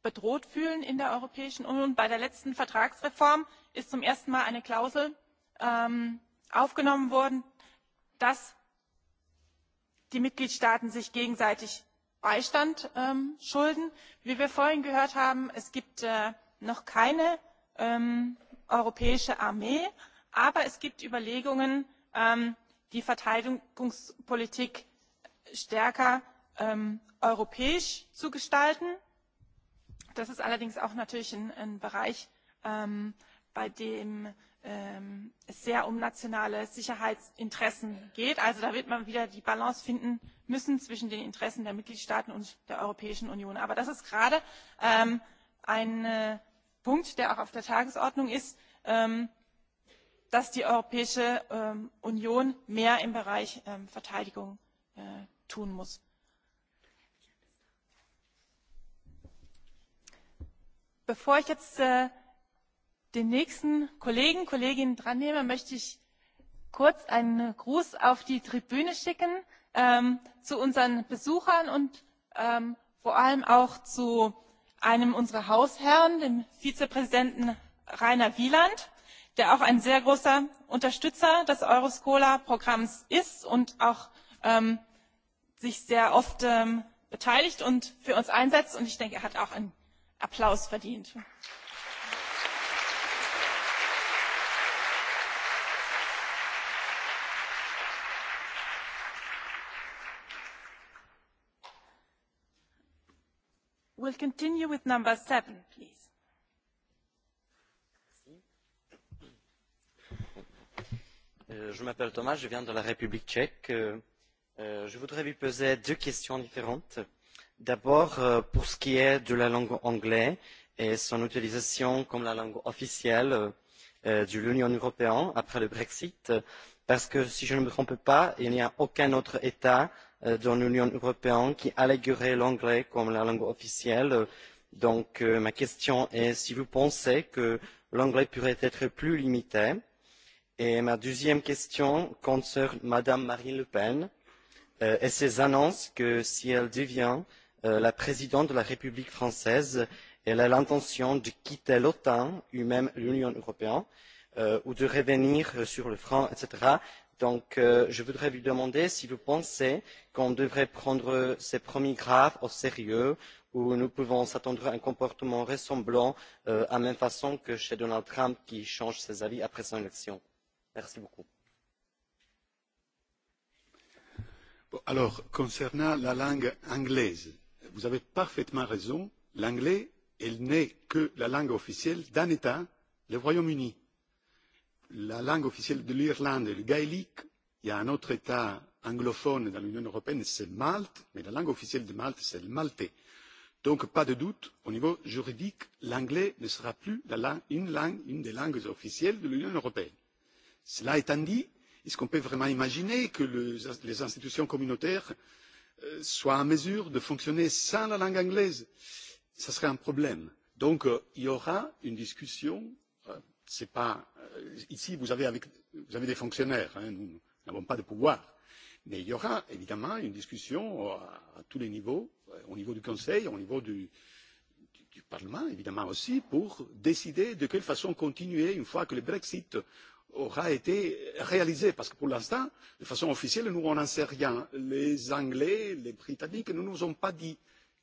bedroht fühlen in der Europäischen Union. Bei der letzten Vertragsreform ist zum ersten Mal eine Klausel ähm, aufgenommen wurden dass die mitgliedstaaten sich gegenseitig beistand schulden. wie wir vorhin gehört haben es gibt noch keine europäische armee aber es gibt überlegungen die verteidigungspolitik stärker europäisch zu gestalten. das ist allerdings auch natürlich ein bereich bei dem es sehr um nationale Sicherheitsinteressen geht. Also da wird man wieder die Balance finden müssen zwischen den Interessen der Mitgliedstaaten und der Europäischen Union. Aber das ist gerade ein Punkt, der auch auf der Tagesordnung ist, dass die Europäische Union mehr im Bereich Verteidigung tun muss. Bevor ich jetzt den nächsten Kollegen, Kolleginnen dran nehme, möchte ich kurz einen Gruß auf die Tribüne schicken ähm, zu unseren Besuchern und ähm, vor allem auch zu einem unserer Hausherren, dem Vizepräsidenten Rainer Wieland, der auch ein sehr großer Unterstützer des Euroscola-Programms ist und auch ähm, sich sehr oft ähm, beteiligt und für uns einsetzt. Und ich denke, er hat auch einen Applaus verdient. Applaus We'll continue with number seven, please. Je m'appelle Thomas, je viens de la République tchèque. Je voudrais lui poser deux questions différentes. D'abord, pour ce qui est de la langue anglaise et son utilisation comme la langue officielle de l'Union européenne après le Brexit, parce que si je ne me trompe pas, il n'y a aucun autre État dans l'Union européenne qui allégueraient l'anglais comme la langue officielle. Donc ma question est si vous pensez que l'anglais pourrait être plus limité. Et ma deuxième question concerne Madame Marine Le Pen et ses annonces que si elle devient la présidente de la République française, elle a l'intention de quitter l'OTAN ou même l'Union européenne ou de revenir sur le front, etc. Donc, je voudrais vous demander si vous pensez qu'on devrait prendre ces promis graves au sérieux ou nous pouvons s'attendre à un comportement ressemblant à la même façon que chez Donald Trump qui change ses avis après son élection. Merci beaucoup. Alors, concernant la langue anglaise, vous avez parfaitement raison. L'anglais, elle n'est que la langue officielle d'un État, le Royaume-Uni la langue officielle de l'Irlande est le gaélique. Il y a un autre État anglophone dans l'Union européenne, c'est Malte, mais la langue officielle de Malte, c'est le maltais. Donc, pas de doute, au niveau juridique, l'anglais ne sera plus la langue, une, langue, une des langues officielles de l'Union européenne. Cela étant dit, est-ce qu'on peut vraiment imaginer que le, les institutions communautaires soient en mesure de fonctionner sans la langue anglaise Ce serait un problème. Donc, il y aura une discussion c'est pas ici vous avez avec vous avez des fonctionnaires, hein, nous n'avons pas de pouvoir. Mais il y aura évidemment une discussion à, à tous les niveaux, au niveau du Conseil, au niveau du, du Parlement, évidemment aussi, pour décider de quelle façon continuer une fois que le Brexit aura été réalisé. Parce que pour l'instant, de façon officielle, nous, on n'en sait rien. Les Anglais, les Britanniques ne nous ont pas dit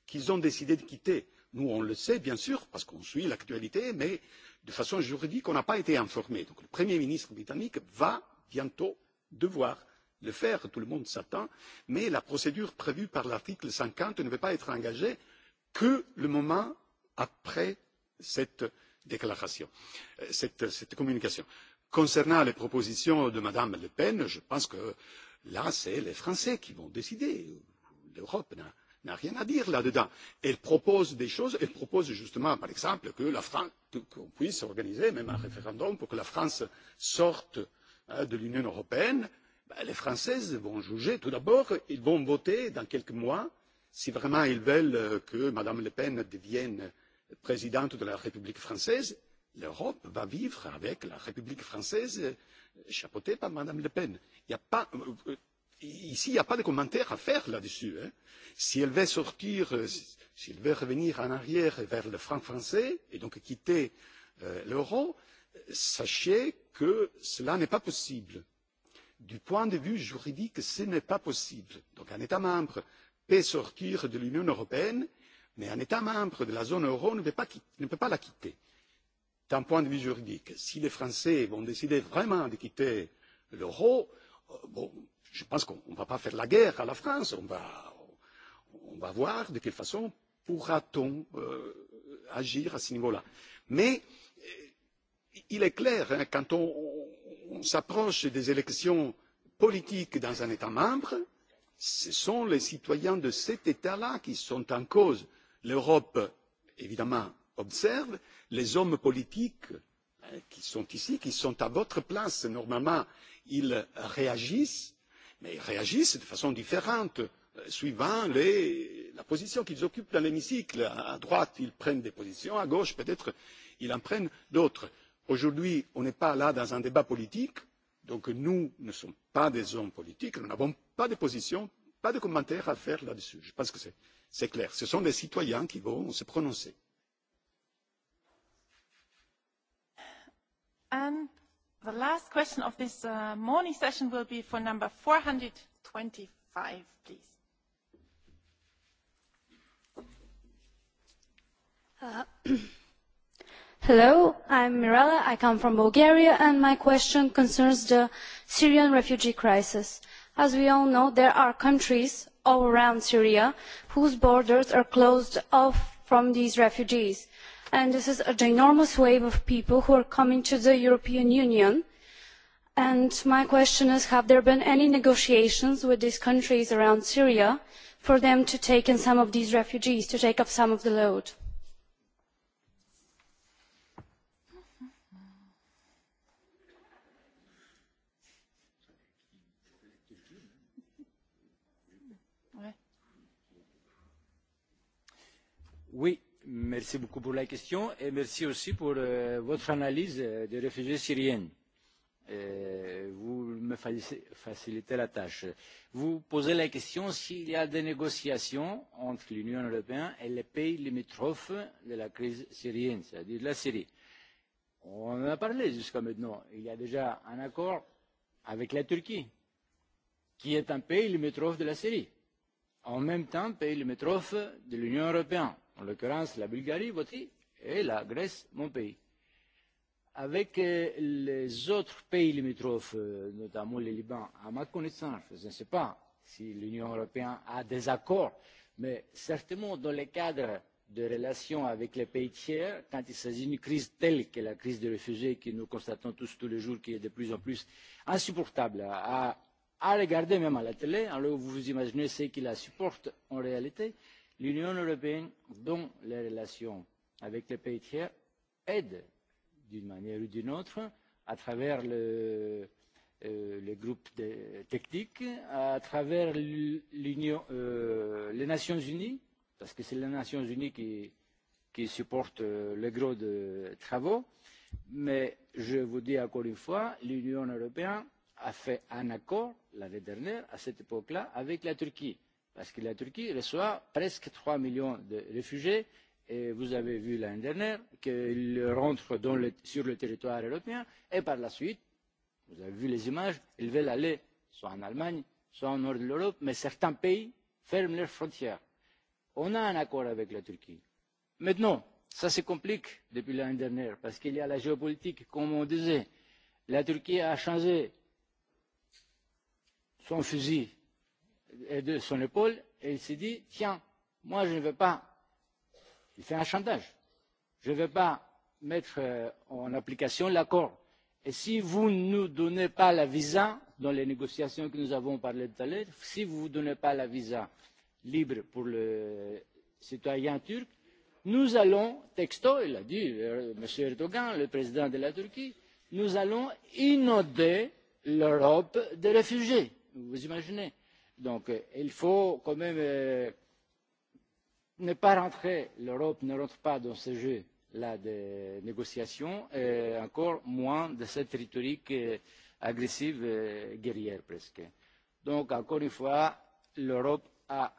qu'ils ont décidé de quitter Nous, on le sait, bien sûr, parce qu'on suit l'actualité, mais de façon juridique, on n'a pas été informé. Donc le Premier ministre britannique va bientôt devoir le faire, tout le monde s'attend, mais la procédure prévue par l'article cinquante ne peut pas être engagée que le moment après cette déclaration, cette, communication. Concernant les propositions de Mme Le Pen, je pense que là, c'est les Français qui vont décider. L'Europe n'a n'a rien à dire là-dedans. Elle propose des choses, elle propose justement, par exemple, que la France, qu'on puisse organiser même un référendum pour que la France sorte de l'Union européenne. les Françaises vont juger tout d'abord, ils vont voter dans quelques mois si vraiment ils veulent que Mme Le Pen devienne présidente de la République française. L'Europe va vivre avec la République française chapeautée par Mme Le Pen. Il n'y a pas, ici, il n'y a pas de commentaire à faire là-dessus. Hein. Si elle veut sortir, si elle veut revenir en arrière vers le franc français et donc quitter euh, l'euro, sachez que cela n'est pas possible. Du point de vue juridique, ce n'est pas possible. Donc un État membre peut sortir de l'Union européenne, mais un État membre de la zone euro ne peut pas, ne peut pas la quitter. D'un point de vue juridique, si les Français vont décider vraiment de quitter l'euro, bon, je pense qu'on ne va pas faire la guerre à la France. On va, on va voir de quelle façon pourra-t-on euh, agir à ce niveau-là. Mais il est clair, hein, quand on, on s'approche des élections politiques dans un État membre, ce sont les citoyens de cet État-là qui sont en cause. L'Europe, évidemment, observe les hommes politiques qui sont ici, qui sont à votre place, normalement, ils réagissent mais réagissent de façon différente suivant la position qu'ils occupent dans l'hémicycle. À droite, ils prennent des positions, à gauche, peut-être, ils en prennent d'autres. Aujourd'hui, on n'est pas là dans un débat politique, donc nous ne sommes pas des hommes politiques, nous n'avons pas de position, pas de commentaires à faire là-dessus. Je pense que c'est clair. Ce sont les citoyens qui vont se prononcer. The last question of this uh, morning session will be for number 425, please. Uh, Hello, I'm Mirella. I come from Bulgaria, and my question concerns the Syrian refugee crisis. As we all know, there are countries all around Syria whose borders are closed off from these refugees And this is a ginormous wave of people who are coming to the European Union. And my question is, have there been any negotiations with these countries around Syria for them to take in some of these refugees, to take up some of the load? Oui, Merci beaucoup pour la question et merci aussi pour votre analyse des réfugiés syriens. vous me facilitez la tâche. Vous posez la question s'il y a des négociations entre l'Union européenne et les pays limitrophes de la crise syrienne, c'est-à-dire la Syrie. On en a parlé jusqu'à maintenant. Il y a déjà un accord avec la Turquie, qui est un pays limitrophe de la Syrie, en même temps pays limitrophe de l'Union européenne en l'occurrence la Bulgarie, voici, et la Grèce, mon pays. Avec les autres pays limitrophes, notamment le Liban, à ma connaissance, je ne sais pas si l'Union européenne a des accords, mais certainement dans le cadre de relations avec les pays tiers, quand il s'agit d'une crise telle que la crise des réfugiés que nous constatons tous tous les jours, qui est de plus en plus insupportable à, à regarder même à la télé, alors vous vous imaginez ce qui la supporte en réalité, l'union européenne dans les relations avec les pays tiers aide d'une manière ou d'une autre à travers le, groupes groupe technique, à travers les Nations Unies, parce que c'est les Nations Unies qui, qui supportent le gros des travaux. Mais je vous dis encore une fois, l'Union européenne a fait un accord l'année dernière, à cette époque-là, avec la Turquie parce que la Turquie reçoit presque 3 millions de réfugiés, et vous avez vu l'année dernière qu'ils rentrent dans le, sur le territoire européen, et par la suite, vous avez vu les images, ils veulent aller soit en Allemagne, soit au nord de l'Europe, mais certains pays ferment leurs frontières. On a un accord avec la Turquie. Maintenant, ça se complique depuis l'année dernière, parce qu'il y a la géopolitique, comme on disait. La Turquie a changé son fusil et de son épaule et il s'est dit tiens, moi je ne veux pas. Il fait un chantage. Je ne veux pas mettre en application l'accord. Et si vous ne nous donnez pas la visa dans les négociations que nous avons parlé tout à l'heure, si vous ne donnez pas la visa libre pour le citoyen turc, nous allons, texto, il a dit M. Erdogan, le président de la Turquie, nous allons inonder l'Europe des réfugiés. Vous imaginez Donc il faut quand même ne pas rentrer, l'Europe ne rentre pas dans ce jeu là des négociations, et encore moins de cette rhétorique agressive, guerrière presque. Donc encore une fois, l'Europe a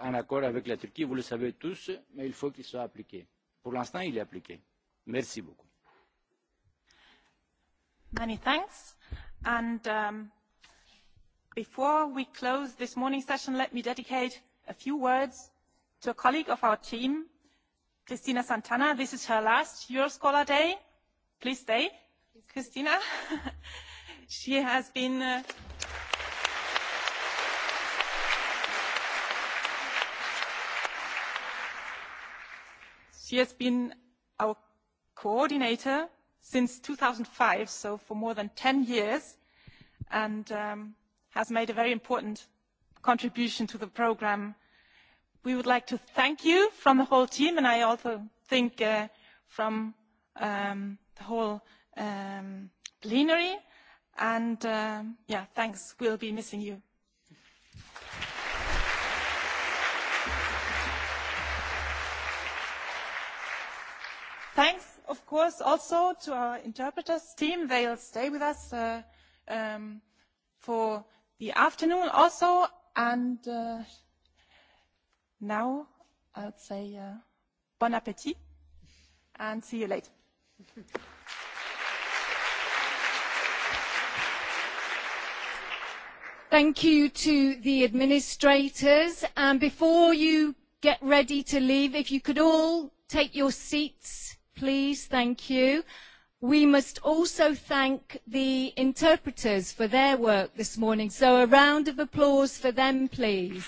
un accord avec la Turquie, vous le savez tous, mais il faut qu'il soit appliqué. Pour l'instant, il est appliqué. Merci beaucoup. Many thanks. And um, Before we close this morning's session, let me dedicate a few words to a colleague of our team, Cristina Santana. This is her last Euroscholar Day. Please stay, Cristina. she has been. Uh, she has been our coordinator since 2005, so for more than 10 years. And um, has made a very important contribution to the programme. We would like to thank you from the whole team, and I also think uh, from um, the whole um, plenary. And um, yeah, thanks. We'll be missing you. Thanks, of course, also to our interpreters team. They'll stay with us uh, um, for the afternoon also. And now I'll say bon appétit and see you later. Thank you to the administrators. And before you get ready to leave, if you could all take your seats, please. Thank you. We must also thank the interpreters for their work this morning. So a round of applause for them, please.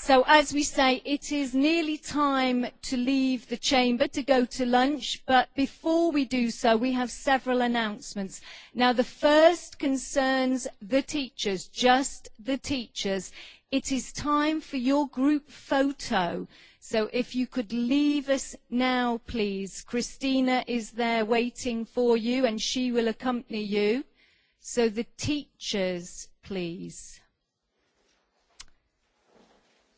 So as we say, it is nearly time to leave the chamber to go to lunch, but before we do so, we have several announcements. Now the first concerns the teachers, just the teachers It is time for your group photo. So if you could leave us now, please. Christina is there waiting for you and she will accompany you. So the teachers, please.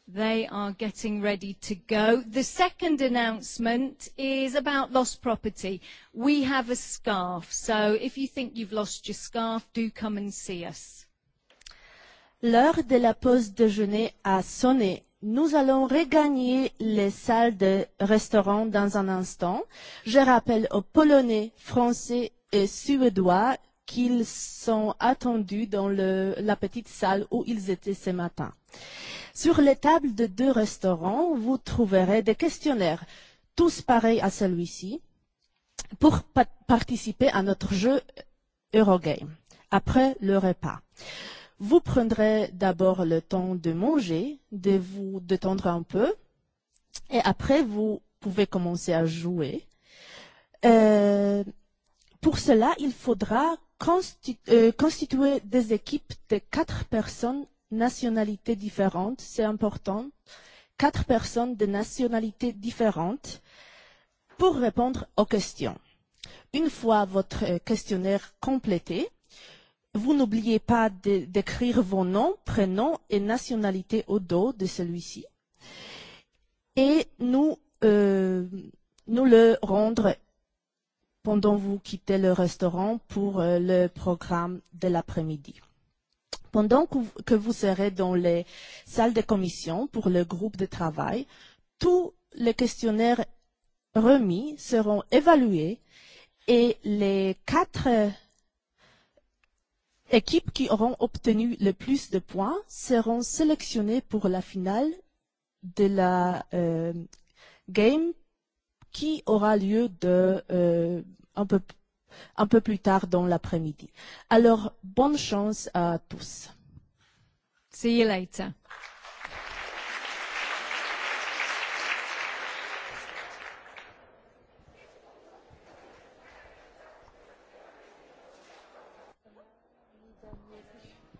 They are getting ready to go. The second announcement is about lost property. We have a scarf, so if you think you've lost your scarf, do come and see us. L'heure de la pause déjeuner a sonné. Nous allons regagner les salles de restaurant dans un instant. Je rappelle aux Polonais, Français et Suédois qu'ils sont attendus dans le, la petite salle où ils étaient ce matin. Sur les tables de deux restaurants, vous trouverez des questionnaires, tous pareils à celui-ci, pour pa participer à notre jeu Eurogame, après le repas. Vous prendrez d'abord le temps de manger, de vous détendre un peu, et après vous pouvez commencer à jouer. Euh, pour cela, il faudra constitu euh, constituer des équipes de quatre personnes nationalités différentes, c'est important, quatre personnes de nationalités différentes pour répondre aux questions. Une fois votre questionnaire complété, Vous n'oubliez pas d'écrire vos noms, prénoms et nationalité au dos de celui-ci. Et nous, euh, nous le rendre pendant vous quittez le restaurant pour euh, le programme de l'après-midi. Pendant que vous, que vous serez dans les salles de commission pour le groupe de travail, tous les questionnaires remis seront évalués et les quatre équipes qui auront obtenu le plus de points seront sélectionnées pour la finale de la euh, game qui aura lieu de, euh, un, peu, un peu plus tard dans l'après-midi. Alors, bonne chance à tous. See you later.